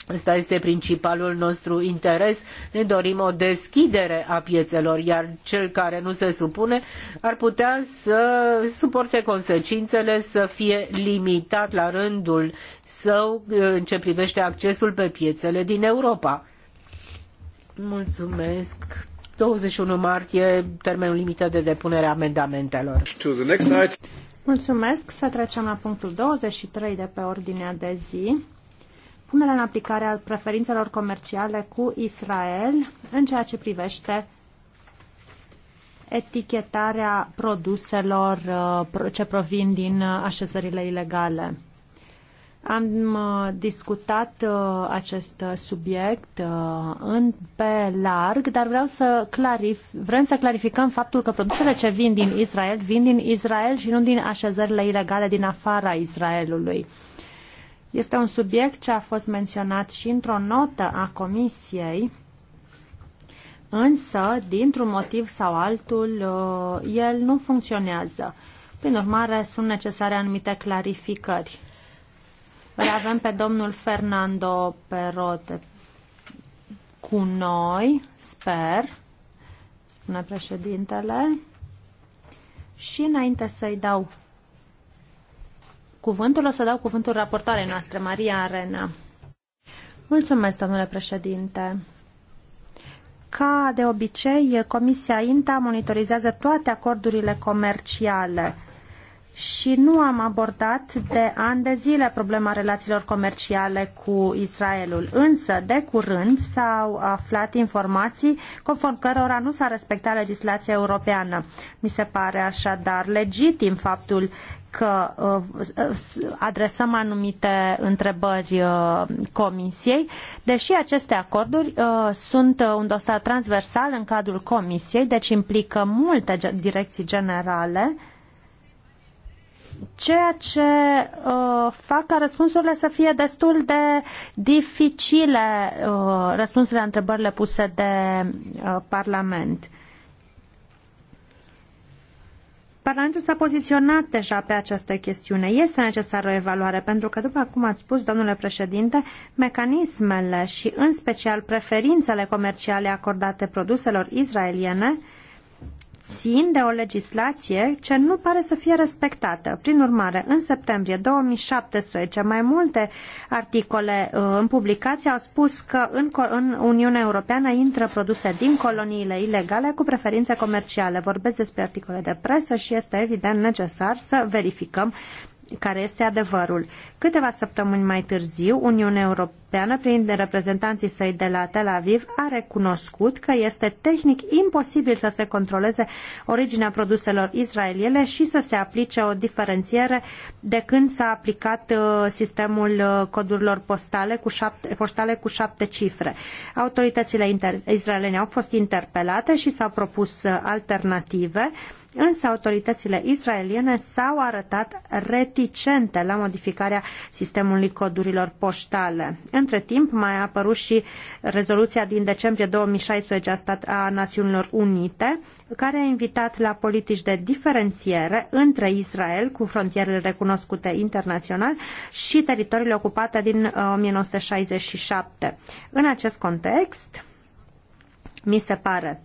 Ăsta este principalul nostru interes. Ne dorim o deschidere a piețelor, iar cel care nu se supune ar putea să suporte consecințele, să fie limitat la rândul său în ce privește accesul pe piețele din Europa. Mulțumesc. 21 martie, termenul limită de depunere a amendamentelor. Mulțumesc. Să trecem la punctul 23 de pe ordinea de zi. Punerea în aplicare a preferințelor comerciale cu Israel în ceea ce privește etichetarea produselor uh, ce provin din uh, așezările ilegale. Am uh, discutat uh, acest uh, subiect în, pe larg, dar vreau să clarif, vrem să clarificăm faptul că produsele ce vin din Israel vin din Israel și nu din așezările ilegale din afara Israelului. Este un subiect ce a fost menționat și într-o notă a Comisiei, însă, dintr-un motiv sau altul, el nu funcționează. Prin urmare, sunt necesare anumite clarificări. Îl avem pe domnul Fernando Perote cu noi, sper, spune președintele. Și înainte să-i dau cuvântul, o să dau cuvântul raportoarei noastre, Maria Arena. Mulțumesc, domnule președinte. Ca de obicei, Comisia INTA monitorizează toate acordurile comerciale și nu am abordat de ani de zile problema relațiilor comerciale cu Israelul. Însă, de curând s-au aflat informații conform cărora nu s-a respectat legislația europeană. Mi se pare așadar legitim faptul că uh, adresăm anumite întrebări uh, Comisiei, deși aceste acorduri uh, sunt un dosar transversal în cadrul Comisiei, deci implică multe direcții generale ceea ce uh, fac ca răspunsurile să fie destul de dificile, uh, răspunsurile la întrebările puse de uh, Parlament. Parlamentul s-a poziționat deja pe această chestiune. Este necesară o evaluare, pentru că, după cum ați spus, domnule președinte, mecanismele și, în special, preferințele comerciale acordate produselor israeliene uh, țin de o legislație ce nu pare să fie respectată. Prin urmare, în septembrie 2017, mai multe articole uh, în publicații au spus că în, în Uniunea Europeană intră produse din coloniile ilegale cu preferințe comerciale. Vorbesc despre articole de presă și este evident necesar să verificăm care este adevărul. Câteva săptămâni mai târziu, Uniunea Europeană Europeană, prin reprezentanții săi de la Tel Aviv, a recunoscut că este tehnic imposibil să se controleze originea produselor israeliene și să se aplice o diferențiere de când s-a aplicat uh, sistemul uh, codurilor postale cu șapte, cu șapte cifre. Autoritățile inter- au fost interpelate și s-au propus uh, alternative însă autoritățile israeliene s-au arătat reticente la modificarea sistemului codurilor poștale. Între timp mai a apărut și rezoluția din decembrie 2016 a, stat, a Națiunilor Unite, care a invitat la politici de diferențiere între Israel, cu frontierele recunoscute internațional, și teritoriile ocupate din 1967. Uh, În acest context, mi se pare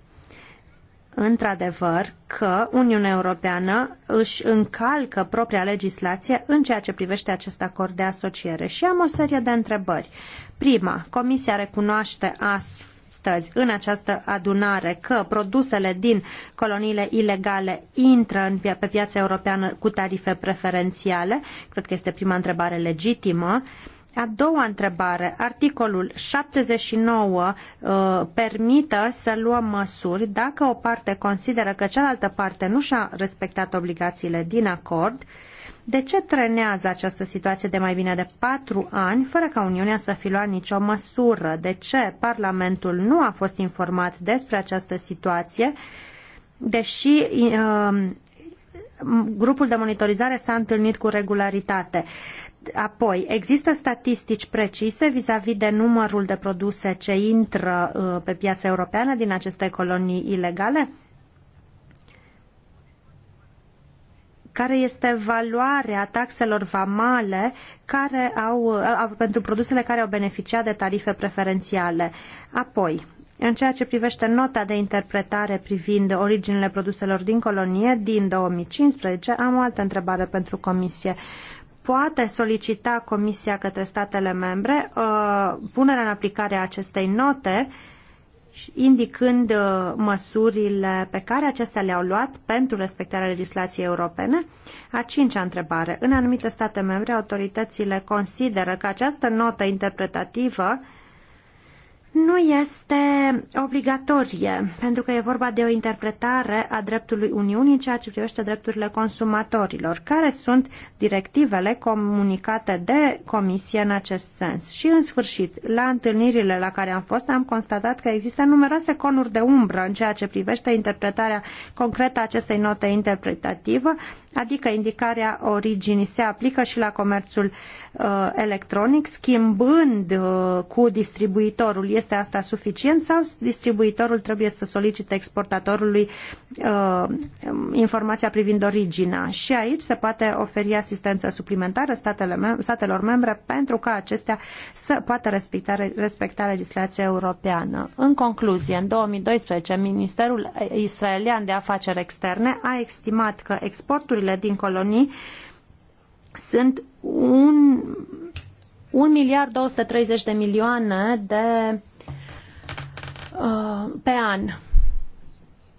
într-adevăr că Uniunea Europeană își încalcă propria legislație în ceea ce privește acest acord de asociere și am o serie de întrebări. Prima, Comisia recunoaște astăzi în această adunare că produsele din coloniile ilegale intră pe piața europeană cu tarife preferențiale? Cred că este prima întrebare legitimă. Uh, a doua întrebare. Articolul 79 uh, permită să luăm măsuri dacă o parte consideră că cealaltă parte nu și-a respectat obligațiile din acord. De ce trenează această situație de mai bine de patru ani fără ca Uniunea să fi luat nicio măsură? De ce Parlamentul nu a fost informat despre această situație, deși uh, grupul de monitorizare s-a întâlnit cu regularitate. Apoi, există statistici precise vis-a-vis de numărul de produse ce intră uh, pe piața europeană din aceste colonii ilegale? Care este valoarea taxelor vamale care uh, au, pentru produsele care au beneficiat de tarife preferențiale? Apoi, în ceea ce privește nota de interpretare privind originile produselor din colonie din 2015, am o altă întrebare pentru Comisie. Uh, poate solicita Comisia către statele membre uh, punerea în aplicare a acestei note indicând uh, măsurile pe care acestea le-au luat pentru respectarea legislației europene. A cincea întrebare. În anumite state membre, autoritățile consideră că această notă interpretativă uh, nu este obligatorie, pentru că e vorba de o interpretare a dreptului Uniunii în ceea ce privește drepturile consumatorilor, care sunt directivele comunicate de Comisie în acest sens. Și, în sfârșit, la întâlnirile la care am fost, am constatat că există numeroase conuri de umbră în ceea ce privește interpretarea concretă a acestei note interpretativă, adică indicarea originii se aplică și la comerțul uh, electronic, schimbând uh, cu distribuitorul. Este este asta suficient sau distribuitorul trebuie să solicite exportatorului uh, informația privind originea? Și aici se poate oferi asistență suplimentară statele mem- statelor membre pentru ca acestea să poată respecta, respecta legislația europeană. În concluzie, în 2012, Ministerul Israelian de Afaceri Externe a estimat că exporturile din colonii sunt un un miliard 230 de milioane de Uh, pe an.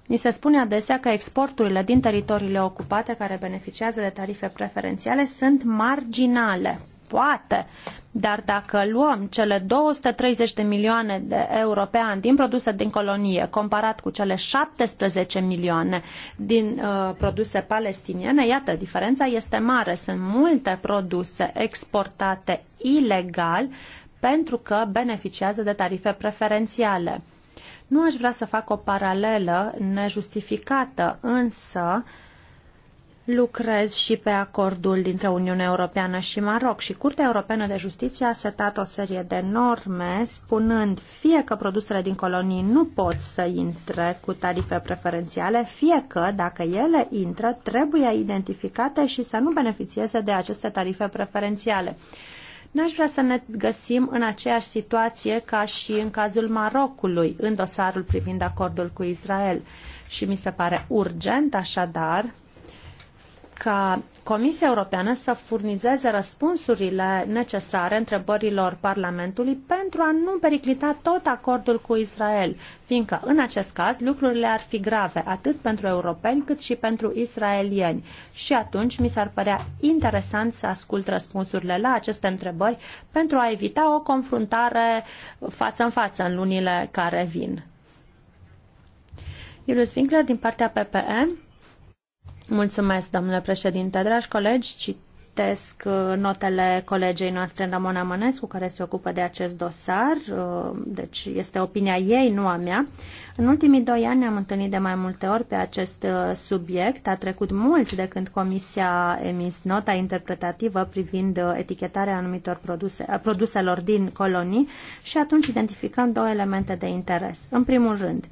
Ni se spune adesea că exporturile din teritoriile ocupate care beneficiază de tarife preferențiale sunt marginale. Poate, dar dacă luăm cele 230 de milioane de euro pe an din produse din colonie, comparat cu cele 17 milioane din uh, produse palestiniene, iată, diferența este mare. Sunt multe produse exportate ilegal pentru că beneficiază de tarife preferențiale. Nu aș vrea să fac o paralelă nejustificată, însă lucrez și pe acordul dintre Uniunea Europeană și Maroc și Curtea Europeană de Justiție a setat o serie de norme spunând fie că produsele din colonii nu pot să intre cu tarife preferențiale, fie că, dacă ele intră, trebuie identificate și să nu beneficieze de aceste tarife preferențiale. N-aș vrea să ne găsim în aceeași situație ca și în cazul Marocului, în dosarul privind acordul cu Israel. Și mi se pare urgent, așadar, ca Comisia Europeană să furnizeze răspunsurile necesare întrebărilor Parlamentului pentru a nu periclita tot acordul cu Israel, fiindcă în acest caz lucrurile ar fi grave atât pentru europeni cât și pentru israelieni. Și atunci mi s-ar părea interesant să ascult răspunsurile la aceste întrebări pentru a evita o confruntare față în față în lunile care vin. Iulius Winkler din partea PPM. Mulțumesc, domnule președinte. Dragi colegi, citesc uh, notele colegei noastre, Ramona Mănescu, care se ocupă de acest dosar, uh, deci este opinia ei, nu a mea. În ultimii doi ani ne-am întâlnit de mai multe ori pe acest uh, subiect. A trecut mult de când Comisia a emis nota interpretativă privind etichetarea anumitor produse, produselor din colonii și atunci identificăm două elemente de interes. În primul rând,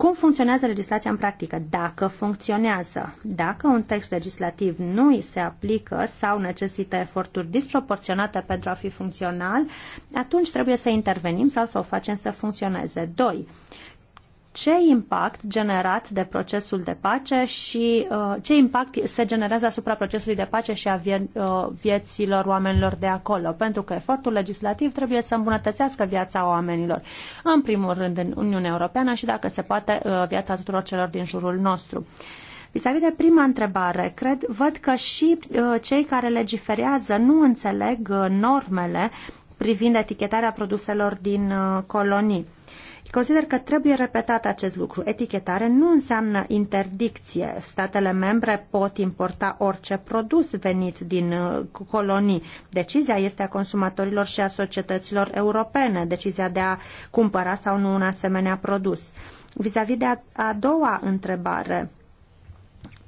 cum funcționează legislația în practică? Dacă funcționează, dacă un text legislativ nu îi se aplică sau necesită eforturi disproporționate pentru a fi funcțional, atunci trebuie să intervenim sau să o facem să funcționeze. 2 ce impact generat de procesul de pace și uh, ce impact se generează asupra procesului de pace și a uh, vieților oamenilor de acolo, pentru că efortul legislativ trebuie să îmbunătățească viața oamenilor, în primul rând în Uniunea Europeană și, dacă se poate, uh, viața tuturor celor din jurul nostru. Vis-a-vis de prima întrebare, cred, văd că și cei care legiferează nu înțeleg normele privind etichetarea produselor din colonii. Uh, Consider că trebuie repetat acest lucru. Etichetare nu înseamnă interdicție. Statele membre pot importa orice produs venit din uh, colonii. Decizia este a consumatorilor și a societăților europene, decizia de a cumpăra sau nu un asemenea produs. Vis-a-vis -vis de a, a doua întrebare,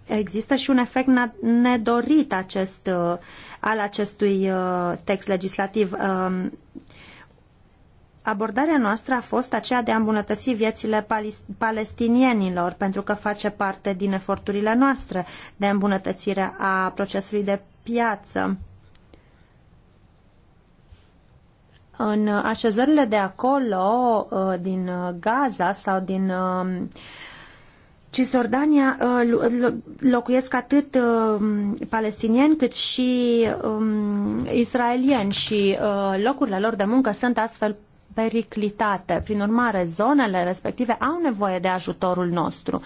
există și un efect nedorit acest, uh, al acestui uh, text legislativ. Um, Abordarea noastră a fost aceea de a îmbunătăți viețile palestinienilor, pentru că face parte din eforturile noastre de îmbunătățire a procesului de piață. În așezările de acolo, uh, din Gaza sau din um, Cisordania, uh, locuiesc atât um, palestinieni cât și um, israelieni și uh, locurile lor de muncă sunt astfel periclitate. Prin urmare, zonele respective au nevoie de ajutorul nostru.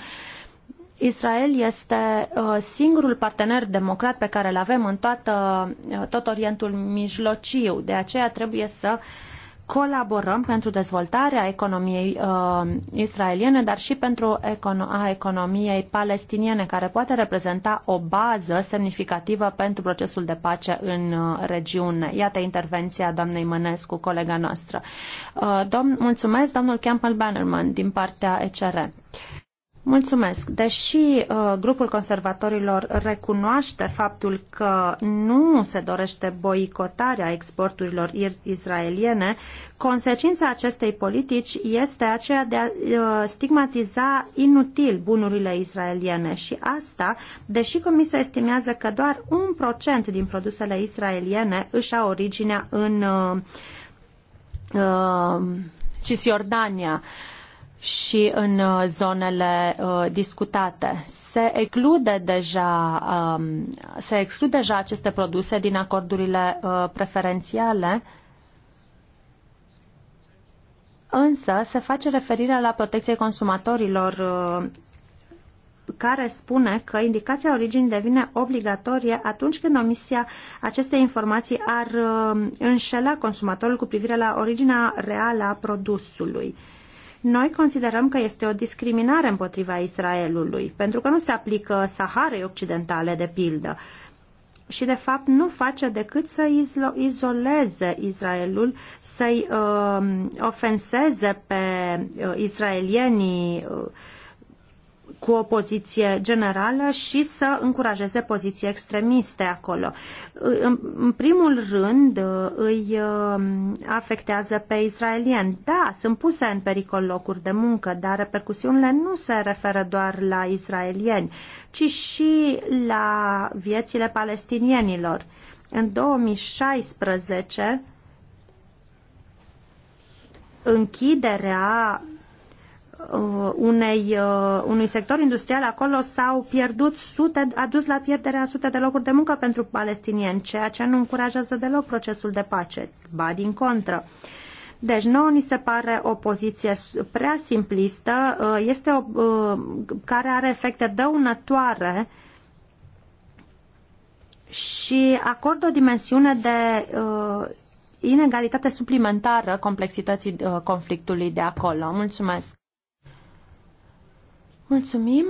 Israel este uh, singurul partener democrat pe care îl avem în toată, uh, tot Orientul Mijlociu, de aceea trebuie să uh, colaborăm pentru dezvoltarea economiei uh, israeliene, dar și pentru econo- a economiei palestiniene, care poate reprezenta o bază semnificativă pentru procesul de pace în uh, regiune. Iată intervenția doamnei Mănescu, colega noastră. Uh, domn- mulțumesc, domnul Campbell Bannerman, din partea ECR. Mulțumesc. Deși uh, grupul conservatorilor recunoaște faptul că nu se dorește boicotarea exporturilor israeliene, consecința acestei politici este aceea de a uh, stigmatiza inutil bunurile israeliene și asta, deși Comisia estimează că doar un procent din produsele israeliene își au originea în uh, uh Cisjordania. Uh, și în uh, zonele uh, discutate. Se exclude deja, um, se exclud deja aceste produse din acordurile uh, preferențiale Însă se face referire la protecția consumatorilor care spune că indicația originii devine obligatorie atunci când omisia acestei informații ar înșela consumatorul cu privire la originea reală a produsului. Noi considerăm că este o discriminare împotriva Israelului, pentru că nu se aplică Saharei Occidentale, de pildă. Și, de fapt, nu face decât să izoleze Israelul, să-i uh, ofenseze pe uh, israelienii. Uh, cu o poziție generală și să încurajeze poziții extremiste acolo. În primul rând îi uh, afectează pe israelieni. Da, sunt puse în pericol locuri de muncă, dar repercusiunile nu se referă doar la israelieni, ci și la viețile palestinienilor. În 2016, închiderea Uh, unei, uh, unui sector industrial acolo s-au pierdut sute, a dus la pierderea sute de locuri de muncă pentru palestinieni, ceea ce nu încurajează deloc procesul de pace, ba din contră. Deci nouă ni se pare o poziție prea simplistă, uh, este o, care are efecte dăunătoare și acordă o dimensiune de inegalitate suplimentară complexității conflictului de acolo. Mulțumesc! Mulțumim.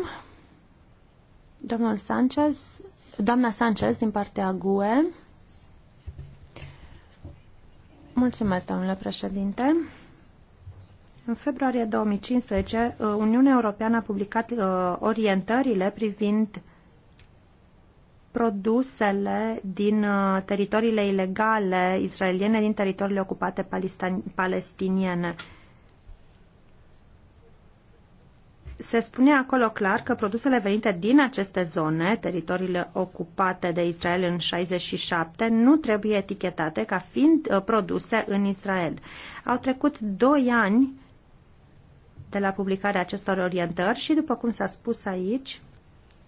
Domnul Sanchez, doamna Sanchez din partea GUE. Mulțumesc, domnule președinte. În februarie 2015, uh, Uniunea Europeană a publicat uh, orientările privind produsele din uh, teritoriile ilegale israeliene, din teritoriile ocupate palestiniene. se spune acolo clar că produsele venite din aceste zone, teritoriile ocupate de Israel în 67, nu trebuie etichetate ca fiind uh, produse în Israel. Au trecut doi ani de la publicarea acestor orientări și, după cum s-a spus aici,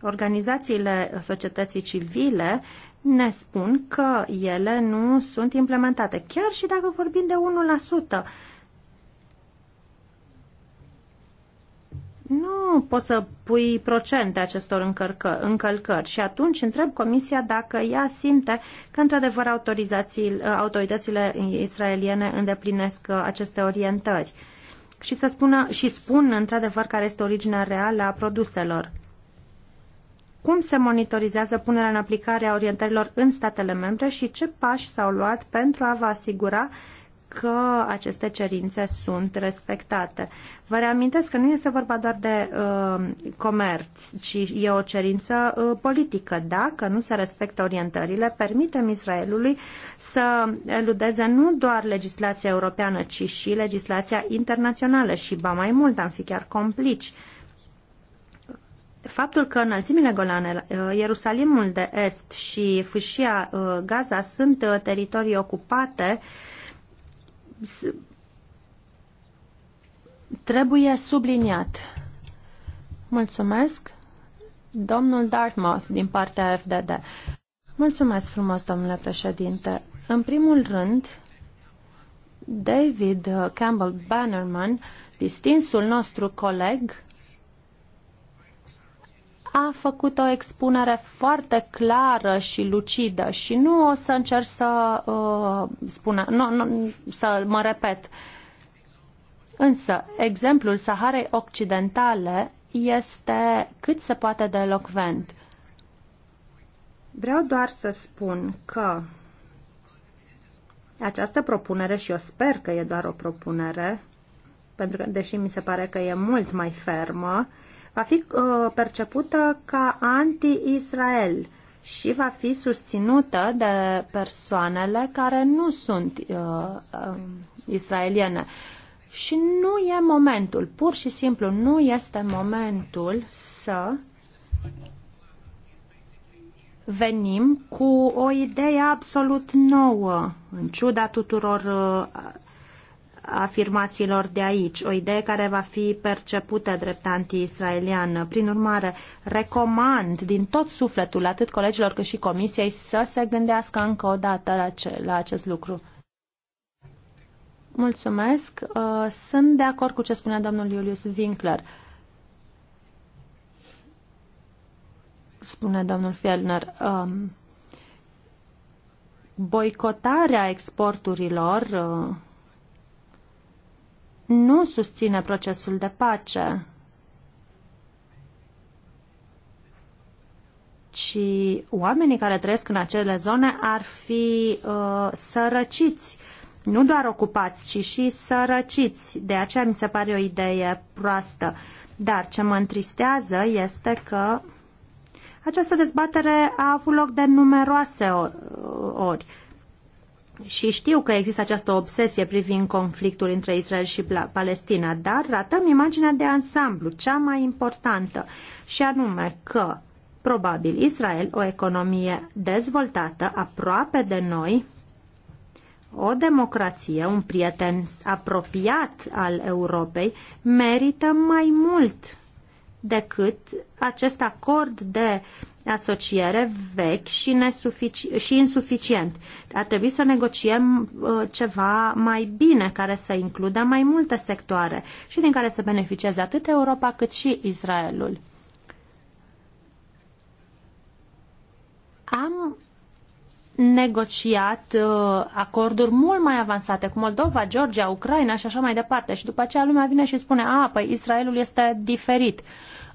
organizațiile societății civile ne spun că ele nu sunt implementate, chiar și dacă vorbim de nu poți să pui procente acestor încărcă, încălcări și atunci întreb Comisia dacă ea simte că într-adevăr autoritățile israeliene îndeplinesc uh, aceste orientări și, să spună, și spun într-adevăr care este originea reală a produselor. Cum se monitorizează punerea în aplicare a orientărilor în statele membre și ce pași s-au luat pentru a vă asigura că aceste cerințe sunt respectate. Vă reamintesc că nu este vorba doar de uh, comerț, ci e o cerință uh, politică. Dacă nu se respectă orientările, permitem Israelului să eludeze nu doar legislația europeană, ci și legislația internațională și, ba mai mult, am fi chiar complici faptul că înălțimile Golane, uh, Ierusalimul de Est și fâșia uh, Gaza sunt uh, teritorii ocupate trebuie subliniat. Mulțumesc. Domnul Dartmouth, din partea FDD. Mulțumesc frumos, domnule președinte. În primul rând, David Campbell Bannerman, distinsul nostru coleg, a făcut o expunere foarte clară și lucidă și nu o să încerc să uh, spună, nu, nu, să mă repet. Însă, exemplul Saharei Occidentale este cât se poate de elocvent. Vreau doar să spun că această propunere, și eu sper că e doar o propunere, pentru că, deși mi se pare că e mult mai fermă, uh, va fi uh, percepută ca anti-Israel și va fi susținută de persoanele care nu sunt uh, uh, israeliene. Și nu e momentul, pur și simplu nu este momentul să venim cu o idee absolut nouă, în ciuda tuturor uh, afirmațiilor de aici, o idee care va fi percepută drept anti-israeliană. Prin urmare, recomand din tot sufletul, atât colegilor cât și comisiei, să se gândească încă o dată la, ce, la acest lucru. Mulțumesc. Uh, sunt de acord cu ce spunea domnul Julius Winkler. Spune domnul Fielner um, boicotarea exporturilor uh, nu susține procesul de pace, ci oamenii care trăiesc în acele zone ar fi uh, sărăciți, nu doar ocupați, ci și sărăciți. De aceea mi se pare o idee proastă. Dar ce mă întristează este că această dezbatere a avut loc de numeroase ori și știu că există această obsesie privind conflictul între Israel și Palestina, dar ratăm imaginea de ansamblu, cea mai importantă, și anume că, probabil, Israel, o economie dezvoltată aproape de noi, o democrație, un prieten apropiat al Europei, merită mai mult decât acest acord de uh, asociere vechi și, nesufici- și insuficient. Ar trebui să negociem uh, ceva mai bine, care să includă mai multe sectoare și din care să beneficieze atât Europa cât și Israelul. Am negociat uh, acorduri mult mai avansate cu Moldova, Georgia, Ucraina și așa mai departe. Și după aceea lumea vine și spune, a, păi Israelul este diferit. Uh,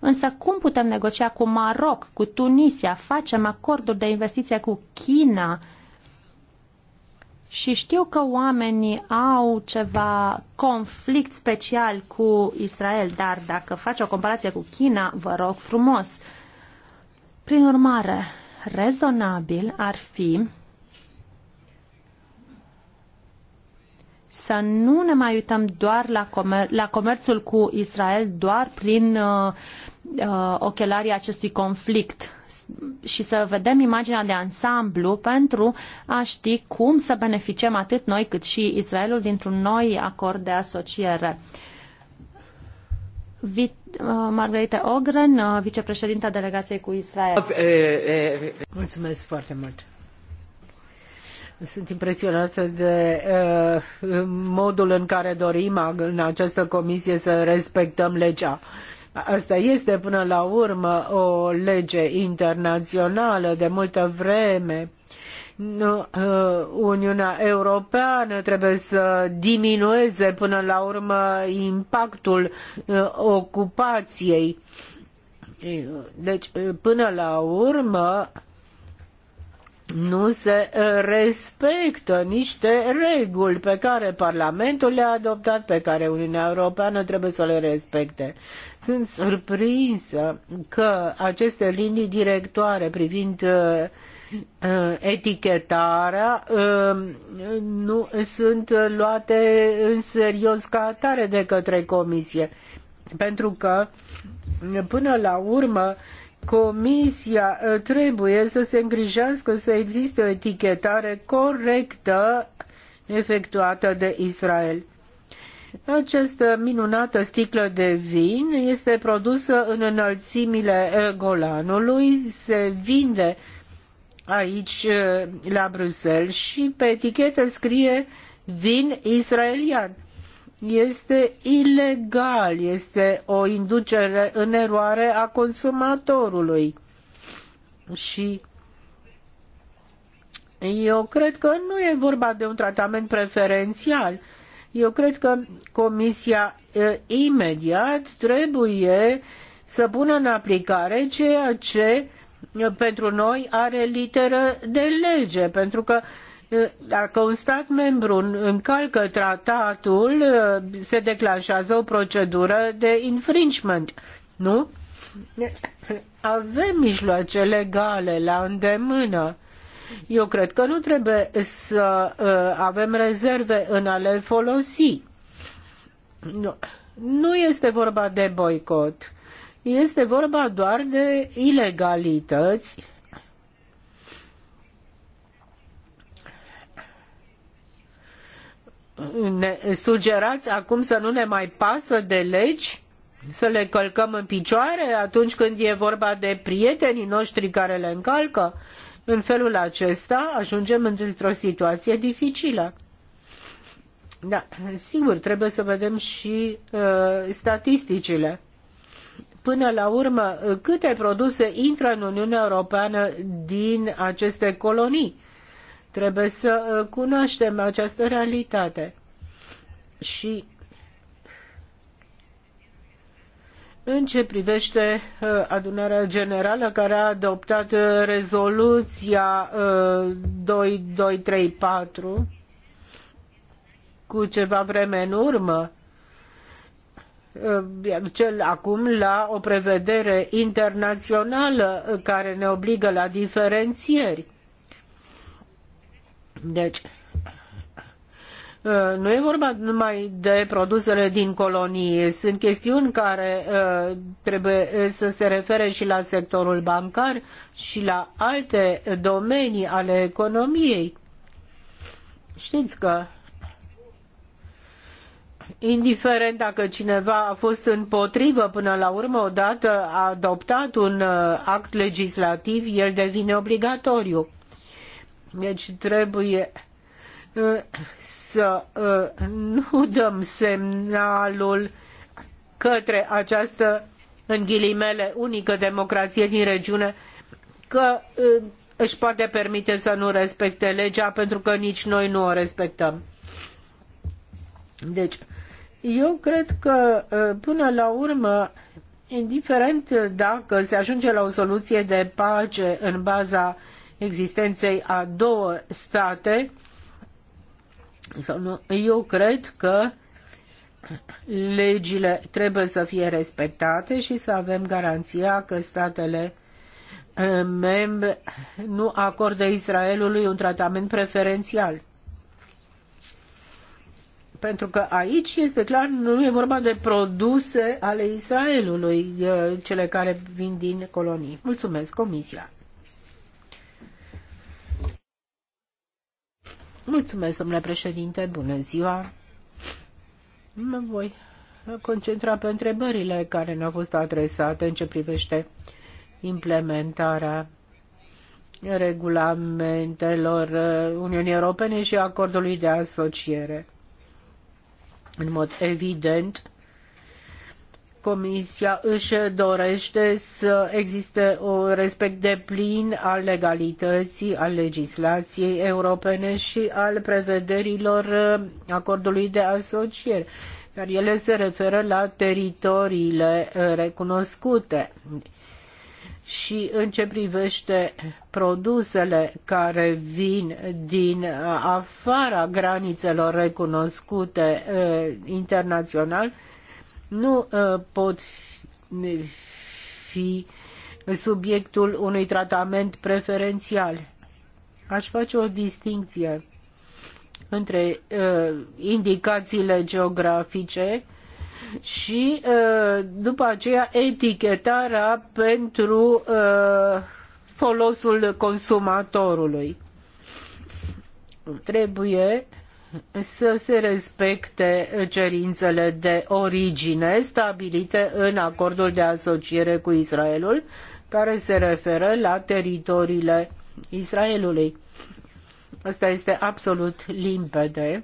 Însă cum putem negocia cu Maroc, cu Tunisia, facem acorduri de investiție cu China? Și știu că oamenii au ceva conflict special cu Israel, dar dacă faci o comparație cu China, vă rog frumos. Prin urmare, rezonabil ar fi să nu ne mai uităm doar la, comer- la comerțul cu Israel doar prin uh, uh, ochelarii acestui conflict și să vedem imaginea de ansamblu pentru a ști cum să beneficiem atât noi cât și Israelul dintr-un noi acord de asociere. Vit, uh, Margarita Ogren, uh, vicepreședinta delegației cu Israel. Uh, uh, uh. Mulțumesc foarte mult. Sunt impresionată de uh, modul în care dorim în această comisie să respectăm legea. Asta este până la urmă o lege internațională de multă vreme. Uh, Uniunea Europeană trebuie să diminueze până la urmă impactul uh, ocupației. Deci, până la urmă, nu se respectă niște reguli pe care Parlamentul le-a adoptat, pe care Uniunea Europeană trebuie să le respecte. Sunt surprinsă că aceste linii directoare privind uh, etichetarea nu sunt luate în serios ca atare de către comisie. Pentru că, până la urmă, Comisia uh, trebuie să se îngrijească să existe o etichetare corectă efectuată de Israel. Această minunată sticlă de vin este produsă în înălțimile uh, Golanului, se vinde aici uh, la Bruxelles și pe etichetă scrie vin israelian este ilegal, este o inducere în eroare a consumatorului. Și eu cred că nu e vorba de un tratament preferențial. Eu cred că Comisia imediat trebuie să pună în aplicare ceea ce pentru noi are literă de lege, pentru că uh, dacă un stat membru încalcă tratatul, se declanșează o procedură de infringement. Nu? Deci, avem mijloace legale la îndemână. Eu cred că nu trebuie să uh, avem rezerve în a le folosi. Nu. nu este vorba de boicot. Este vorba doar de ilegalități ne sugerați acum să nu ne mai pasă de legi? Să le călcăm în picioare atunci când e vorba de prietenii noștri care le încalcă? În felul acesta ajungem într-o situație dificilă. Da, sigur, trebuie să vedem și uh, statisticile. Până la urmă, uh, câte produse intră în Uniunea Europeană din aceste colonii? Uh, Trebuie să uh, cunoaștem această realitate. Și În ce privește uh, adunarea generală care a adoptat uh, rezoluția 2234 cu ceva vreme în urmă, cel acum la o prevedere internațională care ne obligă la diferențieri. Deci, uh, nu e vorba numai de produsele din colonii, sunt chestiuni care uh, trebuie uh, să se refere și la sectorul bancar și la alte domenii ale economiei. Știți că indiferent dacă cineva a fost împotrivă până la urmă odată a adoptat un act legislativ, el devine obligatoriu. Deci trebuie uh, să uh, nu dăm semnalul către această în ghilimele unică democrație din regiune că uh, își poate permite să nu respecte legea pentru că nici noi nu o respectăm. Deci, eu cred că până la urmă, indiferent dacă se ajunge la o soluție de pace în baza uh, existenței a două state, eu cred că legile trebuie să fie respectate și să avem garanția că statele eh, membre nu acordă Israelului un tratament preferențial. Pentru că aici este clar, nu e vorba de produse ale Israelului, eh, cele care vin din colonii. Mulțumesc, Comisia. Mulțumesc, domnule președinte, bună ziua. Mă voi concentra pe întrebările care ne-au fost adresate în ce privește implementarea regulamentelor Uniunii Europene și acordului de asociere. În mod evident, Comisia își dorește să existe un respect deplin al legalității, al legislației europene și al prevederilor uh, acordului de asociere, iar ele se referă la teritoriile uh, recunoscute. Și în ce privește produsele care vin din uh, afara granițelor recunoscute internațional, nu uh, pot fi subiectul unui tratament preferențial. Aș face o distinție între uh, indicațiile geografice și uh, după aceea etichetarea pentru folosul consumatorului. Trebuie să se respecte cerințele de origine stabilite în acordul de asociere cu Israelul, care se referă la teritoriile Israelului. Asta este absolut limpede.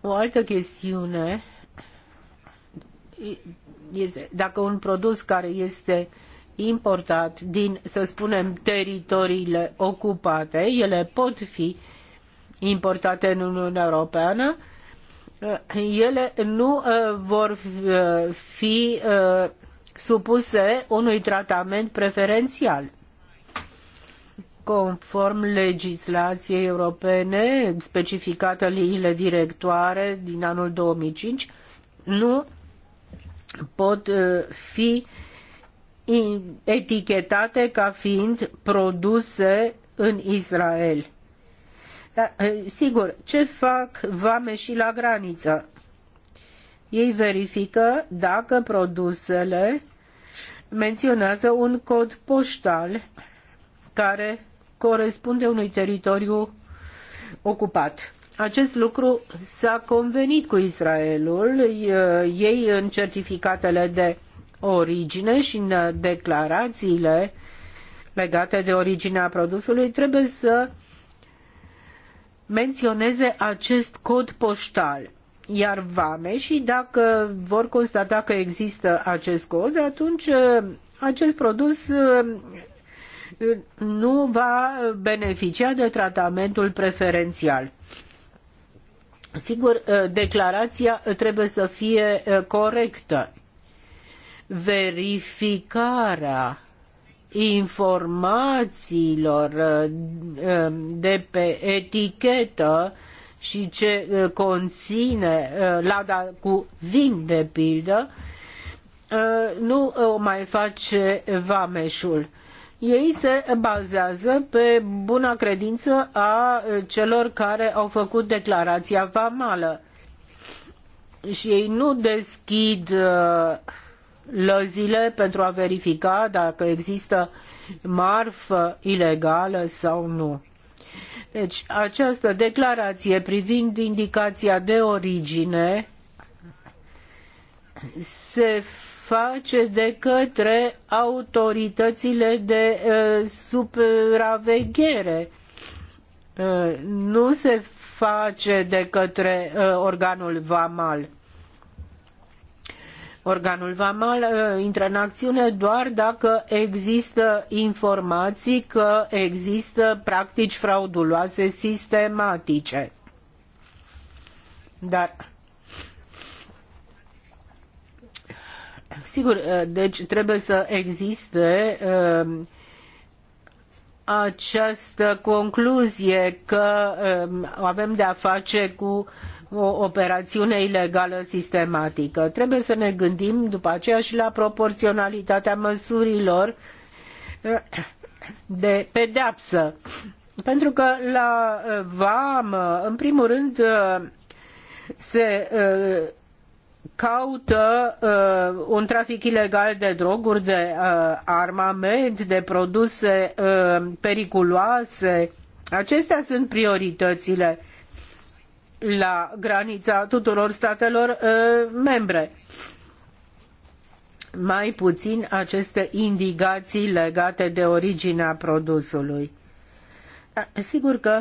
O altă chestiune este dacă un produs care este importat din, să spunem, teritoriile ocupate, ele pot fi importate în Uniunea Europeană, uh, ele nu uh, vor uh, fi supuse unui tratament preferențial. Conform legislației europene specificată liniile directoare din anul 2005, nu pot fi uh, etichetate ca fiind produse în Israel. Dar, eh, sigur, ce fac vame și la graniță? Ei verifică dacă produsele menționează un cod poștal care corespunde unui teritoriu ocupat. Acest lucru s-a convenit cu Israelul. Eh, ei în certificatele de origine și în declarațiile legate de originea produsului trebuie să menționeze acest cod poștal. Iar vame și dacă vor constata că există acest cod, atunci uh, acest produs uh, nu va beneficia de tratamentul preferențial. Sigur, uh, declarația trebuie să fie corectă verificarea informațiilor uh, uh, de pe etichetă și ce uh, conține lada cu vin de pildă, nu o mai face vameșul. Ei se bazează pe buna credință a celor care au făcut declarația vamală. Și ei nu deschid uh, lăzile pentru a verifica dacă există marfă ilegală sau nu. Deci această declarație privind indicația de origine se face de către autoritățile de uh, supraveghere. Uh, nu se face de către uh, organul VAMAL. Organul VAMAL uh, intră în acțiune doar dacă există informații că există practici frauduloase sistematice. Dar Sigur, uh, deci trebuie să existe uh, această concluzie că avem de a face cu o operaiune ilegală sistematică. Trebuie să ne gândim după aceea și la proporționalitatea măsurilor eh, de pedeapsă. Pentru că la eh, vamă, în primul rând, eh, se caută uh, un trafic ilegal de droguri, de uh, armament, de produse uh, periculoase. Acestea sunt prioritățile la granița tuturor statelor uh, membre. Mai puțin aceste indicații legate de originea produsului. Sigur că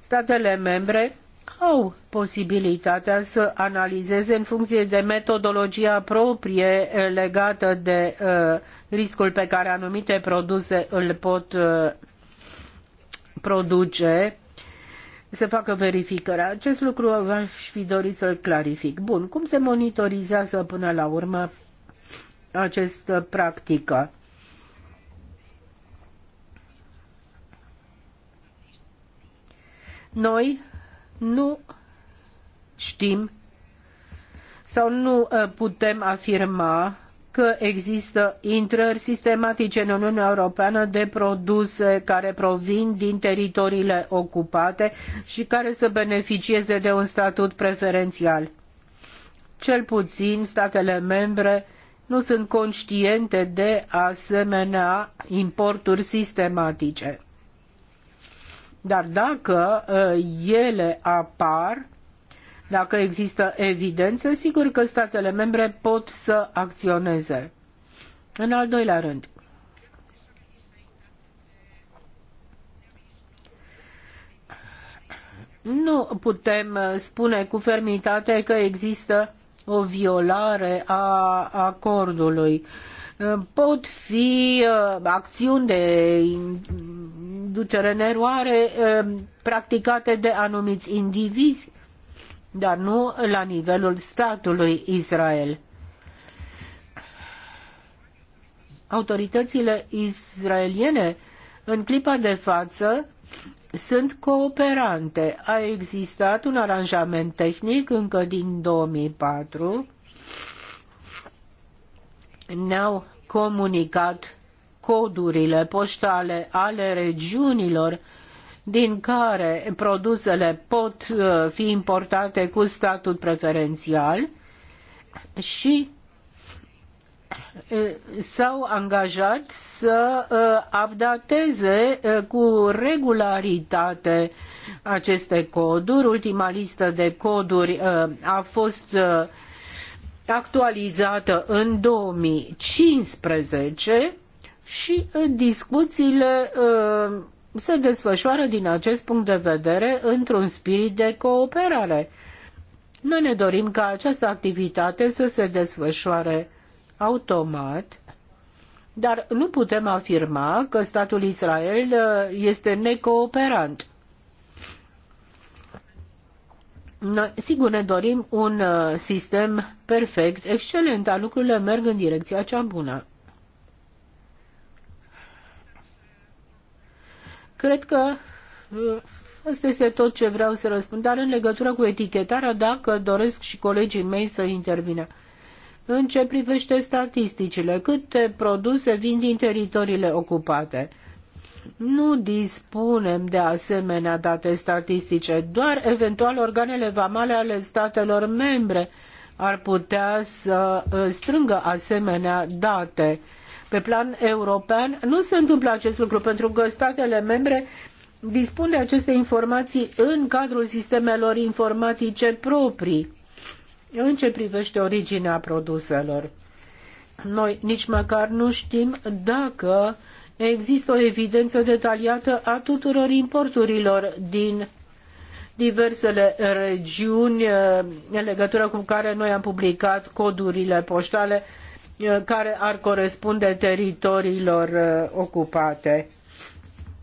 statele membre au posibilitatea să analizeze în funcție de metodologia proprie eh, legată de uh, riscul pe care anumite produse îl pot uh, produce se facă verificarea. Acest lucru aș fi dorit să-l clarific. Bun, cum se monitorizează până la urmă această practică? Noi nu știm sau nu uh, putem afirma că există intrări sistematice în Uniunea Europeană de produse care provin din teritoriile ocupate și care să beneficieze de un statut preferențial. Cel puțin statele membre nu sunt conștiente de asemenea importuri sistematice. Dar dacă uh, ele apar, dacă există evidențe, sigur că statele membre pot să acționeze. În al doilea rând, nu putem spune cu fermitate că există o violare a acordului. Pot fi uh, acțiuni de ducere în eroare uh, practicate de anumiți indivizi dar nu la nivelul statului Israel. Autoritățile israeliene în clipa de față sunt cooperante. A existat un aranjament tehnic încă din 2004. Ne-au comunicat codurile poștale ale regiunilor din care produsele pot uh, fi importate cu statut preferențial și uh, s-au angajat să uh, updateze cu regularitate aceste coduri. Ultima listă de coduri a fost actualizată în 2015 și discuțiile se desfășoară din acest punct de vedere într-un spirit de cooperare. Noi ne dorim ca această activitate să se desfășoare automat, dar nu putem afirma că statul Israel uh, este necooperant. sigur, ne dorim un uh, sistem perfect, excelent, dar lucrurile merg în direcția cea bună. Cred că uh, ăsta este tot ce vreau să răspund. Dar în legătură cu etichetarea, dacă doresc și colegii mei să intervină. În ce privește statisticile, câte produse vin din teritoriile ocupate? Nu dispunem de asemenea date statistice, doar eventual organele vamale ale statelor membre ar putea să uh, strângă asemenea date pe plan european, nu se întâmplă acest lucru pentru că statele membre dispun de aceste informații în cadrul sistemelor informatice proprii în ce privește originea produselor. Noi nici măcar nu știm dacă există o evidență detaliată a tuturor importurilor din diversele regiuni eh, în legătură cu care noi am publicat codurile poștale Eh, care ar corespunde teritoriilor eh, ocupate.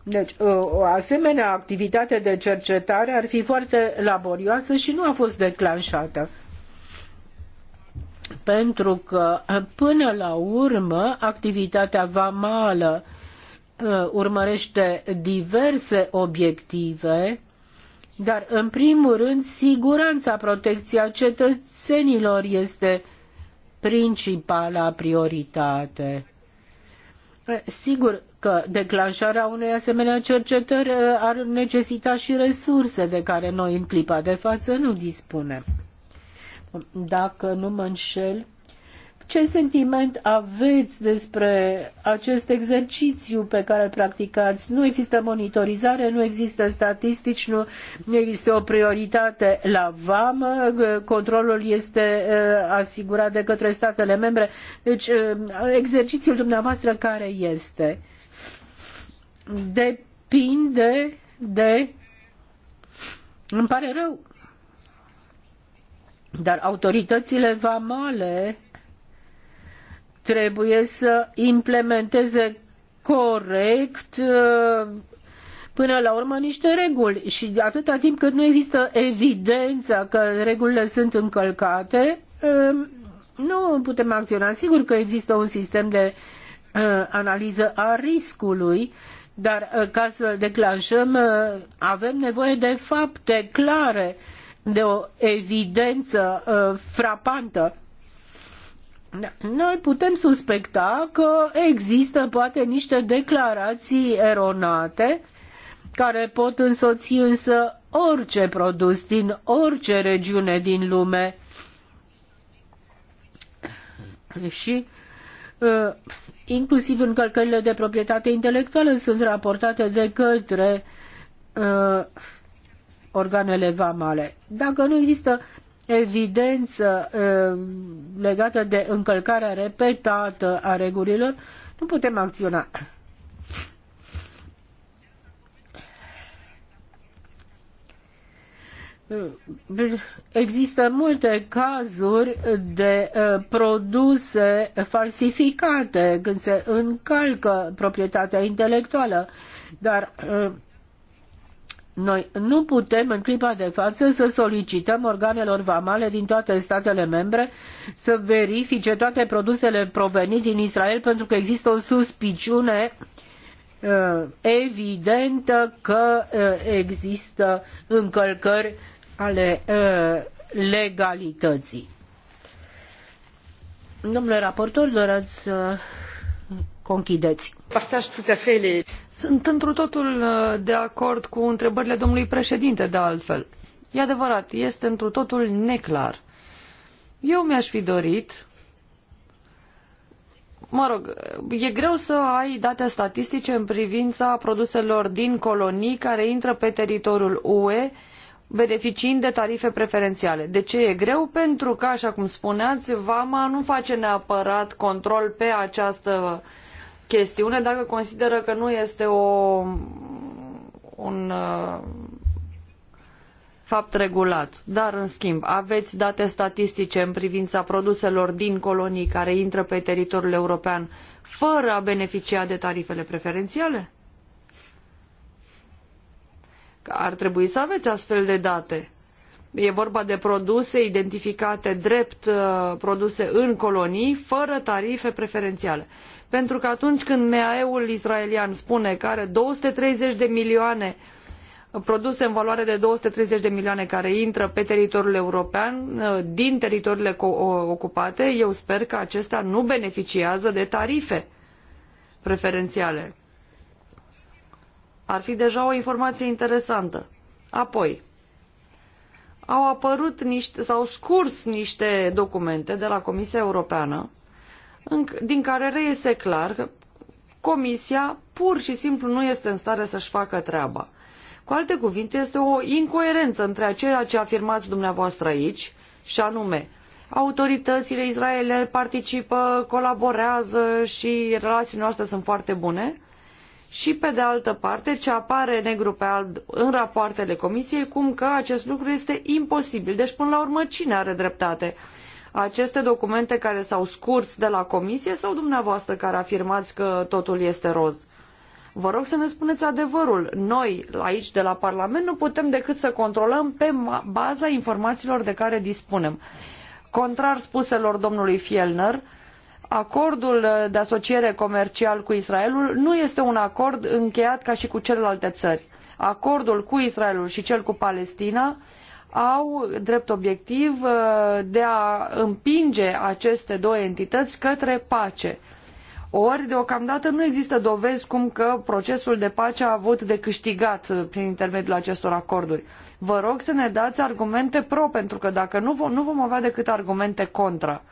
Deci, o asemenea activitate de cercetare ar fi foarte laborioasă și nu a fost declanșată. Pentru că, până la urmă, activitatea vamală eh, urmărește diverse obiective, dar, în primul rând, siguranța, protecția cetățenilor este uh, principala prioritate. Sigur că declanșarea unei asemenea cercetări ar necesita și resurse de care noi în clipa de față nu dispunem. Dacă nu mă înșel, ce sentiment aveți despre acest exercițiu pe care îl practicați? Nu există monitorizare, nu există statistici, nu, există o prioritate la vamă, controlul este uh, asigurat de către statele membre. Deci, uh, exercițiul dumneavoastră care este? Depinde de. Îmi pare rău, dar autoritățile vamale trebuie să implementeze corect uh, până la urmă niște reguli și atâta timp cât nu există evidența că regulile sunt încălcate, um, nu putem acționa. Sigur că există un sistem de uh, analiză a riscului, dar uh, ca să îl declanșăm avem nevoie de fapte clare, de o evidență frapantă da. Noi putem suspecta că există poate niște declarații eronate care pot însoți însă orice produs din orice regiune din lume și ă, inclusiv încălcările de proprietate intelectuală sunt raportate de către uh, organele vamale. Dacă nu există uh, evidență ehm, legată de încălcarea repetată a regulilor, nu putem acționa. Există multe cazuri de eh, produse falsificate când se încalcă proprietatea intelectuală, dar eh, noi nu putem în clipa de față să solicităm organelor vamale din toate statele membre să verifice toate produsele provenite din Israel pentru că există o suspiciune uh, evidentă că uh, există încălcări ale uh, legalității. Domnule raportor, doreați să conchideți. Sunt întru totul uh, de acord cu întrebările domnului președinte, de altfel. E adevărat, este întru totul neclar. Eu mi-aș fi dorit, mă rog, e greu să ai date statistice în privința produselor din colonii care intră pe teritoriul UE beneficiind de tarife preferențiale. De ce e greu? Pentru că, așa cum spuneați, VAMA nu face neapărat control pe această uh, chestiune dacă consideră că nu este o, un uh, fapt regulat. Dar, în schimb, aveți date statistice în privința produselor din colonii care intră pe teritoriul european fără a beneficia de tarifele preferențiale? Ar trebui să aveți astfel de date. E vorba de produse identificate drept uh, produse în colonii, fără tarife preferențiale pentru că atunci când MEAE-ul israelian spune că are 230 de milioane produse în valoare de 230 de milioane care intră pe teritoriul european din teritoriile ocupate, eu sper că acestea nu beneficiază de tarife preferențiale. Ar fi deja o informație interesantă. Apoi, au apărut niște, s-au scurs niște documente de la Comisia Europeană din care reiese clar că Comisia pur și simplu nu este în stare să-și facă treaba. Cu alte cuvinte, este o incoerență între ceea ce afirmați dumneavoastră aici, și anume, autoritățile israeliene participă, colaborează și relațiile noastre sunt foarte bune, și pe de altă parte ce apare negru pe alb în rapoartele comisiei, cum că acest lucru este imposibil. Deci, până la urmă, cine are dreptate? aceste documente care s-au scurs de la comisie sau dumneavoastră care afirmați că totul este roz? Vă rog să ne spuneți adevărul. Noi, aici de la Parlament, nu putem decât să controlăm pe baza informațiilor de care dispunem. Contrar spuselor domnului Fielner, acordul de asociere comercial cu Israelul nu este un acord încheiat ca și cu celelalte țări. Acordul cu Israelul și cel cu Palestina au drept obiectiv uh, de a împinge aceste două entități către pace. Ori, deocamdată, nu există dovezi cum că procesul de pace a avut de câștigat uh, prin intermediul acestor acorduri. Vă rog să ne dați argumente pro, pentru că dacă nu, nu vom avea decât argumente contra.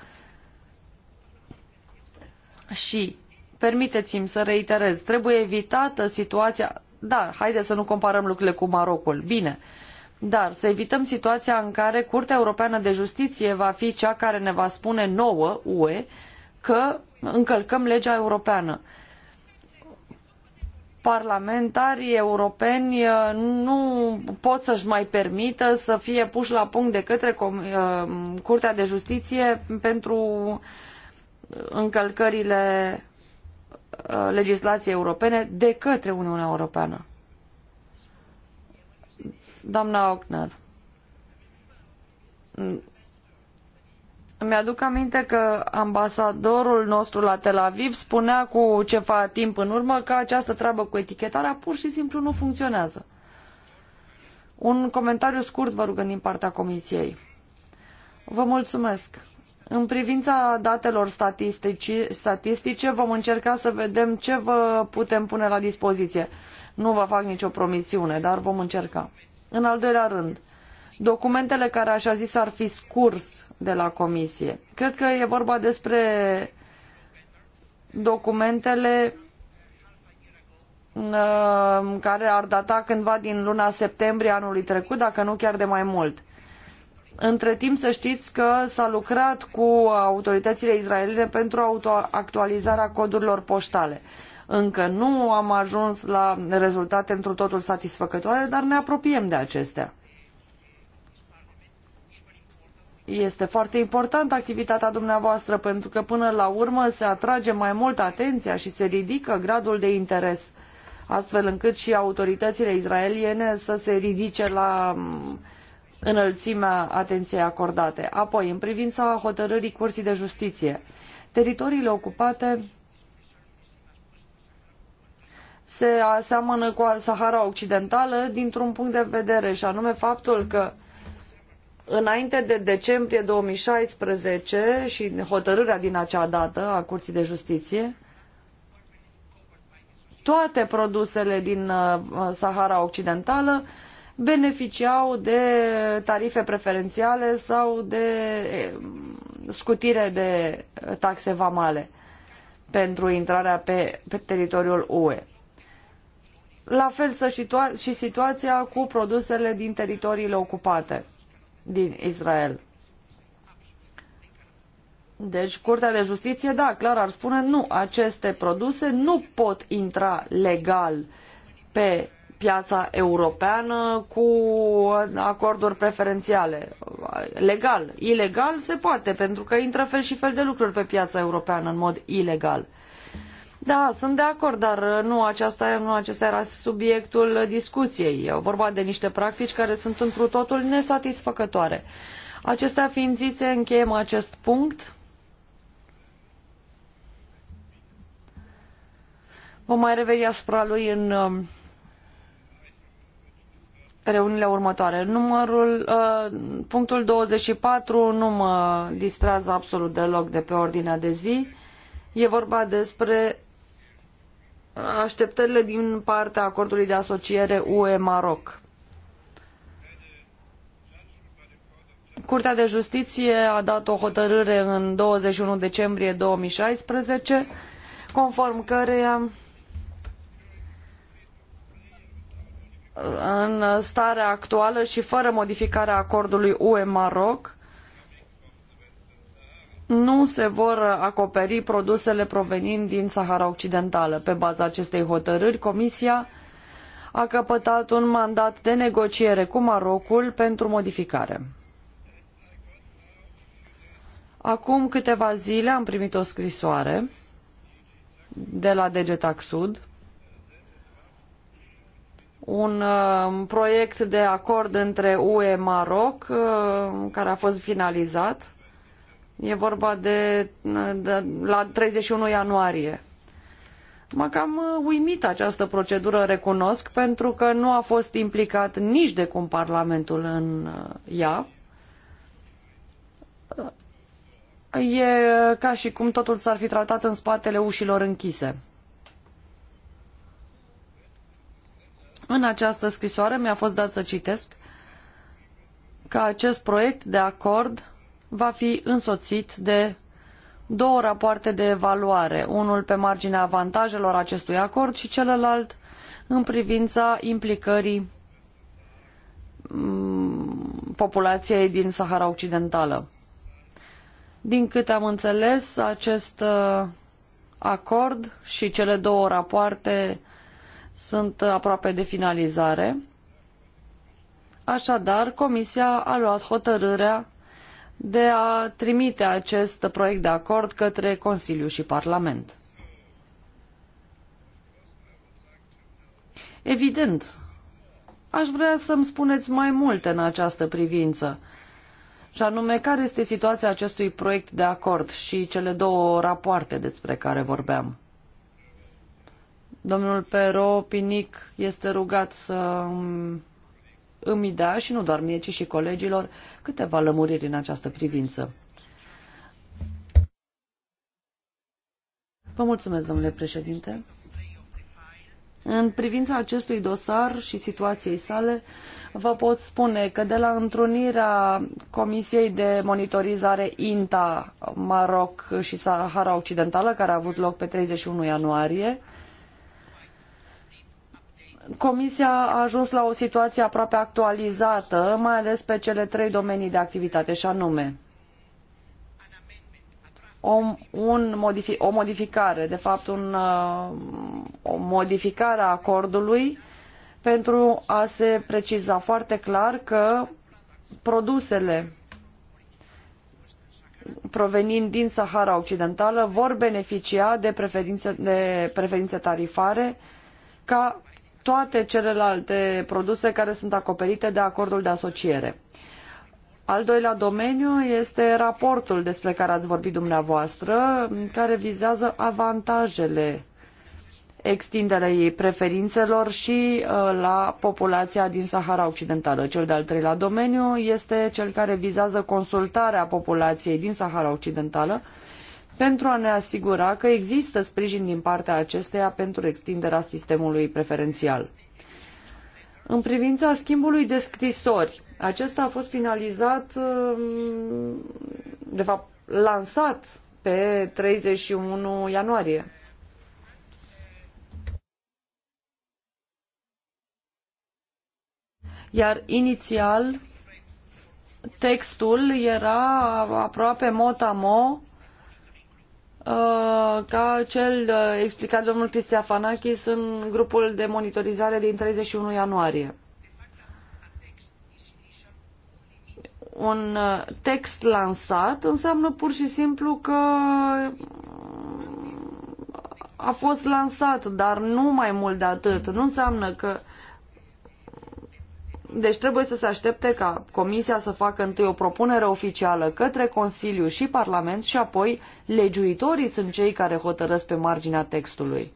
Și, permiteți-mi să reiterez, trebuie evitată situația... Da, haideți să nu comparăm lucrurile cu Marocul. Bine, uh, dar să evităm situația în care Curtea Europeană de Justiție va fi cea care ne va spune nouă, UE, că încălcăm legea europeană. Parlamentarii europeni uh, nu pot să-și mai permită să fie puși la punct de către uh, Curtea de Justiție pentru încălcările uh, legislației europene de către Uniunea Europeană. Doamna Ochner. Îmi mm, aduc aminte că ambasadorul nostru la Tel Aviv spunea cu ceva timp în urmă că această treabă cu etichetarea pur și simplu nu funcționează. Un comentariu scurt vă rugăm din partea comisiei. Vă mulțumesc. În privința datelor statistice, vom încerca să vedem ce vă putem pune la dispoziție. Nu vă fac nicio promisiune, dar vom încerca. În al doilea rând, documentele care așa zis ar fi scurs de la comisie. Cred că e vorba despre documentele uh, care ar data cândva din luna septembrie anului trecut, dacă nu chiar de mai mult. Între timp să știți că s-a lucrat cu autoritățile israeliene pentru actualizarea codurilor poștale. Încă nu am ajuns la rezultate într totul satisfăcătoare, dar ne apropiem de acestea. Este foarte importantă activitatea dumneavoastră pentru că până la urmă se atrage mai mult atenția și se ridică gradul de interes, astfel încât și autoritățile israeliene să se ridice la mm, înălțimea atenției acordate. Apoi, în privința hotărârii Curții de Justiție, teritoriile ocupate se aseamănă cu Sahara Occidentală dintr-un punct de vedere și anume faptul că înainte de decembrie 2016 și hotărârea din acea dată a Curții de Justiție, toate produsele din uh, Sahara Occidentală beneficiau de tarife preferențiale sau de um, scutire de taxe vamale pentru intrarea pe, pe teritoriul UE. La fel să situa- și situația cu produsele din teritoriile ocupate din Israel. Deci, Curtea de Justiție, da, clar ar spune, nu, aceste produse nu pot intra legal pe piața europeană cu acorduri preferențiale. Legal. Ilegal se poate, pentru că intră fel și fel de lucruri pe piața europeană în mod ilegal. Da, sunt de acord, dar nu, aceasta, nu acesta era subiectul discuției. E vorba de niște practici care sunt întru totul nesatisfăcătoare. Acestea fiind zise, încheiem acest punct. Vom mai reveni asupra lui în um, reuniile următoare. Numărul, uh, punctul 24 nu mă distrează absolut deloc de pe ordinea de zi. E vorba despre așteptările din partea acordului de asociere UE-Maroc. Curtea de Justiție a dat o hotărâre în 21 decembrie 2016, conform căreia în starea actuală și fără modificarea acordului UE-Maroc, nu se vor acoperi produsele provenind din Sahara Occidentală. Pe baza acestei hotărâri, Comisia a căpătat un mandat de negociere cu Marocul pentru modificare. Acum câteva zile am primit o scrisoare de la DGTAC Sud, un uh, proiect de acord între UE Maroc uh, care a fost finalizat E vorba de, de la 31 ianuarie. M-a cam uh, uimit această procedură, recunosc, pentru că nu a fost implicat nici de cum Parlamentul în uh, ea. Uh, e ca și cum totul s-ar fi tratat în spatele ușilor închise. În această scrisoare mi-a fost dat să citesc că acest proiect de acord va fi însoțit de două rapoarte de evaluare, unul pe marginea avantajelor acestui acord și celălalt în privința implicării mm, populației din Sahara Occidentală. Din câte am înțeles, acest uh, acord și cele două rapoarte sunt aproape de finalizare. Așadar, Comisia a luat hotărârea de a trimite acest proiect de acord către Consiliu și Parlament. Evident, aș vrea să-mi spuneți mai multe în această privință, și anume care este situația acestui proiect de acord și cele două rapoarte despre care vorbeam. Domnul Pero Pinic este rugat să îmi dea și nu doar mie, ci și colegilor câteva lămuriri în această privință. Vă mulțumesc, domnule președinte. În privința acestui dosar și situației sale, vă pot spune că de la întrunirea Comisiei de Monitorizare INTA Maroc și Sahara Occidentală, care a avut loc pe 31 ianuarie, Comisia a ajuns la o situație aproape actualizată, mai ales pe cele trei domenii de activitate, și anume o, o modificare, de fapt un, uh, o modificare a acordului pentru a se preciza foarte clar că produsele provenind din Sahara Occidentală vor beneficia de preferințe, de preferințe tarifare ca toate celelalte produse care sunt acoperite de acordul de asociere. Al doilea domeniu este raportul despre care ați vorbit dumneavoastră, care vizează avantajele extinderei preferințelor și uh, la populația din Sahara Occidentală. Cel de-al treilea domeniu este cel care vizează consultarea populației din Sahara Occidentală pentru a ne asigura că există sprijin din partea acesteia pentru extinderea sistemului preferențial. În privința schimbului de scrisori, acesta a fost finalizat, um, de fapt, lansat pe 31 ianuarie. Iar inițial, textul era aproape mot-a-mot Uh, ca cel uh, explicat domnul Cristian Fanakis în grupul de monitorizare din 31 ianuarie. Un uh, text lansat înseamnă pur și simplu că a fost lansat, dar nu mai mult de atât. Nu înseamnă că deci trebuie să se aștepte ca Comisia să facă întâi o propunere oficială către Consiliu și Parlament și apoi legiuitorii sunt cei care hotărăsc pe marginea textului.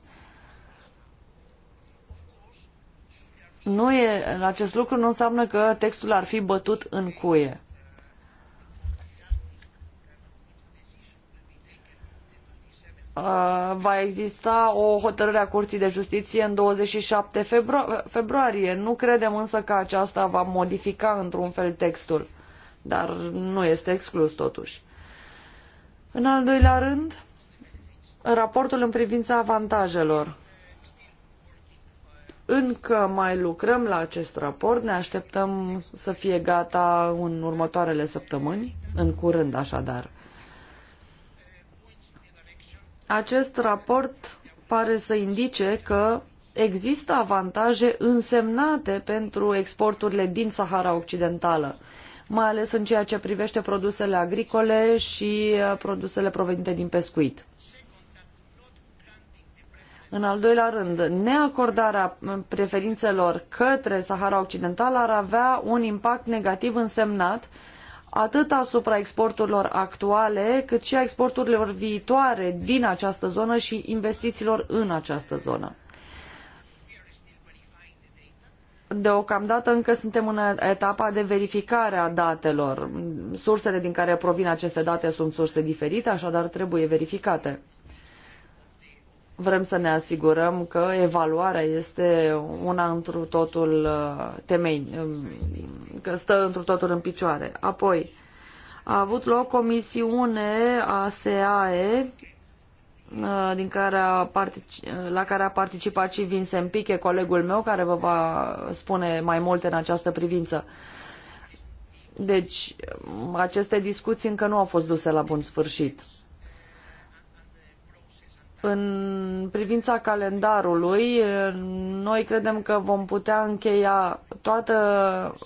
Nu e, acest lucru nu înseamnă că textul ar fi bătut în cuie. Uh, va exista o hotărâre a Curții de Justiție în 27 febru- februarie. Nu credem însă că aceasta va modifica într-un fel textul, dar nu este exclus totuși. În al doilea rând, raportul în privința avantajelor. Încă mai lucrăm la acest raport, ne așteptăm să fie gata în următoarele săptămâni, în curând așadar acest raport pare să indice că există avantaje însemnate pentru exporturile din Sahara Occidentală, mai ales în ceea ce privește produsele agricole și uh, produsele provenite din pescuit. În al doilea rând, neacordarea uh, preferințelor către Sahara Occidentală ar avea un impact negativ însemnat uh, atât asupra exporturilor actuale, cât și a exporturilor viitoare din această zonă și investițiilor în această zonă. Deocamdată încă suntem în etapa de verificare a datelor. Sursele din care provin aceste date sunt surse diferite, așadar trebuie verificate vrem să ne asigurăm că evaluarea este una întru totul uh, temei, um, că stă întru totul în picioare. Apoi, a avut loc o misiune a SAE uh, din care a uh, la care a participat și Vincent Piche, colegul meu, care vă va spune mai multe în această privință. Deci, aceste discuții încă nu au fost duse la bun sfârșit. În privința calendarului, noi credem că vom putea încheia toată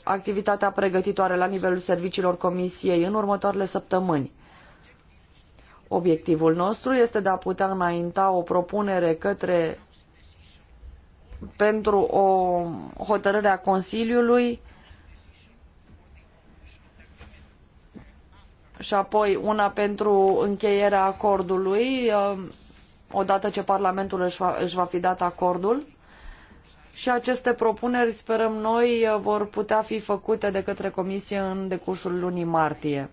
activitatea pregătitoare la nivelul serviciilor comisiei în următoarele săptămâni. Obiectivul nostru este de a putea înainta o propunere către pentru o hotărâre a Consiliului și apoi una pentru încheierea acordului odată ce Parlamentul își va, își va fi dat acordul. Și aceste propuneri, sperăm noi, vor putea fi făcute de către Comisie în decursul lunii martie.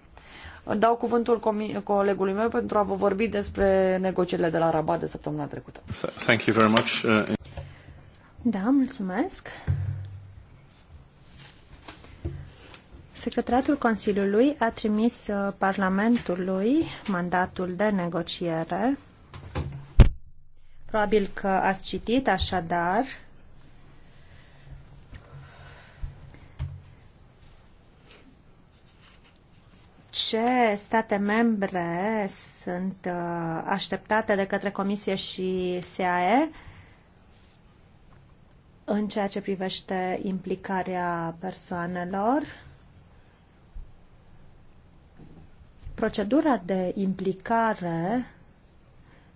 Dau cuvântul colegului meu pentru a vă vorbi despre negocierile de la Rabat de săptămâna trecută. Thank you very much. Uh, da, mulțumesc. Secretariatul Consiliului a trimis uh, Parlamentului mandatul de negociere Probabil că ați citit, așadar, ce state membre sunt uh, așteptate de către Comisie și SAE în ceea ce privește implicarea persoanelor. Procedura de implicare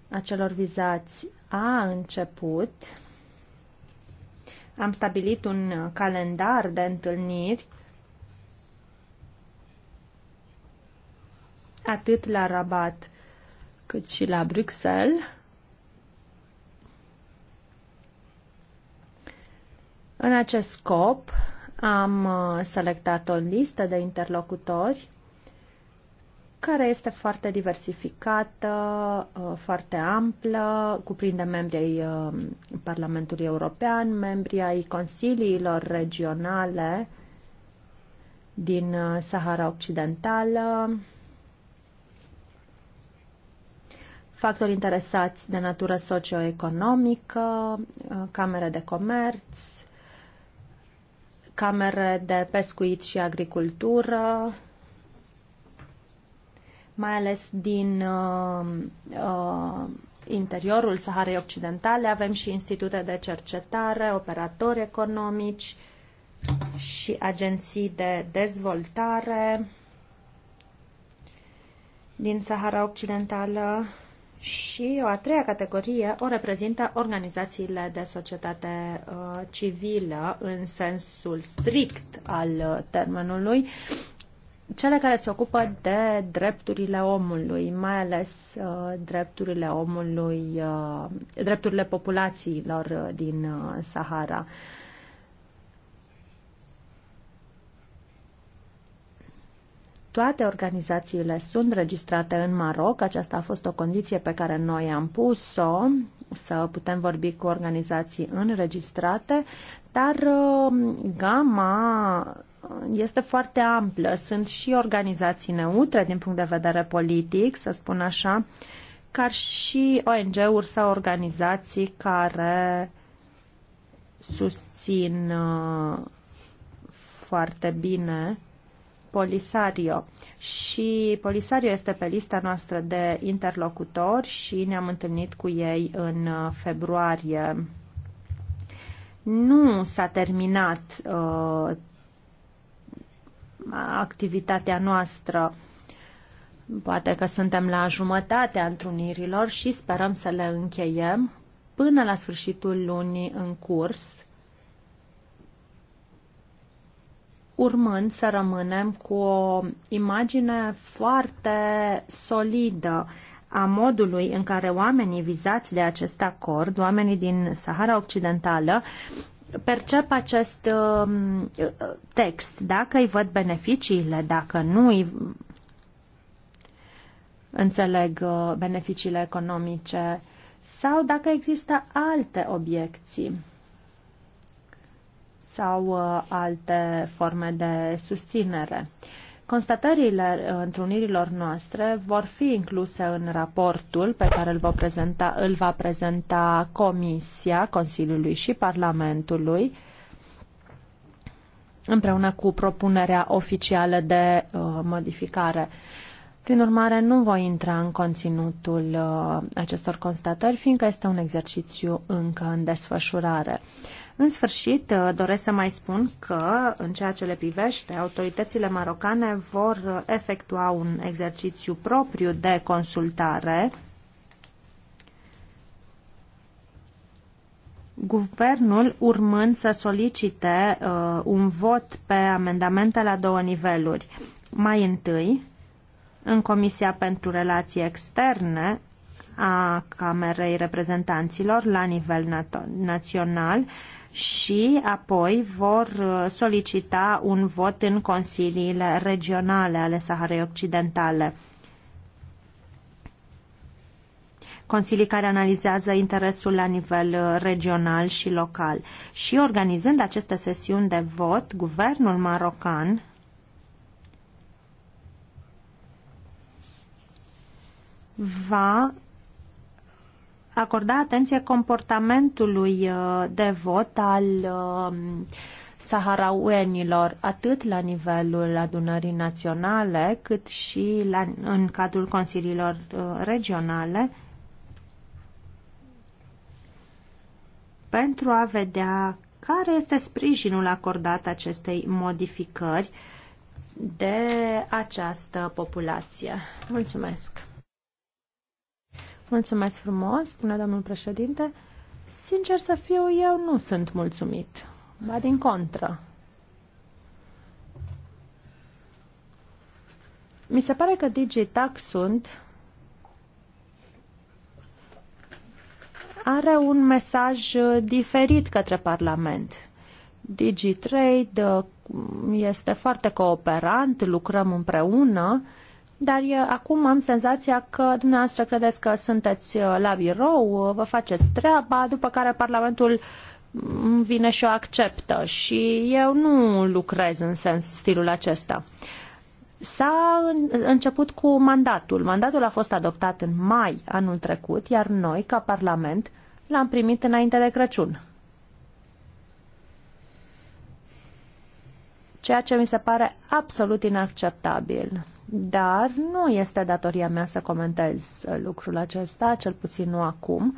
a celor vizați a început, am stabilit un calendar de întâlniri atât la Rabat cât și la Bruxelles. În acest scop am uh, selectat o listă de interlocutori care este foarte diversificată, uh, foarte amplă, cuprinde membrii ai uh, Parlamentului European, membrii ai consiliilor regionale din uh, Sahara Occidentală, factori interesați de natură socioeconomică, camere de comerț, camere de pescuit și agricultură, mai ales din uh, uh, interiorul Saharei Occidentale. Avem și institute de cercetare, operatori economici și agenții de dezvoltare din Sahara Occidentală și o a treia categorie o reprezintă organizațiile de societate uh, civilă în sensul strict al uh, termenului, cele care se ocupă de drepturile omului, mai ales uh, drepturile omului, uh, drepturile populațiilor uh, din uh, Sahara. Toate organizațiile sunt registrate în Maroc. Aceasta a fost o condiție pe care noi am pus-o, să putem vorbi cu organizații înregistrate, dar uh, gama este foarte amplă. Sunt și organizații neutre din punct de vedere politic, să spun așa, ca și ONG-uri sau organizații care susțin uh, foarte bine Polisario. Și Polisario este pe lista noastră de interlocutori și ne-am întâlnit cu ei în uh, februarie. Nu s-a terminat uh, activitatea noastră. Poate că suntem la jumătatea întrunirilor și sperăm să le încheiem până la sfârșitul lunii în curs, urmând să rămânem cu o imagine foarte solidă a modului în care oamenii vizați de acest acord, oamenii din Sahara Occidentală, percep acest um, text, dacă îi văd beneficiile, dacă nu îi înțeleg uh, beneficiile economice sau dacă există alte obiecții sau uh, alte forme de susținere. Uh, Constatările uh, întrunirilor noastre vor fi incluse în raportul pe care îl va prezenta, îl va prezenta Comisia Consiliului și Parlamentului împreună cu propunerea oficială de uh, modificare. Prin urmare, nu voi intra în conținutul uh, acestor constatări, fiindcă este un exercițiu încă în desfășurare. Uh, în sfârșit, uh, doresc să mai spun că, în ceea ce le privește, autoritățile marocane vor uh, efectua un exercițiu propriu de consultare Guvernul urmând să solicite uh, un vot pe amendamente la două niveluri. Mai întâi, în Comisia pentru Relații Externe a Camerei Reprezentanților la nivel național și apoi vor uh, solicita un vot în consiliile regionale ale Saharei Occidentale. consilii care analizează interesul la nivel uh, regional și local. Și organizând aceste sesiuni de vot, guvernul marocan va acorda atenție comportamentului uh, de vot al uh, saharauenilor, atât la nivelul adunării naționale, cât și la, în cadrul consiliilor uh, regionale, pentru a vedea care este sprijinul acordat acestei modificări de această populație. Mulțumesc! Mulțumesc frumos, spune domnul președinte. Sincer să fiu, eu nu sunt mulțumit. Ba din contră. Mi se pare că Digitax sunt are un mesaj uh, diferit către Parlament. DigiTrade uh, este foarte cooperant, lucrăm împreună dar acum am senzația că dumneavoastră credeți că sunteți la birou, vă faceți treaba, după care Parlamentul vine și o acceptă și eu nu lucrez în sens stilul acesta. S-a început cu mandatul. Mandatul a fost adoptat în mai anul trecut, iar noi, ca Parlament, l-am primit înainte de Crăciun. Ceea ce mi se pare absolut inacceptabil. Dar nu este datoria mea să comentez lucrul acesta, cel puțin nu acum.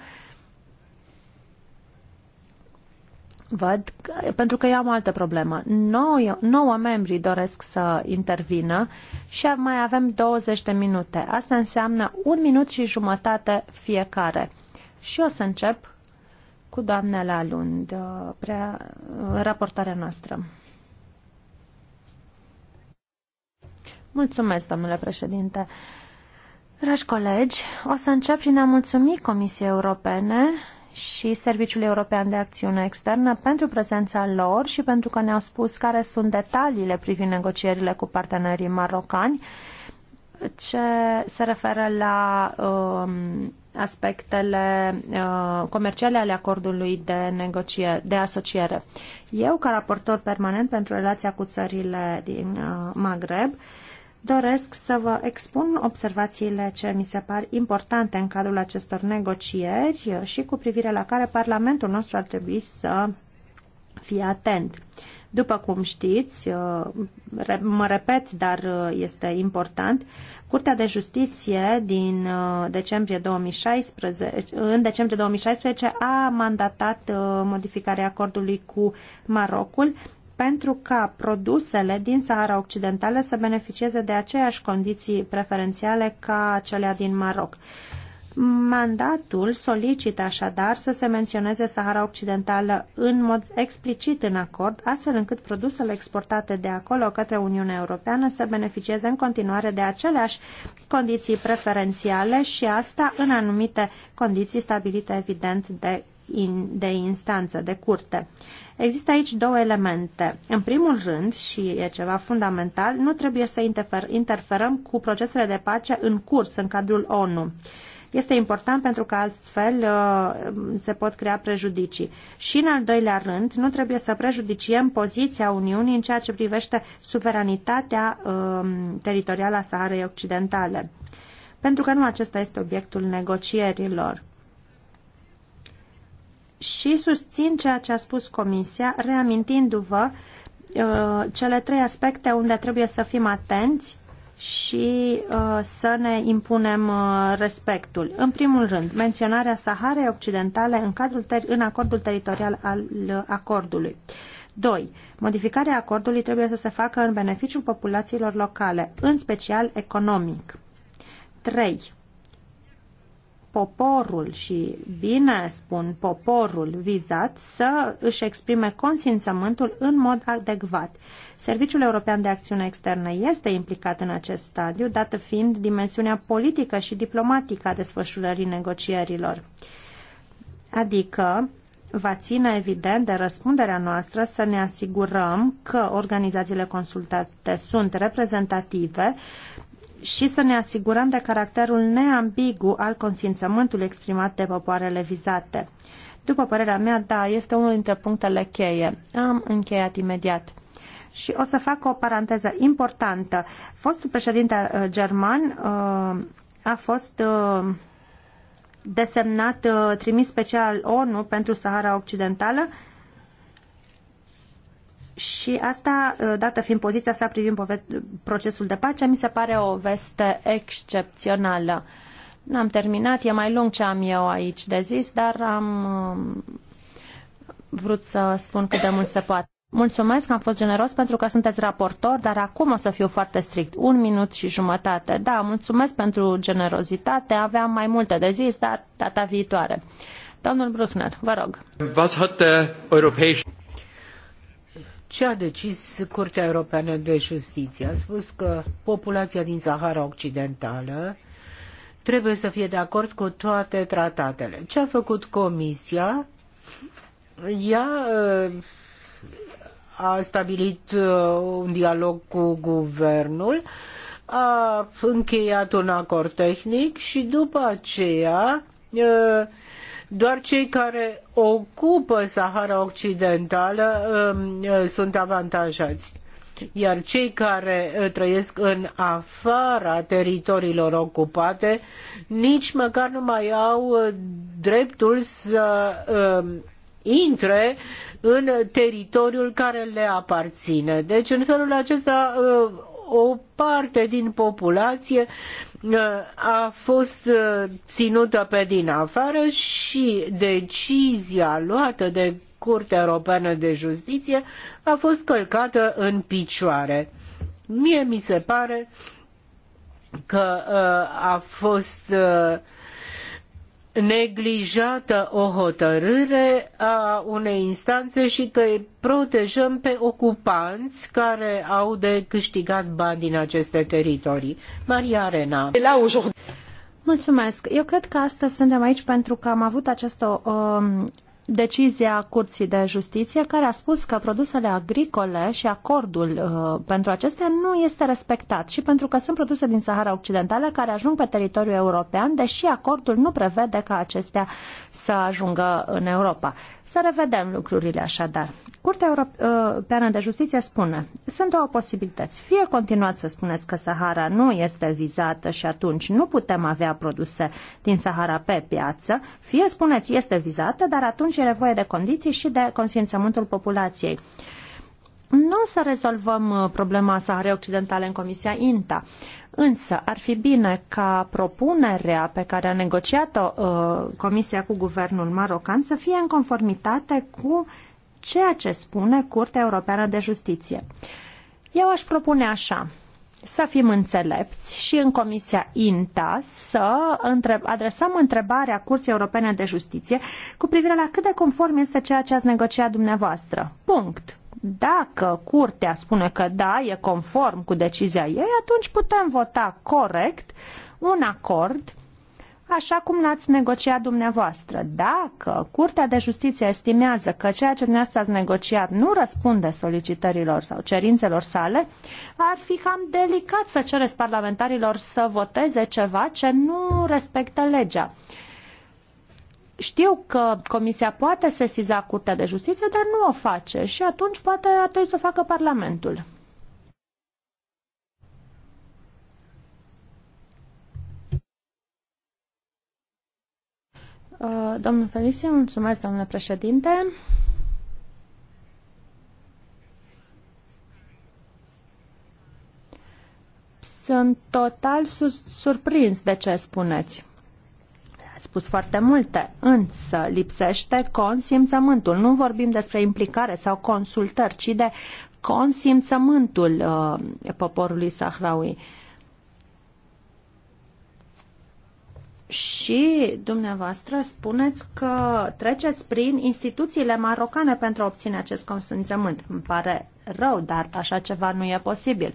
Văd, că, pentru că eu am o altă problemă. Nouă, nouă membri doresc să intervină și mai avem 20 de minute. Asta înseamnă un minut și jumătate fiecare. Și o să încep cu Alund, uh, prea, uh, raportarea noastră. Mulțumesc, domnule președinte. Dragi colegi, o să încep prin a mulțumi Comisiei Europene și Serviciul European de Acțiune Externă pentru prezența lor și pentru că ne-au spus care sunt detaliile privind negocierile cu partenerii marocani ce se referă la um, aspectele uh, comerciale ale acordului de, negocie, de asociere. Eu, ca raportor permanent pentru relația cu țările din uh, Maghreb, uh, doresc să vă expun observațiile ce mi se par importante în cadrul acestor negocieri și cu privire la care Parlamentul nostru ar trebui să fie atent. După cum știți, mă repet, dar este important, Curtea de Justiție din uh, decembrie 2016, uh, în decembrie 2016 a mandatat uh, modificarea acordului cu Marocul pentru ca produsele din Sahara Occidentală să beneficieze de aceeași condiții preferențiale ca cele din Maroc. Mandatul solicită așadar să se menționeze Sahara Occidentală în mod explicit în acord, astfel încât produsele exportate de acolo către Uniunea Europeană să beneficieze în continuare de aceleași condiții preferențiale și asta în anumite condiții stabilite evident de de instanță, de curte. Există aici două elemente. În primul rând, și e ceva fundamental, nu trebuie să interfer- interferăm cu procesele de pace în curs în cadrul ONU. Este important pentru că altfel uh, se pot crea prejudicii. Și în al doilea rând, nu trebuie să prejudiciem poziția Uniunii în ceea ce privește suveranitatea um, teritorială a Saharei Occidentale. Pentru că nu acesta este obiectul negocierilor și susțin ceea ce a spus Comisia, reamintindu-vă uh, cele trei aspecte unde trebuie să fim atenți și uh, să ne impunem uh, respectul. În primul rând, menționarea Saharei Occidentale în, cadrul ter- în acordul teritorial al uh, acordului. 2. Modificarea acordului trebuie să se facă în beneficiul populațiilor locale, în special economic. 3 poporul și bine spun poporul vizat să își exprime consimțământul în mod adecvat. Serviciul European de Acțiune Externă este implicat în acest stadiu, dată fiind dimensiunea politică și diplomatică a desfășurării negocierilor. Adică, va ține evident de răspunderea noastră să ne asigurăm că organizațiile consultate sunt reprezentative și să ne asigurăm de caracterul neambigu al consimțământului exprimat de popoarele vizate. După părerea mea, da, este unul dintre punctele cheie. Am încheiat imediat. Și o să fac o paranteză importantă. Fostul președinte uh, german uh, a fost uh, desemnat trimis special ONU pentru Sahara Occidentală și asta, ă, dată fiind poziția sa privind procesul de pace, mi se pare o veste excepțională. N-am terminat, e mai lung ce am eu aici de zis, dar am ă, vrut să spun cât de mult se poate. Mulțumesc, am fost generos pentru că sunteți raportor, dar acum o să fiu foarte strict. Un minut și jumătate. Da, mulțumesc pentru generozitate, aveam mai multe de zis, dar data viitoare. Domnul Bruchner, vă rog ce a decis Curtea Europeană de Justiție? A spus că populația din Sahara Occidentală trebuie să fie de acord cu toate tratatele. Ce a făcut Comisia? Ea uh, a stabilit uh, un dialog cu guvernul, a încheiat un acord tehnic și după aceea uh, doar cei care ocupă Sahara Occidentală um, uh, sunt avantajați iar cei care uh, trăiesc în afara teritoriilor ocupate nici măcar nu mai au uh, dreptul să um, intre în teritoriul care le aparține. Deci în felul acesta o parte din populație a fost uh, ținută pe din afară și decizia luată de Curtea Europeană de Justiție a fost călcată în picioare. Mie mi se pare că uh, a fost uh, neglijată o hotărâre a unei instanțe și că îi protejăm pe ocupanți care au de câștigat bani din aceste teritorii. Maria Arena. Mulțumesc. Eu cred că astăzi suntem aici pentru că am avut această um, decizia Curții de Justiție care a spus că produsele agricole și acordul uh, pentru acestea nu este respectat și pentru că sunt produse din Sahara Occidentală care ajung pe teritoriul european, deși acordul nu prevede ca acestea să ajungă în Europa. Să revedem lucrurile așadar. Curtea uh, Europeană de Justiție spune, sunt două posibilități. Fie continuați să spuneți că Sahara nu este vizată și atunci nu putem avea produse din Sahara pe piață, fie spuneți este vizată, dar atunci atunci e nevoie de condiții și de consimțământul populației. Nu o să rezolvăm uh, problema Saharei Occidentale în Comisia INTA, însă ar fi bine ca propunerea pe care a negociat-o uh, Comisia cu guvernul marocan să fie în conformitate cu ceea ce spune Curtea Europeană de Justiție. Eu aș propune așa să fim înțelepți și în Comisia INTA să adresăm întrebarea Curții Europene de Justiție cu privire la cât de conform este ceea ce ați negociat dumneavoastră. Punct. Dacă curtea spune că da, e conform cu decizia ei, atunci putem vota corect un acord așa cum l-ați negociat dumneavoastră. Dacă Curtea de Justiție estimează că ceea ce dumneavoastră ați negociat nu răspunde solicitărilor sau cerințelor sale, ar fi cam delicat să cereți parlamentarilor să voteze ceva ce nu respectă legea. Știu că Comisia poate sesiza Curtea de Justiție, dar nu o face și atunci poate ar trebui să o facă Parlamentul. Uh, domnul Felicie, mulțumesc, domnule președinte. Sunt total surprins de ce spuneți. Ați spus foarte multe, însă lipsește consimțământul. Nu vorbim despre implicare sau consultări, ci de consimțământul uh, poporului sahraui. Uh, și dumneavoastră spuneți că treceți prin instituțiile marocane pentru a obține acest consimțământ. Îmi pare rău, dar așa ceva nu e posibil.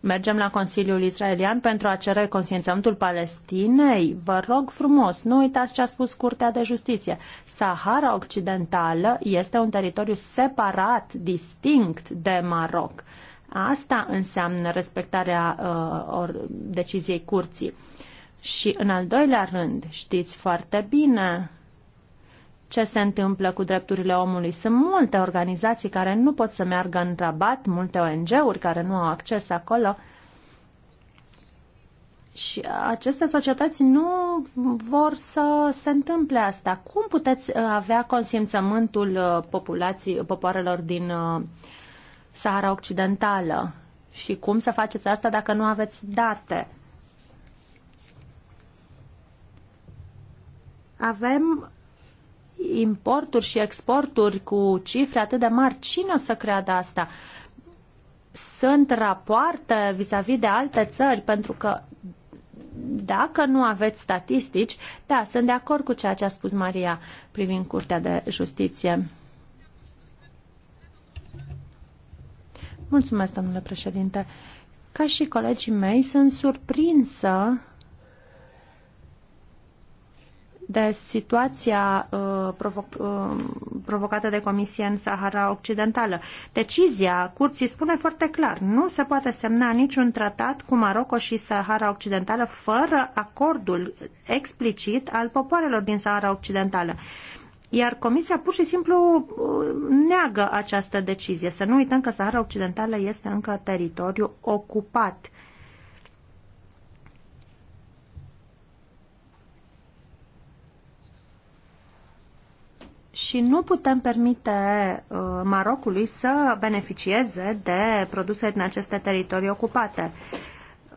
Mergem la Consiliul Israelian pentru a cere consimțământul Palestinei. Vă rog frumos, nu uitați ce a spus Curtea de Justiție. Sahara Occidentală este un teritoriu separat, distinct de Maroc Asta înseamnă respectarea uh, or, deciziei curții. Și în al doilea rând, știți foarte bine ce se întâmplă cu drepturile omului. Sunt multe organizații care nu pot să meargă în rabat, multe ONG-uri care nu au acces acolo. Și aceste societăți nu vor să se întâmple asta. Cum puteți uh, avea consimțământul uh, populației, popoarelor din uh, Sahara Occidentală. Și cum să faceți asta dacă nu aveți date? Avem importuri și exporturi cu cifre atât de mari. Cine o să creadă asta? Sunt rapoarte vis-a-vis -vis de alte țări, pentru că dacă nu aveți statistici, da, sunt de acord cu ceea ce a spus Maria privind Curtea de Justiție. Mulțumesc, domnule președinte. Ca și colegii mei, sunt surprinsă de situația uh, provo uh, provocată de Comisie în Sahara Occidentală. Decizia Curții spune foarte clar, nu se poate semna niciun tratat cu Maroco și Sahara Occidentală fără acordul explicit al popoarelor din Sahara Occidentală. Uh, iar Comisia pur și simplu uh, neagă această decizie. Să nu uităm că Sahara Occidentală este încă teritoriu ocupat. și nu putem permite uh, Marocului să beneficieze de produse din aceste teritorii ocupate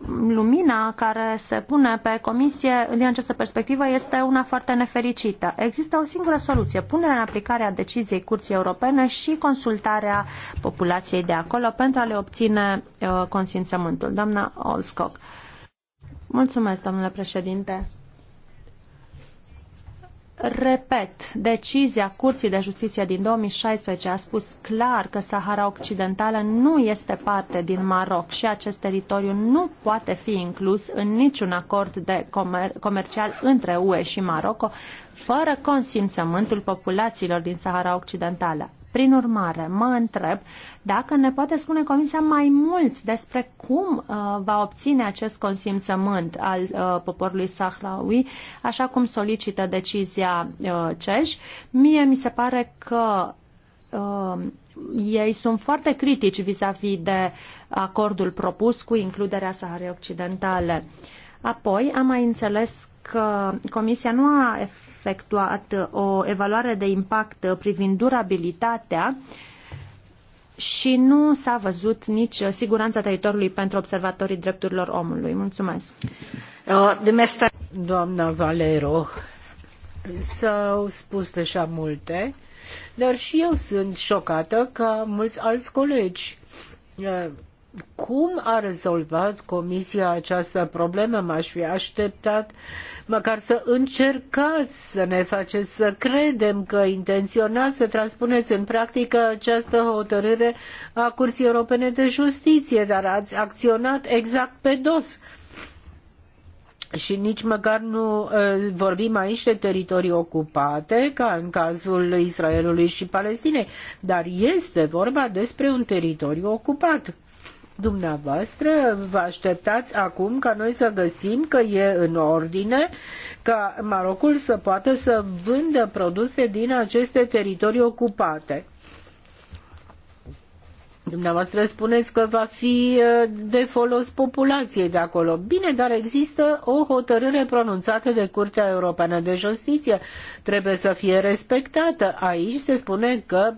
lumina care se pune pe comisie din această perspectivă este una foarte nefericită. Există o singură soluție, punerea în aplicare a deciziei Curții Europene și consultarea populației de acolo pentru a le obține uh, consimțământul. Doamna Olscock. Mulțumesc, domnule președinte. Repet, decizia Curții de Justiție din 2016 a spus clar că Sahara Occidentală nu este parte din Maroc și acest teritoriu nu poate fi inclus în niciun acord de comer- comercial între UE și Maroc, fără consimțământul populațiilor din Sahara Occidentală. Prin urmare, mă întreb dacă ne poate spune Comisia mai mult despre cum uh, va obține acest consimțământ al uh, poporului Sahrawi, așa cum solicită decizia uh, CEJ. Mie mi se pare că uh, ei sunt foarte critici vis-a-vis -vis de acordul propus cu includerea Saharei Occidentale. Apoi am mai înțeles că Comisia nu a efectuat uh, o evaluare de impact uh, privind durabilitatea și nu s-a văzut nici uh, siguranța teritoriului pentru observatorii drepturilor omului. Mulțumesc. Doamna Valero, s-au spus deja multe, dar și eu sunt șocată ca mulți alți colegi cum a rezolvat Comisia această problemă. M-aș fi așteptat măcar să încercați să ne faceți să credem că intenționați să transpuneți în practică această hotărâre a Curții Europene de Justiție, dar ați acționat exact pe dos. Și nici măcar nu ă, vorbim aici de teritorii ocupate, ca în cazul Israelului și Palestinei, dar este vorba despre un teritoriu ocupat Dumneavoastră vă așteptați acum ca noi să găsim că e în ordine ca Marocul să poată să vândă produse din aceste teritorii ocupate. Dumneavoastră spuneți că va fi de folos populației de acolo. Bine, dar există o hotărâre pronunțată de Curtea Europeană de Justiție. Trebuie să fie respectată. Aici se spune că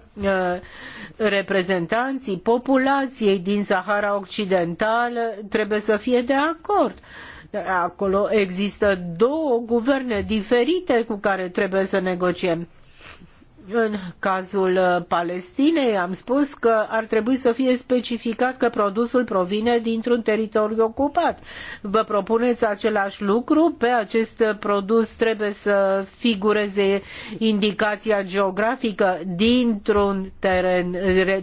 reprezentanții populației din Sahara Occidentală trebuie să fie de acord. Acolo există două guverne diferite cu care trebuie să negociem. În cazul uh, Palestinei am spus că ar trebui să fie specificat că produsul provine dintr-un teritoriu ocupat. Vă propuneți același lucru? Pe acest uh, produs trebuie să figureze indicația geografică dintr-un teren,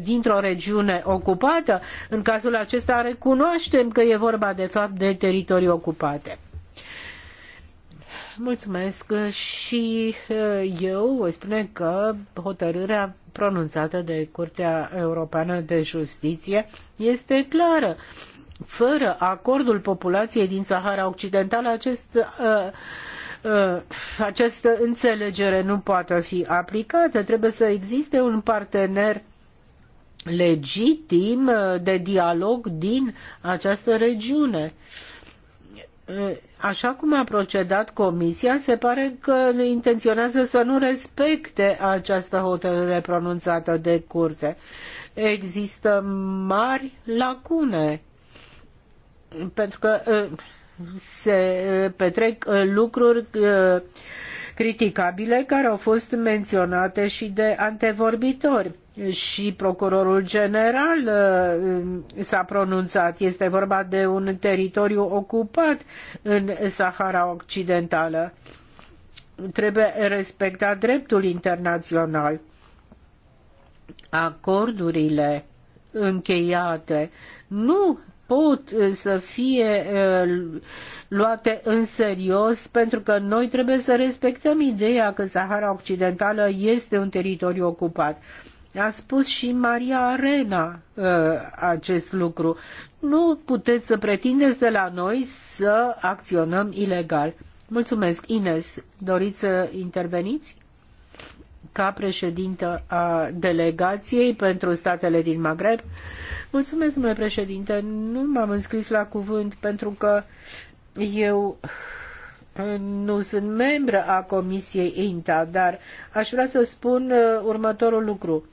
dintr-o regiune ocupată? În cazul acesta recunoaștem că e vorba de fapt de teritorii ocupate. Mulțumesc și uh, eu voi spune că hotărârea pronunțată de Curtea Europeană de Justiție este clară. Fără acordul populației din Sahara Occidentală, acest, uh, uh, această înțelegere nu poate fi aplicată. Trebuie să existe un partener legitim uh, de dialog din această regiune uh, așa cum a procedat Comisia, se pare că intenționează să nu respecte această hotărâre pronunțată de curte. Există mari lacune, pentru că uh, se uh, petrec uh, lucruri criticabile care au fost menționate și de antevorbitori și procurorul general uh, s-a pronunțat. Este vorba de un teritoriu ocupat în Sahara Occidentală. Trebuie respectat dreptul internațional. Acordurile încheiate nu pot uh, să fie uh, luate în serios pentru că noi trebuie să respectăm ideea că Sahara Occidentală este un teritoriu ocupat a spus și Maria Arena uh, acest lucru. Nu puteți să pretindeți de la noi să acționăm ilegal. Mulțumesc, Ines. Doriți să interveniți? ca președintă a delegației pentru statele din Maghreb. Mulțumesc, domnule președinte, nu m-am înscris la cuvânt pentru că eu uh, nu sunt membră a Comisiei INTA, dar aș vrea să spun uh, următorul lucru.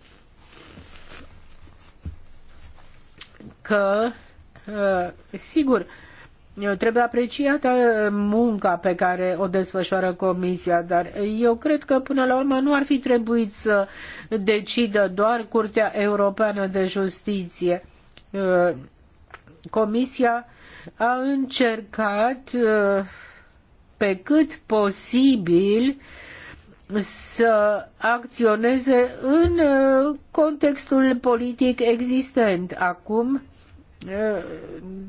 că, uh, sigur, trebuie apreciată uh, munca pe care o desfășoară Comisia, dar eu cred că până la urmă nu ar fi trebuit să decidă doar Curtea Europeană de Justiție. Uh, comisia a încercat pe cât posibil să acționeze în contextul politic existent. Acum Eh,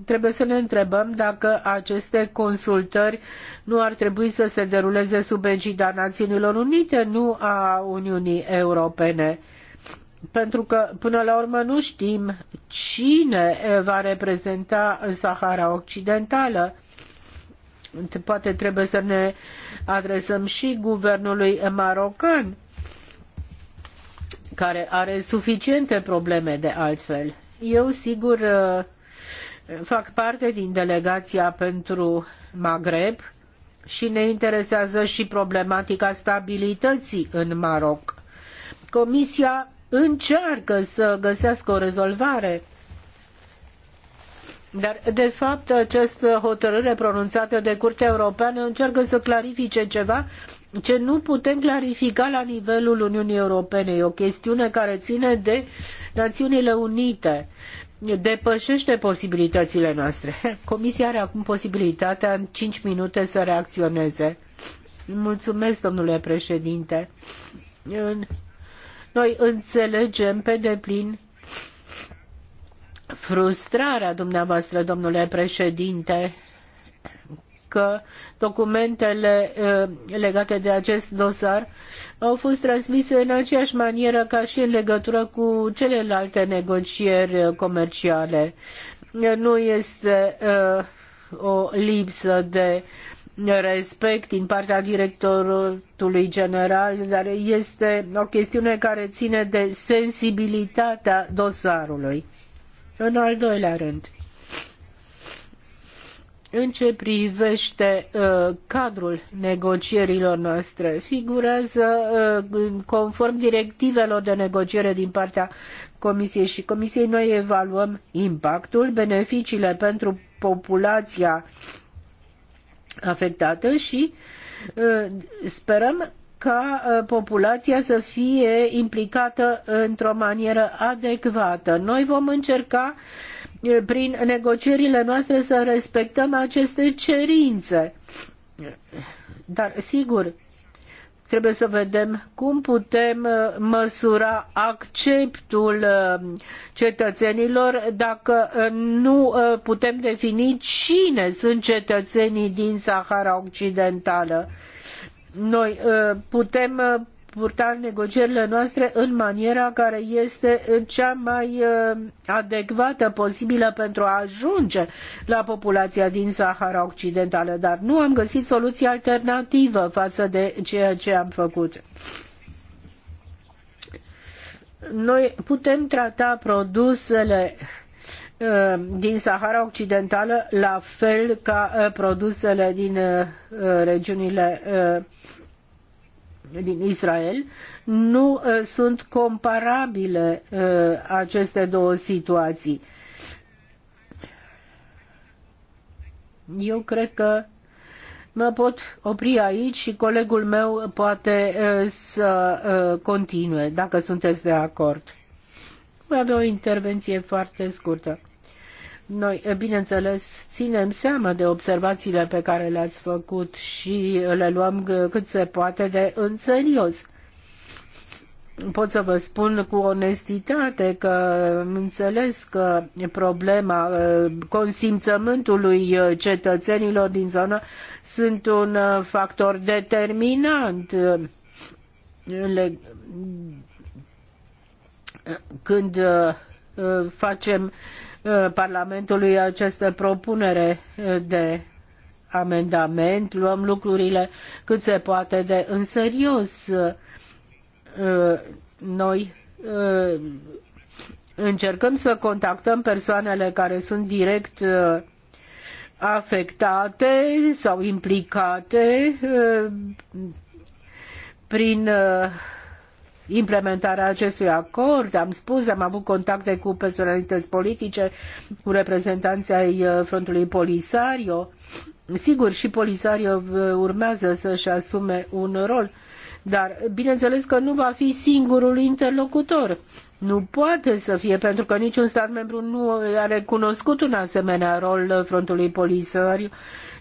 trebuie să ne întrebăm dacă aceste consultări nu ar trebui să se deruleze sub egida Națiunilor Unite, nu a Uniunii Europene. Pentru că, până la urmă, nu știm cine va reprezenta Sahara Occidentală. Poate trebuie să ne adresăm și guvernului marocan, care are suficiente probleme de altfel eu, sigur, uh, fac parte din delegația pentru Maghreb și ne interesează și problematica stabilității în Maroc. Comisia încearcă să găsească o rezolvare dar, de fapt, această hotărâre pronunțată de Curtea Europeană încearcă să clarifice ceva ce nu putem clarifica la nivelul Uniunii Europene. E o chestiune care ține de Națiunile Unite. Depășește posibilitățile noastre. Comisia are acum posibilitatea în cinci minute să reacționeze. Mulțumesc, domnule președinte. Noi înțelegem pe deplin frustrarea dumneavoastră, domnule președinte, că documentele eh, legate de acest dosar au fost transmise în aceeași manieră ca și în legătură cu celelalte negocieri eh, comerciale. Nu este eh, o lipsă de respect din partea directorului general, dar este o chestiune care ține de sensibilitatea dosarului. În al doilea rând, în ce privește uh, cadrul negocierilor noastre, figurează uh, conform directivelor de negociere din partea Comisiei și Comisiei noi evaluăm impactul, beneficiile pentru populația afectată și uh, sperăm ca uh, populația să fie implicată într-o manieră adecvată. Noi vom încerca uh, prin negocierile noastre să respectăm aceste cerințe. Dar, sigur, trebuie să vedem cum putem uh, măsura acceptul uh, cetățenilor dacă uh, nu putem defini cine sunt cetățenii din Sahara Occidentală. Noi putem purta negocierile noastre în maniera care este cea mai uh, adecvată posibilă pentru a ajunge la populația din Sahara Occidentală, dar nu am găsit soluție alternativă față de ceea ce am făcut noi putem trata produsele uh, din Sahara Occidentală la fel ca uh, produsele din regiunile din Israel, nu uh, sunt comparabile uh, aceste două situații. Eu cred că mă pot opri aici și colegul meu poate uh, să continue, dacă sunteți de acord. Voi avea o intervenție foarte scurtă. Noi, bineînțeles, ținem seama de observațiile pe care le-ați făcut și le luăm cât se poate de în serios. Pot să vă spun cu onestitate că înțeles că problema consimțământului cetățenilor din zonă sunt un factor determinant când facem Uh, Parlamentului această propunere uh, de amendament, luăm lucrurile cât se poate de în serios. Uh, noi încercăm să contactăm persoanele care sunt direct afectate sau implicate prin implementarea acestui acord. Am spus, am avut contacte cu personalități politice, cu reprezentanții ai uh, frontului Polisario. Sigur, și Polisario uh, urmează să-și asume un rol, dar bineînțeles că nu va fi singurul interlocutor. Nu poate să fie, pentru că niciun stat membru nu a recunoscut un asemenea rol uh, frontului Polisario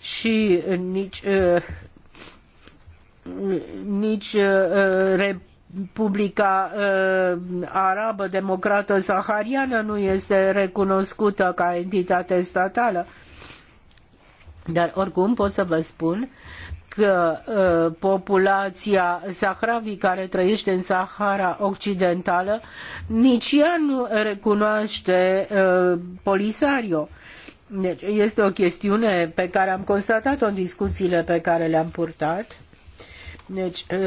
și nici nici Republica eh, Arabă Democrată Sahariană nu este recunoscută ca entitate statală. Dar oricum pot să vă spun că uh, populația sahravi care trăiește în Sahara Occidentală nici ea nu recunoaște uh, Polisario. Deci este o chestiune pe care am constatat-o în discuțiile pe care le-am purtat deci, uh, uh,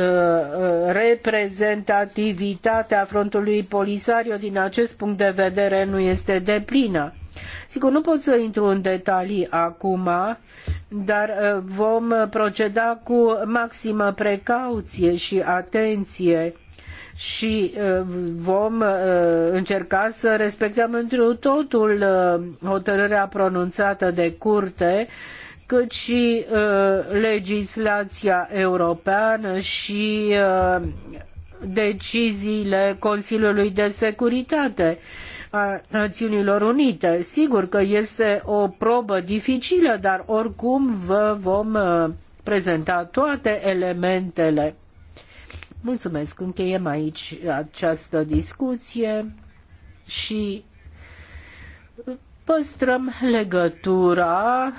reprezentativitatea frontului Polisario din acest punct de vedere nu este deplină. Sigur, nu pot să intru în detalii acum, dar uh, vom proceda cu maximă precauție și atenție și vom încerca să respectăm întru totul hotărârea pronunțată de curte cât și uh, legislația europeană și uh, deciziile Consiliului de Securitate a Națiunilor Unite. Sigur că este o probă dificilă, dar oricum vă vom uh, prezenta toate elementele. Mulțumesc, încheiem aici această discuție și păstrăm legătura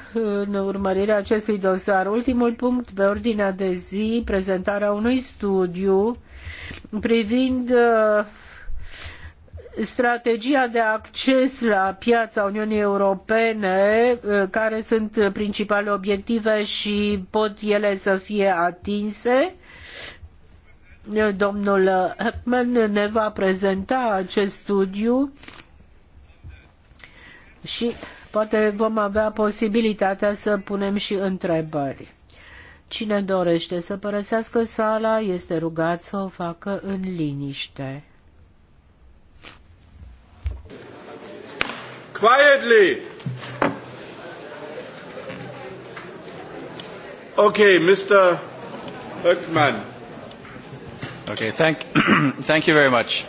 în urmărirea acestui dosar. Ultimul punct pe ordinea de zi, prezentarea unui studiu privind uh, strategia de acces la piața Uniunii Europene, uh, care sunt principalele obiective și pot ele să fie atinse. Domnul Heckman ne va prezenta acest studiu și poate vom avea posibilitatea să punem și întrebări. Cine dorește să părăsească sala este rugat să o facă în liniște. Quietly! Okay, Mr. Höckmann. Okay, thank, thank you very much.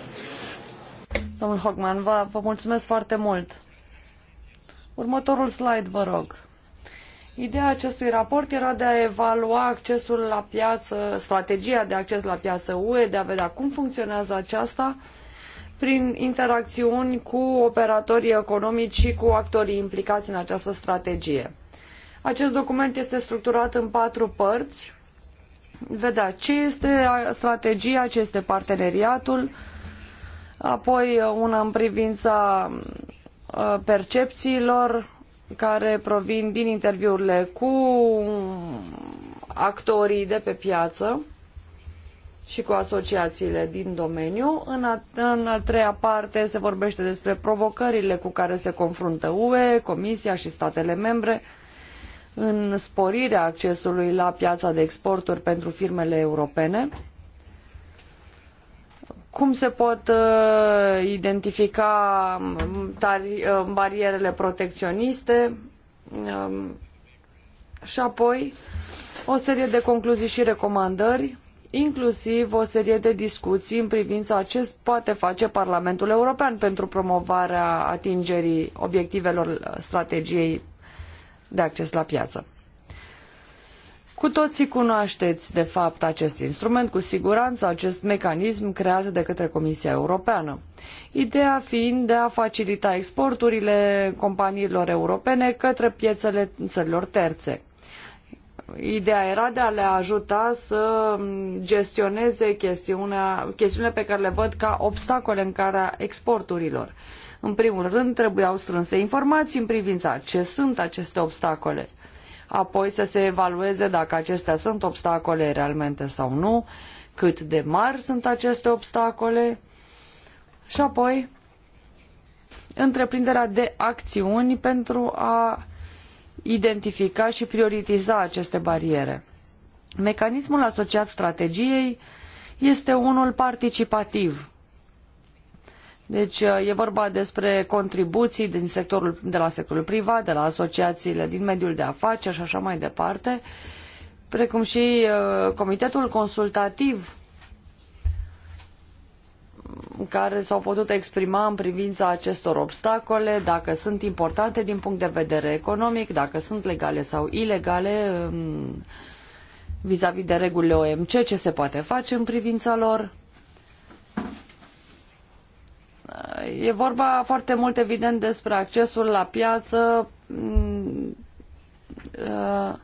Domnul Hockman, vă, vă mulțumesc foarte mult. Următorul slide, vă rog. Ideea acestui raport era de a evalua accesul la piață, strategia de acces la piață UE, de a vedea cum funcționează aceasta prin interacțiuni cu operatorii economici și cu actorii implicați în această strategie. Acest document este structurat în patru părți. Vedea ce este strategia, ce este parteneriatul, apoi una în privința Uh, percepțiilor care provin din interviurile cu actorii de pe piață și cu asociațiile din domeniu. În a, în a treia parte se vorbește despre provocările cu care se confruntă UE, Comisia și statele membre în sporirea accesului la piața de exporturi pentru firmele europene cum se pot uh, identifica um, tari, uh, barierele protecționiste uh, și apoi o serie de concluzii și recomandări, inclusiv o serie de discuții în privința ce poate face Parlamentul European pentru promovarea atingerii obiectivelor uh, strategiei de acces la piață. Cu toții cunoașteți, de fapt, acest instrument, cu siguranță acest mecanism creat de către Comisia Europeană. Ideea fiind de a facilita exporturile companiilor europene către piețele țărilor terțe. Ideea era de a le ajuta să gestioneze chestiunea, chestiunile pe care le văd ca obstacole în calea exporturilor. În primul rând, trebuiau strânse informații în privința ce sunt aceste obstacole apoi să se evalueze dacă acestea sunt obstacole realmente sau nu, cât de mari sunt aceste obstacole și apoi întreprinderea de acțiuni pentru a identifica și prioritiza aceste bariere. Mecanismul asociat strategiei este unul participativ, deci uh, e vorba despre contribuții din sectorul, de la sectorul privat, de la asociațiile din mediul de afaceri și așa mai departe, precum și uh, comitetul consultativ care s-au putut exprima în privința acestor obstacole, dacă sunt importante din punct de vedere economic, dacă sunt legale sau ilegale um, vis-a-vis de regulile OMC, ce se poate face în privința lor. E vorba foarte mult, evident, despre accesul la piață mm, uh,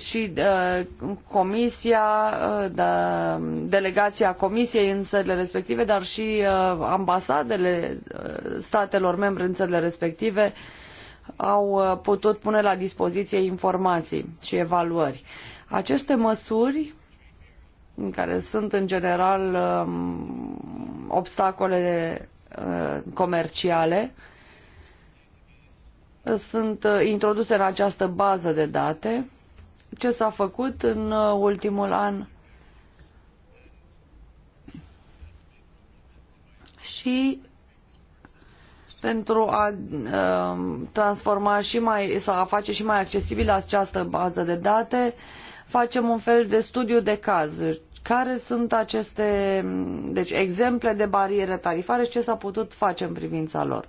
și uh, comisia, uh, da, delegația comisiei în țările respective, dar și ambasadele statelor membre în țările respective au putut pune la dispoziție informații și evaluări. Aceste măsuri care sunt în general um, obstacole uh, comerciale sunt uh, introduse în această bază de date. Ce s-a făcut în uh, ultimul an? Și pentru a transforma și mai, să a face și mai accesibilă această bază de date, facem un fel de studiu de caz care sunt aceste deci, exemple de bariere tarifare și ce s-a putut face în privința lor.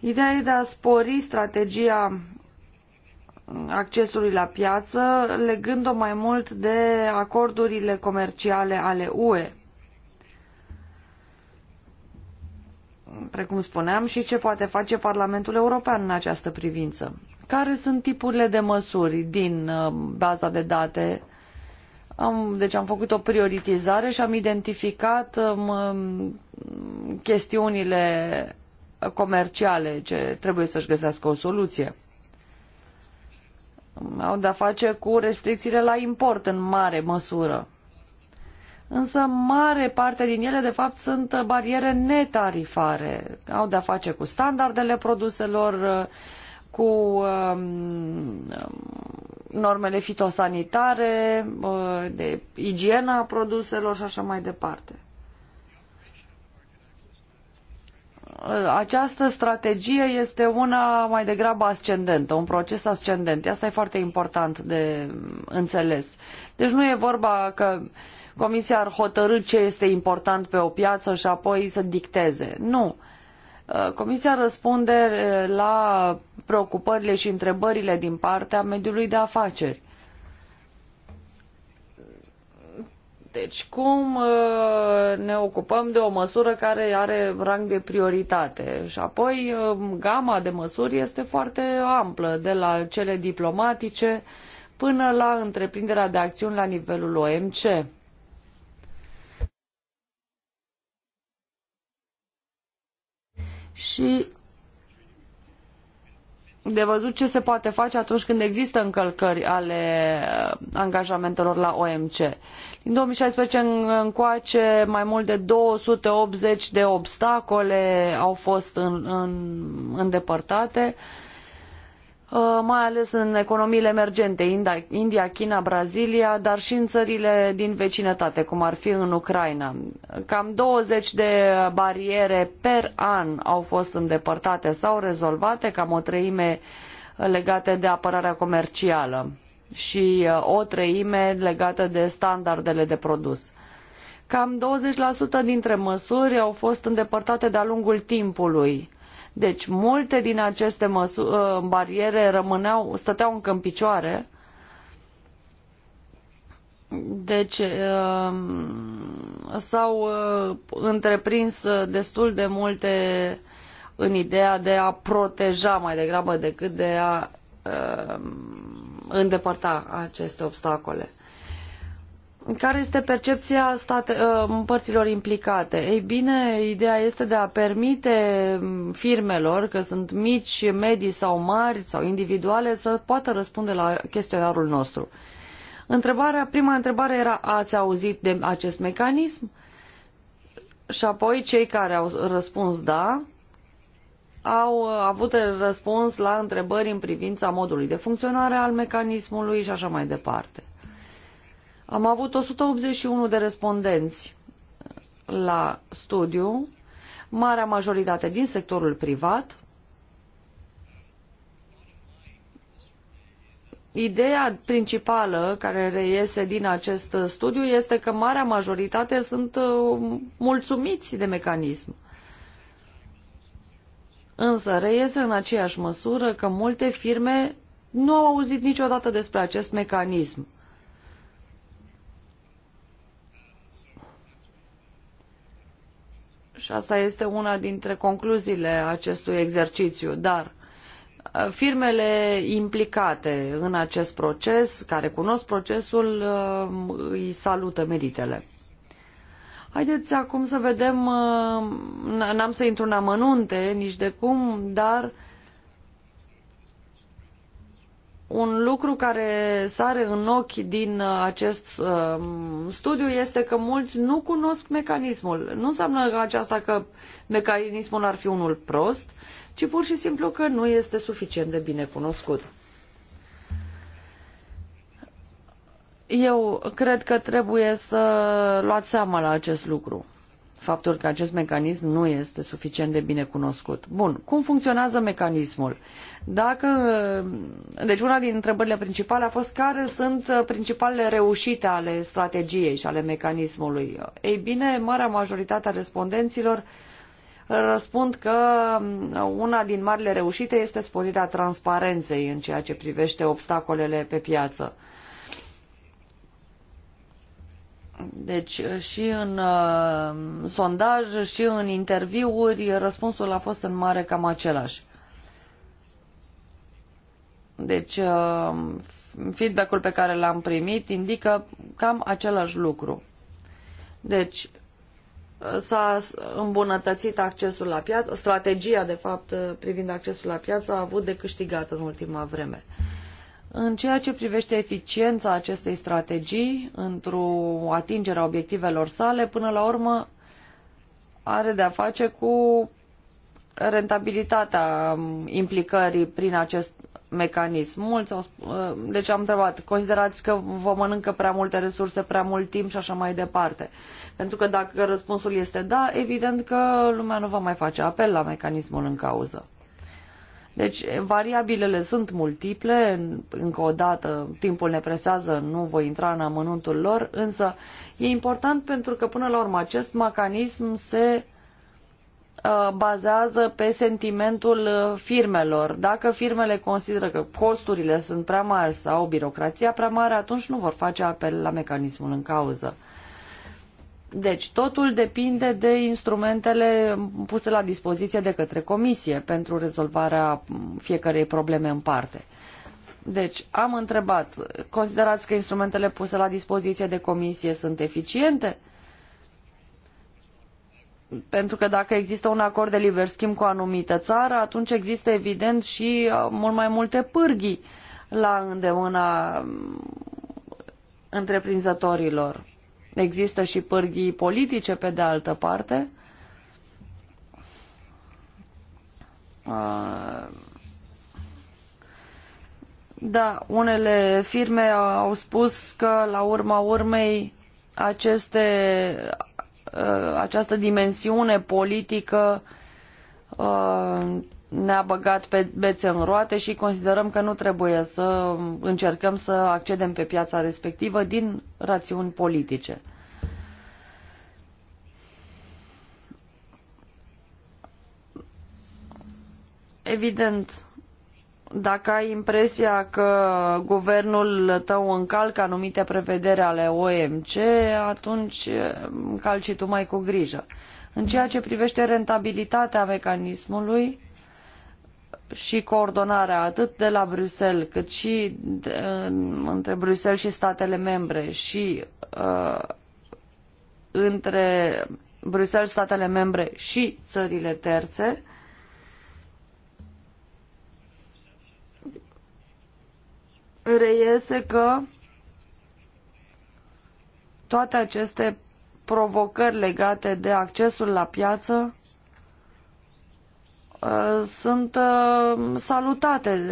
Ideea e de a spori strategia accesului la piață, legând-o mai mult de acordurile comerciale ale UE. Precum spuneam, și ce poate face Parlamentul European în această privință. Care sunt tipurile de măsuri din uh, baza de date am, deci am făcut o prioritizare și am identificat um, um chestiunile comerciale ce trebuie să-și găsească o soluție. Au de-a face cu restricțiile la import în mare măsură. Însă mare parte din ele, de fapt, sunt bariere netarifare. Au de-a face cu standardele produselor, uh, cu um, um, normele fitosanitare, uh, de igiena produselor și așa mai departe. Uh, această strategie este una mai degrabă ascendentă, un proces ascendent. Asta e foarte important de înțeles. Deci nu e vorba că Comisia ar hotărâ ce este important pe o piață și apoi să dicteze. Nu. Uh, Uh, Comisia răspunde uh, la preocupările și întrebările din partea mediului de afaceri. Deci cum uh, ne ocupăm de o măsură care are rang de prioritate și apoi gama de măsuri este foarte amplă, de la cele diplomatice până la întreprinderea de acțiuni la nivelul OMC. și de văzut ce se poate face atunci când există încălcări ale uh, angajamentelor la OMC. Din 2016 încoace mai mult de 280 de obstacole au fost în, în, îndepărtate. Uh, mai ales în economiile emergente, India, China, Brazilia, dar și în țările din vecinătate, cum ar fi în Ucraina. Cam 20 de bariere per an au fost îndepărtate sau rezolvate, cam o treime legate de apărarea comercială și uh, o treime legată de standardele de produs. Cam 20% dintre măsuri au fost îndepărtate de-a lungul timpului deci multe din aceste ă, bariere rămâneau, stăteau încă în picioare. Deci ă, s-au ă, întreprins destul de multe în ideea de a proteja mai degrabă decât de a îndepărta aceste obstacole care este percepția state, ă, părților implicate? Ei bine, ideea este de a permite firmelor, că sunt mici, medii sau mari sau individuale, să poată răspunde la chestionarul nostru. Întrebarea, prima întrebare era, ați auzit de acest mecanism? Și apoi cei care au răspuns da, au avut răspuns la întrebări în privința modului de funcționare al mecanismului și așa mai departe. Am avut 181 de respondenți la studiu, marea majoritate din sectorul privat. Ideea principală care reiese din acest studiu este că marea majoritate sunt uh, mulțumiți de mecanism. Însă reiese în aceeași măsură că multe firme nu au auzit niciodată despre acest mecanism și asta este una dintre concluziile acestui exercițiu, dar uh, firmele implicate în acest proces, care cunosc procesul, uh, îi salută meritele. Haideți acum să vedem, uh, n-am să intru în amănunte nici de cum, dar un lucru care sare în ochi din uh, acest uh, studiu este că mulți nu cunosc mecanismul. Nu înseamnă aceasta că mecanismul ar fi unul prost, ci pur și simplu că nu este suficient de bine cunoscut. Eu cred că trebuie să luați seama la acest lucru faptul că acest mecanism nu este suficient de bine cunoscut. Bun, cum funcționează mecanismul? Dacă, deci una din întrebările principale a fost care sunt principalele reușite ale strategiei și ale mecanismului. Ei bine, marea majoritate a respondenților răspund că una din marile reușite este sporirea transparenței în ceea ce privește obstacolele pe piață. Deci uh, și în uh, sondaj și în interviuri răspunsul a fost în mare cam același. Deci uh, feedback-ul pe care l-am primit indică cam același lucru. Deci uh, s-a îmbunătățit accesul la piață, strategia de fapt uh, privind accesul la piață a avut de câștigat în ultima vreme. Uh, în ceea ce privește eficiența acestei strategii într-o atingere a obiectivelor sale, până la urmă are de-a face cu rentabilitatea implicării prin acest mecanism. Mulți au, ă, deci am întrebat, considerați că vă mănâncă prea multe resurse, prea mult timp și așa mai departe? Pentru că dacă răspunsul este da, evident că lumea nu va mai face apel la mecanismul în cauză. Deci, variabilele sunt multiple, încă o dată, timpul ne presează, nu voi intra în amănuntul lor, însă e important pentru că, până la urmă, acest mecanism se uh, bazează pe sentimentul uh, firmelor. Dacă firmele consideră că costurile sunt prea mari sau birocrația prea mare, atunci nu vor face apel la mecanismul în cauză. Deci totul depinde de instrumentele puse la dispoziție de către comisie pentru rezolvarea fiecarei probleme în parte. Deci am întrebat, considerați că instrumentele puse la dispoziție de comisie sunt eficiente? Pentru că dacă există un acord de liber schimb cu o anumită țară, atunci există evident și uh, mult mai multe pârghii la îndemâna mm, întreprinzătorilor Există și pârghii politice pe de altă parte. Da, unele firme au spus că la urma urmei aceste, această dimensiune politică ne-a băgat pe bețe în roate și considerăm că nu trebuie să încercăm să accedem pe piața respectivă din rațiuni politice. Evident, dacă ai impresia că guvernul tău încalcă anumite prevedere ale OMC, atunci încalci tu mai cu grijă. În ceea ce privește rentabilitatea mecanismului, și coordonarea atât de la Bruxelles cât și de, între Bruxelles și statele membre și uh, între Bruxelles, statele membre și țările terțe. Reiese că toate aceste provocări legate de accesul la piață Uh, sunt uh, salutate,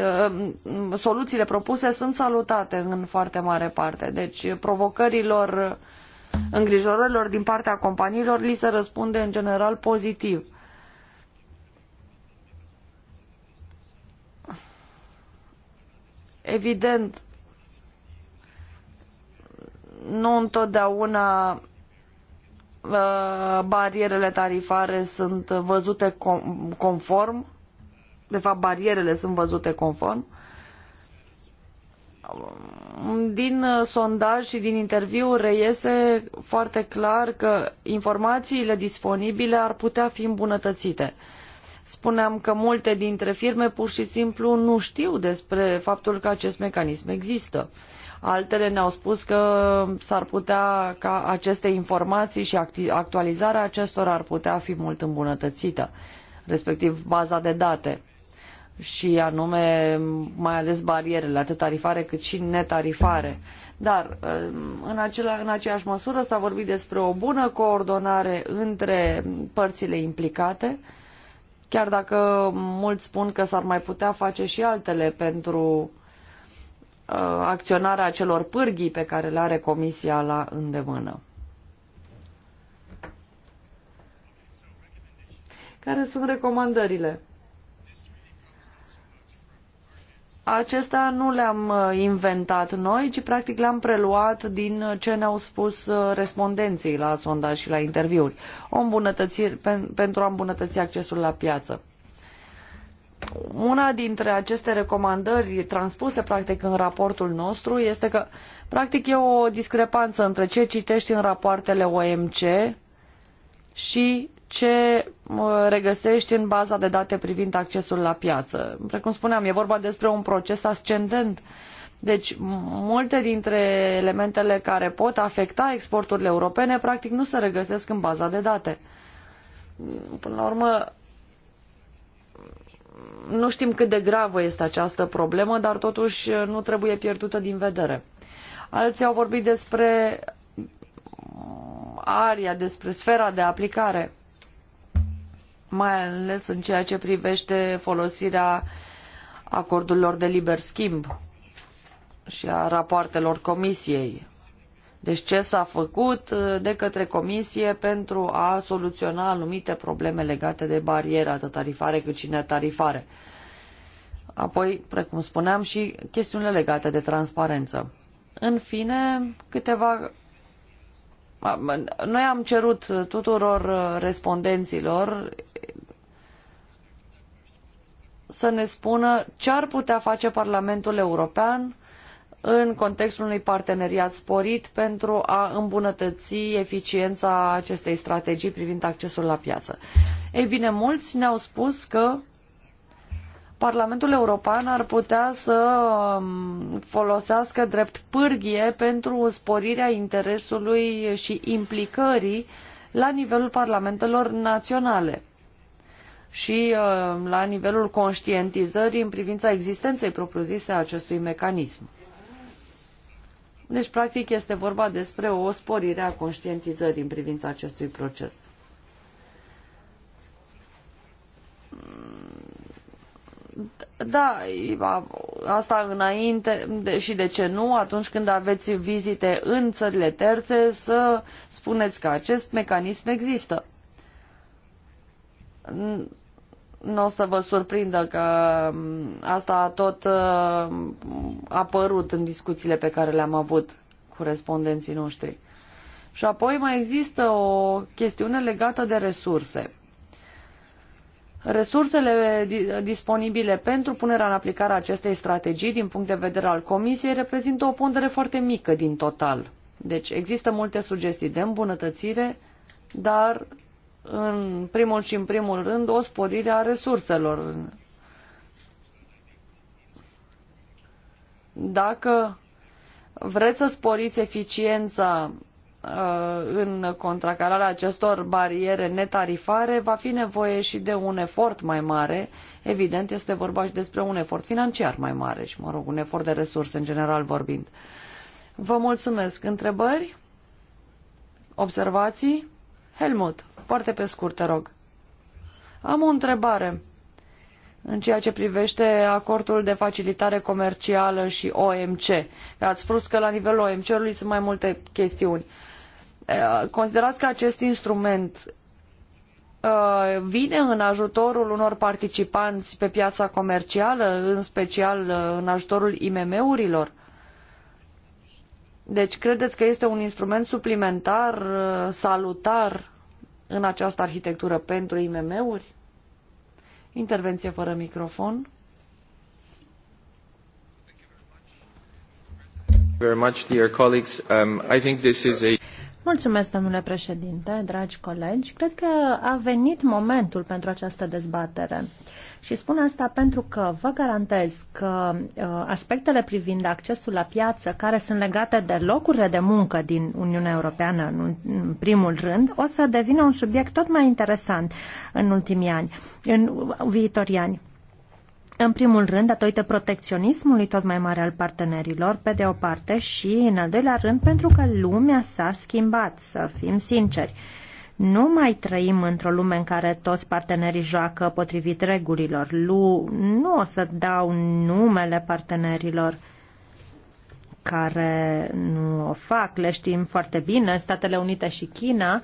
uh, soluțiile propuse sunt salutate în foarte mare parte. Deci provocărilor, îngrijorărilor din partea companiilor li se răspunde în general pozitiv. Evident, nu întotdeauna Uh, barierele tarifare sunt văzute conform, de fapt barierele sunt văzute conform. Um, din uh, sondaj și din interviu reiese foarte clar că informațiile disponibile ar putea fi îmbunătățite. Spuneam că multe dintre firme pur și simplu nu știu despre faptul că acest mecanism există. Uh, Altele ne-au spus că s-ar putea ca aceste informații și actualizarea acestora ar putea fi mult îmbunătățită, respectiv baza de date și anume mai ales barierele, atât tarifare cât și netarifare. Dar um, în, acela, în aceeași măsură s-a vorbit despre o bună coordonare între părțile implicate, chiar dacă mulți spun că s-ar mai putea face și altele pentru uh, Uh, acționarea acelor pârghii pe care le are Comisia la îndemână. Care sunt recomandările? Acestea nu le-am uh, inventat noi, ci practic le-am preluat din uh, ce ne-au spus respondenții la sondaj și la interviuri. O pen, pentru a îmbunătăți accesul la piață. Una dintre aceste recomandări transpuse practic în raportul nostru este că practic e o discrepanță între ce citești în rapoartele OMC și ce regăsești în baza de date privind accesul la piață. Precum spuneam, e vorba despre un proces ascendent. Deci, multe dintre elementele care pot afecta exporturile europene, practic, nu se regăsesc în baza de date. Până la urmă, nu știm cât de gravă este această problemă, dar totuși nu trebuie pierdută din vedere. Alții au vorbit despre aria, despre sfera de aplicare, mai ales în ceea ce privește folosirea acordurilor de liber schimb și a rapoartelor comisiei deci ce s-a făcut uh, de către Comisie pentru a soluționa anumite probleme legate de bariere, atât tarifare cât și netarifare. Apoi, precum spuneam, și chestiunile legate de transparență. În fine, câteva... Noi am cerut tuturor uh, respondenților să ne spună ce ar putea face Parlamentul European în contextul unui parteneriat sporit pentru a îmbunătăți eficiența acestei strategii privind accesul la piață. Ei bine, mulți ne-au spus că Parlamentul European ar putea să um, folosească drept pârghie pentru sporirea interesului și implicării la nivelul parlamentelor naționale și um, la nivelul conștientizării în privința existenței propriu-zise a acestui mecanism. Deci, practic, este vorba despre o sporire a conștientizării în privința acestui proces. Da, asta înainte și de ce nu, atunci când aveți vizite în țările terțe, să spuneți că acest mecanism există nu o să vă surprindă că um, asta um, a tot apărut în discuțiile pe care le-am avut cu respondenții noștri. Și apoi mai există o chestiune legată de resurse. Resursele disponibile pentru punerea în aplicare a acestei strategii din punct de vedere al Comisiei reprezintă o pondere foarte mică din total. Deci există multe sugestii de îmbunătățire, dar în primul și în primul rând, o sporire a resurselor. Dacă vreți să sporiți eficiența uh, în contracararea acestor bariere netarifare, va fi nevoie și de un efort mai mare. Evident, este vorba și despre un efort financiar mai mare și, mă rog, un efort de resurse, în general vorbind. Vă mulțumesc. Întrebări? Observații? Helmut. Foarte pe scurt, te rog. Am o întrebare în ceea ce privește acordul de facilitare comercială și OMC. Ați spus că la nivelul OMC-ului sunt mai multe chestiuni. Considerați că acest instrument vine în ajutorul unor participanți pe piața comercială, în special în ajutorul IMM-urilor? Deci credeți că este un instrument suplimentar, salutar, în această arhitectură pentru IMM-uri? Intervenție fără microfon. Um, Mulțumesc, domnule președinte, dragi colegi. Cred că a venit momentul pentru această dezbatere. Și spun asta pentru că vă garantez că uh, aspectele privind accesul la piață, care sunt legate de locurile de muncă din Uniunea Europeană în primul rând, o să devină un subiect tot mai interesant în ultimii ani, în viitorii ani. În primul rând, datorită protecționismului tot mai mare al partenerilor, pe de o parte, și, în al doilea rând, pentru că lumea s-a schimbat, să fim sinceri. Uh, nu mai trăim într-o lume în care toți partenerii joacă potrivit regulilor. Lu, nu o să dau numele partenerilor care nu o fac, le știm foarte bine, Statele Unite și China.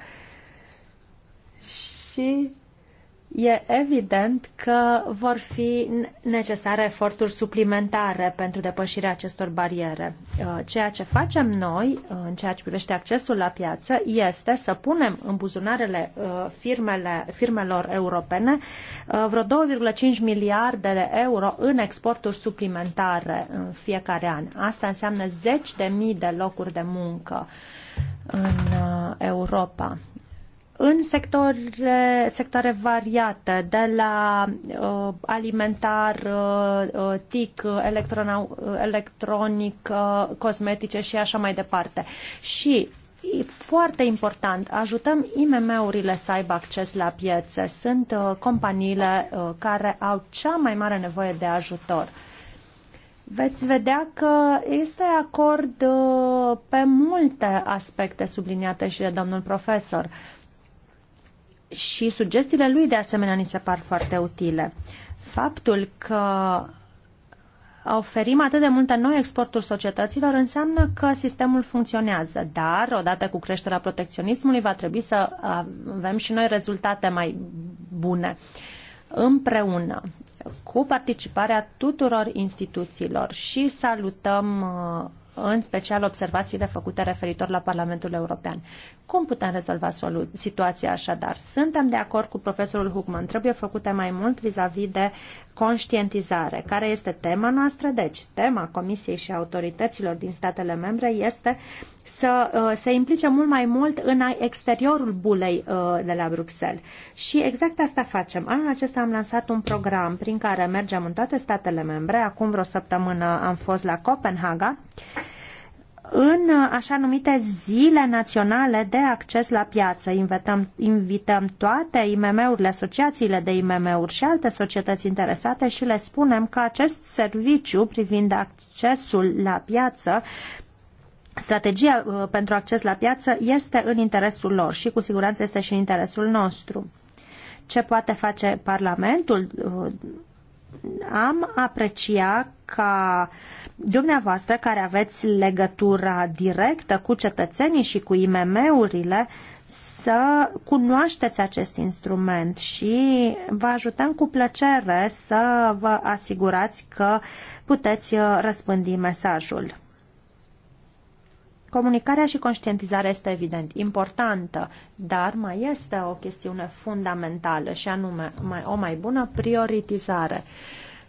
Și E evident că vor fi necesare eforturi suplimentare pentru depășirea acestor bariere. Uh, ceea ce facem noi uh, în ceea ce privește accesul la piață este să punem în buzunarele uh, firmele, firmelor europene vreo 2,5 miliarde de euro în exporturi suplimentare în fiecare an. Asta înseamnă zeci de mii de locuri de muncă în Europa în sectoare, sectoare variate, de la uh, alimentar, uh, uh TIC, electronic, uh, cosmetice și așa mai departe. Și E foarte important, ajutăm IMM-urile să aibă acces la piețe. Sunt uh, companiile uh, care au cea mai mare nevoie de ajutor. Veți vedea că este acord uh, pe multe aspecte subliniate și de domnul profesor. Uh, și sugestiile lui de asemenea ni se par foarte utile. Faptul că oferim atât de multe noi exporturi societăților înseamnă că sistemul funcționează, dar odată cu creșterea protecționismului va trebui să avem și noi rezultate mai bune împreună cu participarea tuturor instituțiilor și salutăm uh, în special observațiile făcute referitor la Parlamentul European. Cum putem rezolva situația așadar? Suntem de acord cu profesorul Hugman. Trebuie făcute mai mult vis-a-vis -vis de conștientizare, care este tema noastră. Deci, tema Comisiei și autorităților din statele membre este să uh, se implice mult mai mult în exteriorul bulei uh, de la Bruxelles. Și exact asta facem. Anul acesta am lansat un program prin care mergem în toate statele membre. Acum vreo săptămână am fost la Copenhaga în uh, așa numite zile naționale de acces la piață. Invităm, invităm toate IMM-urile, asociațiile de IMM-uri și alte societăți interesate și le spunem că acest serviciu privind accesul la piață strategia uh, pentru acces la piață este în interesul lor și cu siguranță este și în interesul nostru. Ce poate face Parlamentul uh, am aprecia ca dumneavoastră, care aveți legătura directă cu cetățenii și cu IMM-urile, să cunoașteți acest instrument și vă ajutăm cu plăcere să vă asigurați că puteți uh, răspândi mesajul. Comunicarea și conștientizarea este evident importantă, dar mai este o chestiune fundamentală și anume mai, o mai bună prioritizare.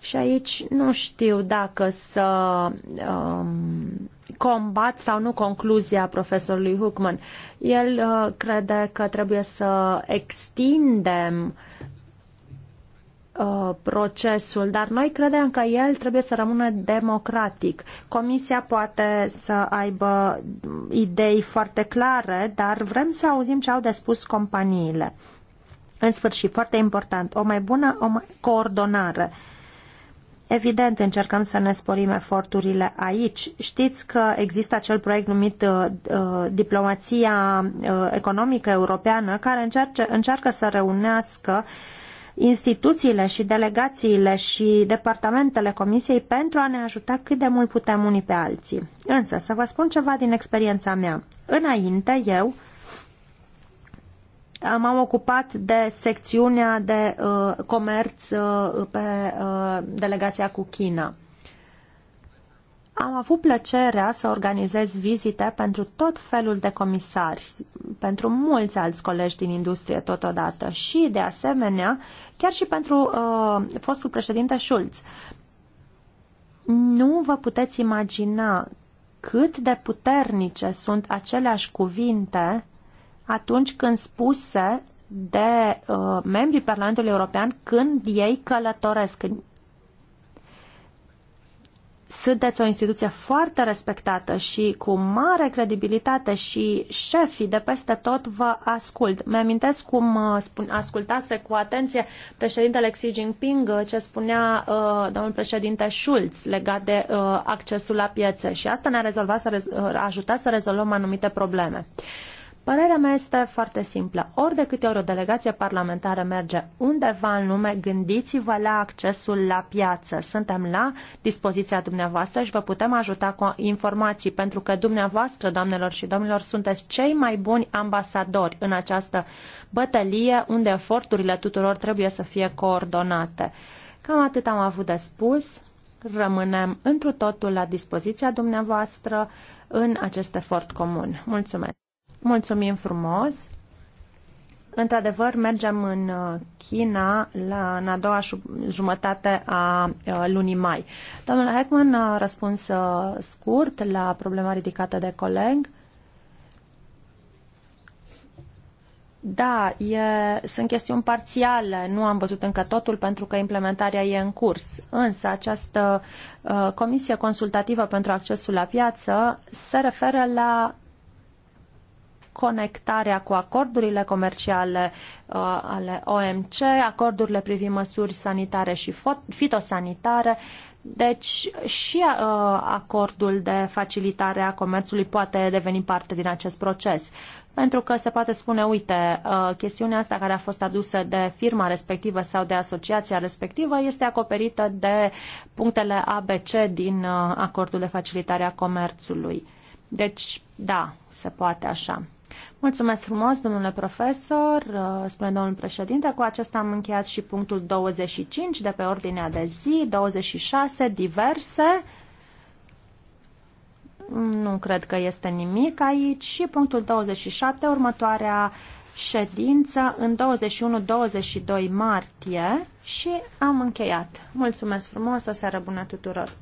Și aici nu știu dacă să um, combat sau nu concluzia profesorului Huckman. El uh, crede că trebuie să extindem Uh, procesul, dar noi credem că el trebuie să rămână democratic. Comisia poate să aibă idei foarte clare, dar vrem să auzim ce au de spus companiile. În sfârșit, foarte important, o mai bună o mai coordonare. Evident, încercăm să ne sporim eforturile aici. Știți că există acel proiect numit uh, uh Diplomația uh, Economică Europeană, care încearcă, încearcă să reunească uh, instituțiile și delegațiile și departamentele Comisiei pentru a ne ajuta cât de mult putem unii pe alții. Însă, să vă spun ceva din experiența mea. Înainte, eu m-am ocupat de secțiunea de uh, comerț uh, pe uh, delegația cu China. Am avut plăcerea să organizez vizite pentru tot felul de comisari, pentru mulți alți colegi din industrie totodată și, de asemenea, chiar și pentru uh, fostul președinte Schulz. Nu vă puteți imagina cât de puternice sunt aceleași cuvinte atunci când spuse de uh, membrii Parlamentului European când ei călătoresc, când sunteți o instituție foarte respectată și cu mare credibilitate și șefii de peste tot vă ascult. Mi-amintesc cum uh, spun, ascultase cu atenție președintele Xi Jinping uh, ce spunea uh, domnul președinte Schulz legat de uh, accesul la piețe și asta ne-a rezolvat să rez- uh, ajutat să rezolvăm anumite probleme. Uh, Părerea mea este foarte simplă. Ori de câte ori o delegație parlamentară merge undeva în lume, gândiți-vă la accesul la piață. Suntem la dispoziția dumneavoastră și vă putem ajuta cu informații, pentru că dumneavoastră, doamnelor și domnilor, sunteți cei mai buni ambasadori în această bătălie unde eforturile tuturor trebuie să fie coordonate. Cam atât am avut de spus. Rămânem întru totul la dispoziția dumneavoastră în acest efort comun. Mulțumesc! Mulțumim frumos! Într-adevăr, mergem în uh, China la, în a doua jumătate a uh, lunii mai. Domnule Heckman a răspuns uh, scurt la problema ridicată de coleg. Da, e, sunt chestiuni parțiale, nu am văzut încă totul pentru că implementarea e în curs. Însă această uh, comisie consultativă pentru accesul la piață se referă la conectarea cu acordurile comerciale uh, ale OMC, acordurile privind măsuri sanitare și fitosanitare. Deci și uh, acordul de facilitare a comerțului poate deveni parte din acest proces. Pentru că se poate spune, uite, uh, chestiunea asta care a fost adusă de firma respectivă sau de asociația respectivă este acoperită de punctele ABC din uh, acordul de facilitare a comerțului. Deci, da, se poate așa. Mulțumesc frumos, domnule profesor, uh, spune domnul președinte. Cu acesta am încheiat și punctul 25 de pe ordinea de zi, 26, diverse. Nu cred că este nimic aici. Și punctul 27, următoarea ședință în 21-22 martie și am încheiat. Mulțumesc frumos, o seară bună tuturor!